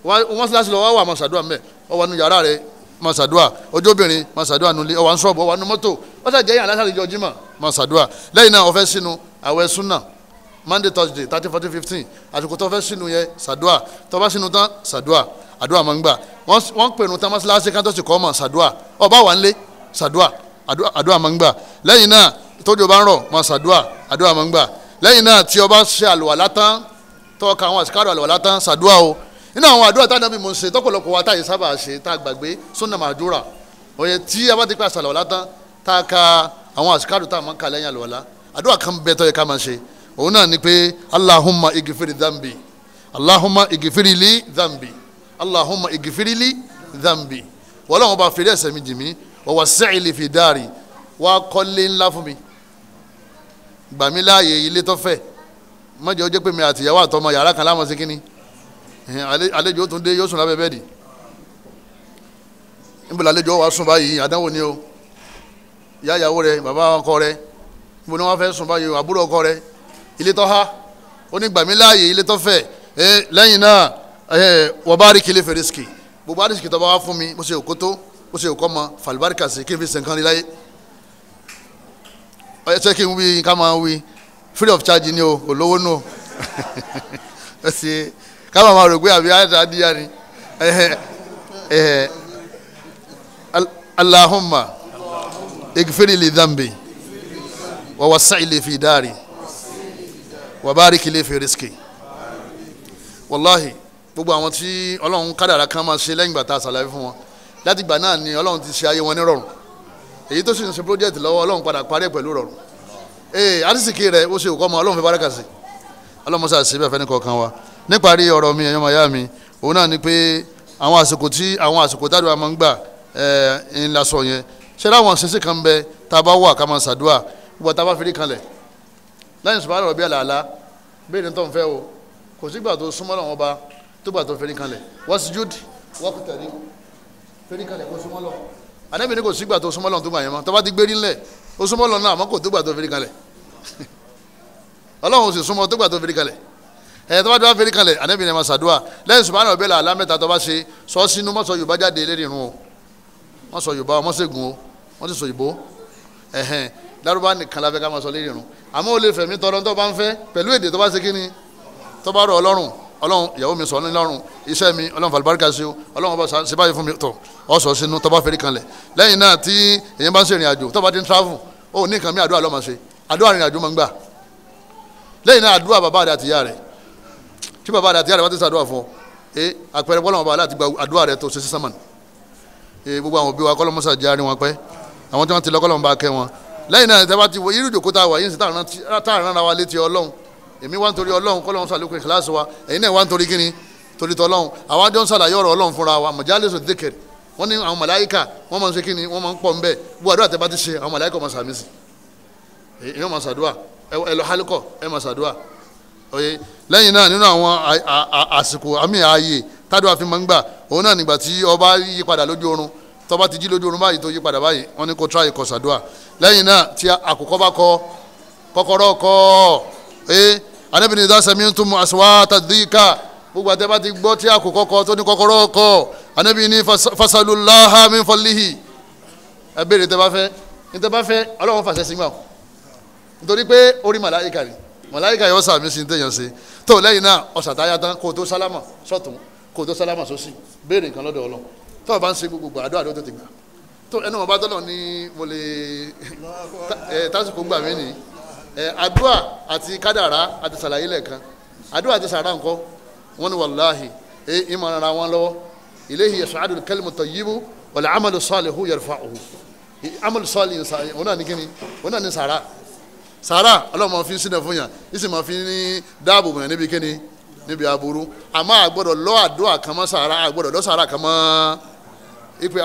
wọ́n síláṣí lọ wá wà màsàdúà mẹ́ ọ wà nù yàrá rẹ màsàdúà ọjọ́bìnrin màsàdúà nulẹ̀ ọ wà ń sọ̀bù ọ wà nù mọ́tò ọ sà jẹ́yìn alásàrì níjọ́ jimá màsàdúà lẹ́yìn náà ọ̀fẹ́ sínú àwẹ̀ súnà monday thursday thirty, forty, fifteen àsìkò tó fẹ́ sínú yẹ sàdúà tó bá sínú tán sàdúà àdúrà máa ń gbà wọ́n pèrún tán mọ́sálásí kántọ́sì kọ́ mọ̀ sàdúà ó bá wà ń tójò bá ń rọ̀ máa ṣàdúà àdúà máa ń gbà lẹ́yìn náà tí o bá ṣe àlùwàlá tán tó ka àwọn àsìkárò àlùwàlá tán ṣàdúà o nínú àwọn àdúrà tá a nàbí mò ń ṣe tọ́pọ̀lọpọ̀ wa táyé sábà ṣe tá a gbàgbé sunna màdúrà òye tí a bá ti pa àlùwàlá tán tá a ka àwọn àsìkárò tá a máa ń kà lẹ́yìn àlùwàlá àdúrà kan bẹ tó yẹ ká máa ṣe òun náà ni pé allahumma igifiri dhambi allahumma igifiri li dhambi allahumma igifiri li dhambi wọ́n lọ́wọ́ bá fèrè ẹ̀ṣẹ̀ mi jì mí wọ́n wá sẹ́yìn fi dáàrí wọ́n á kọ́ ńlá fún mi gbà mí láàyè ilé tó fẹ̀ mọ̀jẹ̀ ó jẹ́ pé mi àtìyàwó àtọmọ yàrá kan láwọn sí kínní àlejò ó tún dé yóò sùn lábẹ́ bẹ́ẹ̀dì níbo làlejò wa sùn báyìí àdánwò ni o ìyá ìyàwó rẹ bàbá ọkọ rẹ níbo ni wọn fẹ́ sùn báyìí àbúrò ọkọ rẹ ilé tó há ó ní gbà mí láàyè ilé tó fẹ̀ lẹ́yìn náà wọ́n bá rí kílé fèrèsìkì gbogbo àdìsìkì tó bá wá fún mi bó ṣe òkótó bó ṣe òkọ́ mọ fàlùbáríkà sí kí n fi sẹ̀ǹkan rí láyé ẹ ṣe kí n wí ká máa wí free of charge ni o kò lówó nù o ẹ (laughs) ṣe ká máa máa rò pé àbí àdá díya ni allahumma igfiri li dhanbi wa wasi li fi dari wa bariki li fi riski wallahi gbogbo àwọn tí ọlọ́run kádàrá kan máa ṣe lẹ́yìn gbàtà àṣàlàyé fún wọn látìgbà náà ni ọlọ́run ti ṣe ayé wọn nírọ̀rùn èyí tó sì ń ṣe project lọ́wọ́ ọlọ́run padà parí ẹ̀ pẹ̀lú rọrùn ee eh, arísìkí rẹ̀ ó ṣe òkú ọmọ ọlọ́run fi bárẹ́kà sí ọlọ́mọṣà sí bẹ́ẹ̀ fẹ́ni kọ̀ọ̀kan wa níparí ọ̀rọ̀ mi ẹ̀yọ́mọ̀ yá mi òun náà ni pé àwọn àsìkò tí àwọn àsìkò tádùá máa ń gbà ẹ̀ eh, ń lasọ yẹn ṣé láwọn a bá wà ká máa ṣàdúà gbọ́ tá a bá fi rí kanlẹ̀ lẹ́yìn ṣùgbọ́n àlọ́ bí àlàálá bẹ́ẹ̀ ni tó ń fẹ́ o kò sígbà tó súnmọ́ lọ́wọ́ ọba tó gbà tó fi rí kanlẹ̀ wasjud waqtari fi rí kanlẹ̀ kó súnmọ́ lọ́wọ́ anabi ní kò sígbà tó súnmọ́ lọ́n tó bá yẹn mọ́ tọ́ba ti gbérí ńlẹ̀ ó súnmọ́ lọ́n náà àmọ́ kò tó gbà tó fèrè kalẹ̀ (laughs) ọlọ́run sì súnmọ́ tó gbà tó fèrè kalẹ̀ ẹ̀ tọ́ba tó bá fèrè kalẹ̀ anabi ní ma ṣàdúrà lẹ́yìn subahana ọbẹ̀ la alámẹ́ta tọ́ba ṣe sọ sínú mọ́sọ yorùbá jáde lérí irun o mọ́sọ yorùbá o mọ́sẹ̀gùn o wọ́n ti sọ òyìnbó ẹ̀hẹ̀n lárúbá nìkan la fẹ́ ká máa sọ lérí irun àmọ́ ó lè fẹ̀mí tọrọ bá ń fẹ́ pẹ̀lú èdè tó bá ṣe kíni tó bá ọlọ́run ìyàwó mi sọ ní lọ́rùn iṣẹ́ mi ọlọ́run fàlùbáríkà sí o ọlọ́run ọba ṣe báyìí fún mi tọ̀ ọ̀sọ̀ sínú tọ́ba fẹ́rí kanlẹ̀ lẹ́yìn náà tí èyàn bá ń ṣèrìn àjò tọ́ba ti ń travel ó ní nǹkan mi àdúrà lọ́mọ ṣe àdúrà rìn àjò máa ń gbà lẹ́yìn náà àdúrà bàbá rẹ̀ àtìyá rẹ̀ tí bàbá rẹ̀ àtìyá rẹ̀ bá ti ṣàdúrà fún ọ ẹ àpẹẹrẹ bọ́lá ọba láti gba àdúrà rẹ̀ tó ṣe sí sánmà gbogbo àwọn òbí wa kọ́lọ́mọ ṣàjẹ́ ti lọ kọ́lọ́mọ bá kẹ́ wọn lẹ́yìn náà tẹ́ bá ti wo èmi wá nítorí ọlọ́run kọ́ lọ́run sàlékún ìkíláàsì wa ẹ̀yin náà wá nítorí kíni torí tọ́lọ́run àwọn àjọ ń sàlàyé ọ̀rọ̀ ọlọ́run fúnra wa mọ̀jálẹ́sọ̀ dékẹ̀ wọ́n ní àwọn màláyíkà wọ́n máa ń ṣe kíni wọ́n máa ń pọ̀ ńbẹ́ bó àdúrà tẹ́ bá ti ṣe àwọn màláyíkà máa sàmì sí máa sàdúà ẹ lọ hálíkọ̀ ẹ máa sàdúà oye lẹ́yìn náà nínú àwọn àsìkò àmì ààyè tádùn àfi máa ń gbà òun náà nígbà tí ọba yí padà lójú oorun tọ́ba ti jí lójú oorun báyìí tó yí padà báyìí wọ́n ní kó tíráyì kó sàdúà lẹ́yìn náà tí àkùkọ bá kọ kọ́kọ́rọ́ kọ́ ee eh, anabini idha sami'tum aswata dhika gbogbo àti bá ti gbọ́ tí àkókò kọ tó ní kọ́kọ́rọ́ kọ anabi ni fasalullaha min fadlihi ẹ béèrè tẹ bá fẹ́ ní tẹ bá fẹ́ ọlọ́run fàṣẹ sí gbà nítorí pé orí màláyíkà rí màláyíkà yọ sàmì sí ní tẹ̀yàn sí tó lẹ́yìn náà ọ̀sà táyà tán kó tó sálámà sọ̀tún kó tó sálámà sósì béèrè nǹkan lọ́dọ̀ ọlọ́run tó o bá ń ṣe gbogbo àdó àdó tó ti gbà tó ẹnu wọn bá tọ́lọ̀ ní mo lè eh, tásìkò gbà mí nìyí àdúà àti kádàrá àti sàlàyé lẹ́ẹ̀kan àdúà àti sàrà nǹkan wọn ni wàláhì ẹ ìmọ̀ ara wọn lọ́wọ́ ilayhi yas'adu al-kalimu tayyibu wal amalu salihu yarfa'uhu amalu salihu òun náà ní kíni òun náà ní sàrà sàrà ọlọ́run máa fi ń sínú fún yàn ìsìn máa fi ń dáàbò bò yàn níbi kíni níbi aburú àmọ́ àgbọ̀dọ̀ lọ àdúrà kan mọ́ sàrà lọ sàrà kan mọ́ ipe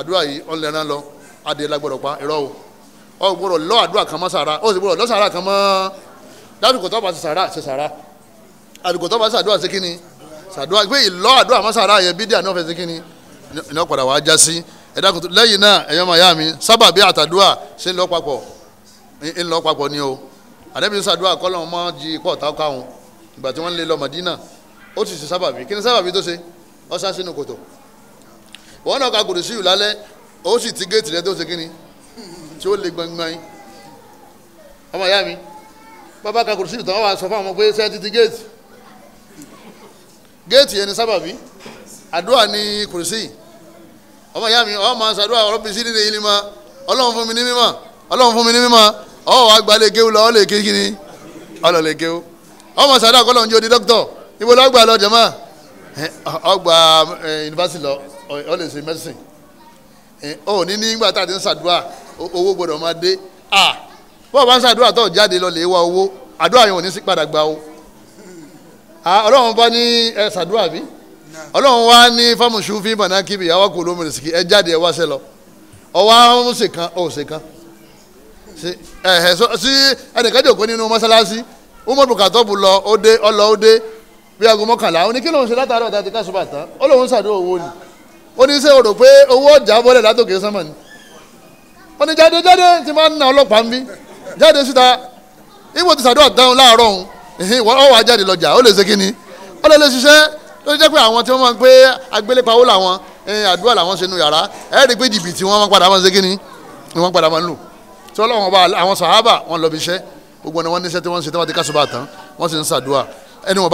àdúrà yìí ọ̀nlẹ́ran lọ adé lágbọ̀dọ̀ pa irọ́ o ọ gbọ́dọ̀ lọ àdúrà kan mọ́ sàrà ó sì gbọ́dọ̀ lọ sàrà kan mọ́ lásìkò tó bá ṣe sàrà ṣe sàrà àdìgò tó bá ṣe àdúrà ṣe kí ni ṣàdúrà pé ìlọ àdúrà mọ́ sàrà yẹn bídíà ní ọ̀fẹ́ ṣe kí ni iná padà wàá já sí ẹ̀dá kùtù lẹ́yìn náà ẹ̀yọ́ màá yá mi sábà bí àtàdúrà ṣe ń lọ papọ̀ ń lọ papọ̀ ni o àdẹ́bí ń ṣàdúrà kọ́ lọ́wọ́ mọ́ di pọ̀ tá káwọn ìgbà tí wọ́n lé lọ Mádínà ó sì ṣe sábàbí kí ni sábàbí tó ṣe ọ sá sínú kòtò wọ́n náà ka kùrùsí yù lálẹ́ ó sì ti géètì rẹ tó ṣe kí ni tí ó le gbọ̀ngbọ̀n yín ọmọ ìyá mi bàbá kan kò sí ìtàn wà sọ fún àwọn pé sẹ́ẹ̀ títí géètì géètì yẹn ni sábàbí àdúrà ni kùrìsì ọmọ ìyá mi ọmọ sàdúrà ọ̀rọ̀ bìsí nílé yìí ni ma ọlọ́run fún mi ní mímọ́ ọlọ́run fún mi ní mímọ́ ọwọ́ wa gba lẹ́gẹ́wò lọ ọ lè ké kí ni ọlọ́ lẹ́gẹ́wò ọmọ sàdúrà kọ́ lọ́njọ́ di ibo lọ́ gbà lọ jẹ̀mọ́ ọgbà yunifásitì lọ ọ lè ṣe mẹ́sìn ò ní nígbà tá a ń sàdúrà owó gbọ́dọ̀ máa dé ah bọ́ọ̀ bá ń ṣàdúrà tó jáde lọ lè wá owó àdúrà yẹn ò ní sí padà gbà o ọlọ́run bá ní ẹ ṣàdúrà bí ọlọ́run wá ní fámùsù fí bànákì bí yàwó kò lómi rìsìkì ẹ jáde ẹ wá sẹ lọ ọwọ́ àwọn ṣèkan ọ̀ ṣèkan ẹ̀hẹ̀ sí ẹnìkan jòkó nínú mọ́ṣáláṣí umar bukatobu lọ ó dé ọlọ ó dé bí aago mọ́kànlá ó ní kí lóun ṣe látàárọ̀ tàbí káṣùbà tán ó lóun ṣàdúrà owó ni ó ní sẹ́ o rò pé owó ọjà bọ́lẹ̀ látòkè sánmà ni wọ́n ní jáde jáde tí máa ń na ọlọ́pàá ń bí jáde síta ìwọ ti sàdúrà dáhùn láàárọ̀ òun ìwọ ọwọ́ ajáde lọ́jà ó lè ṣe kí ni ó lè lè ṣiṣẹ́ tó jẹ́ pé àwọn tí wọ́n máa ń pé agbélépawó làwọn àdúrà làwọn ṣe nu yàrá ẹ̀ rí pé jìbìtì wọ́n padà máa ṣe kí ni wọ́n padà máa ń lò tí ọlọ́run ọba àwọn sàhábà wọn lọ bí iṣẹ́ gbogbo ọ̀nà wọn níṣẹ́ tí wọ́n ń ṣe tí wọ́n ti kásùbà tán wọ́n sì ń sàdúrà ẹni wọn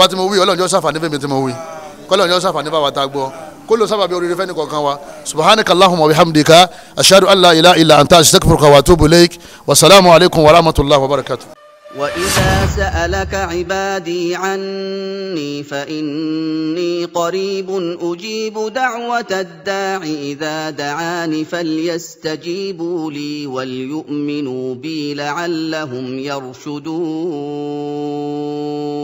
كل سبب يوري فيني كوكاوا سبحانك اللهم وبحمدك اشهد ان لا اله الا انت استغفرك واتوب اليك والسلام عليكم ورحمه الله وبركاته واذا سالك عبادي عني فاني قريب اجيب دعوه الداع اذا دعاني فليستجيبوا لي وليؤمنوا بي لعلهم يرشدون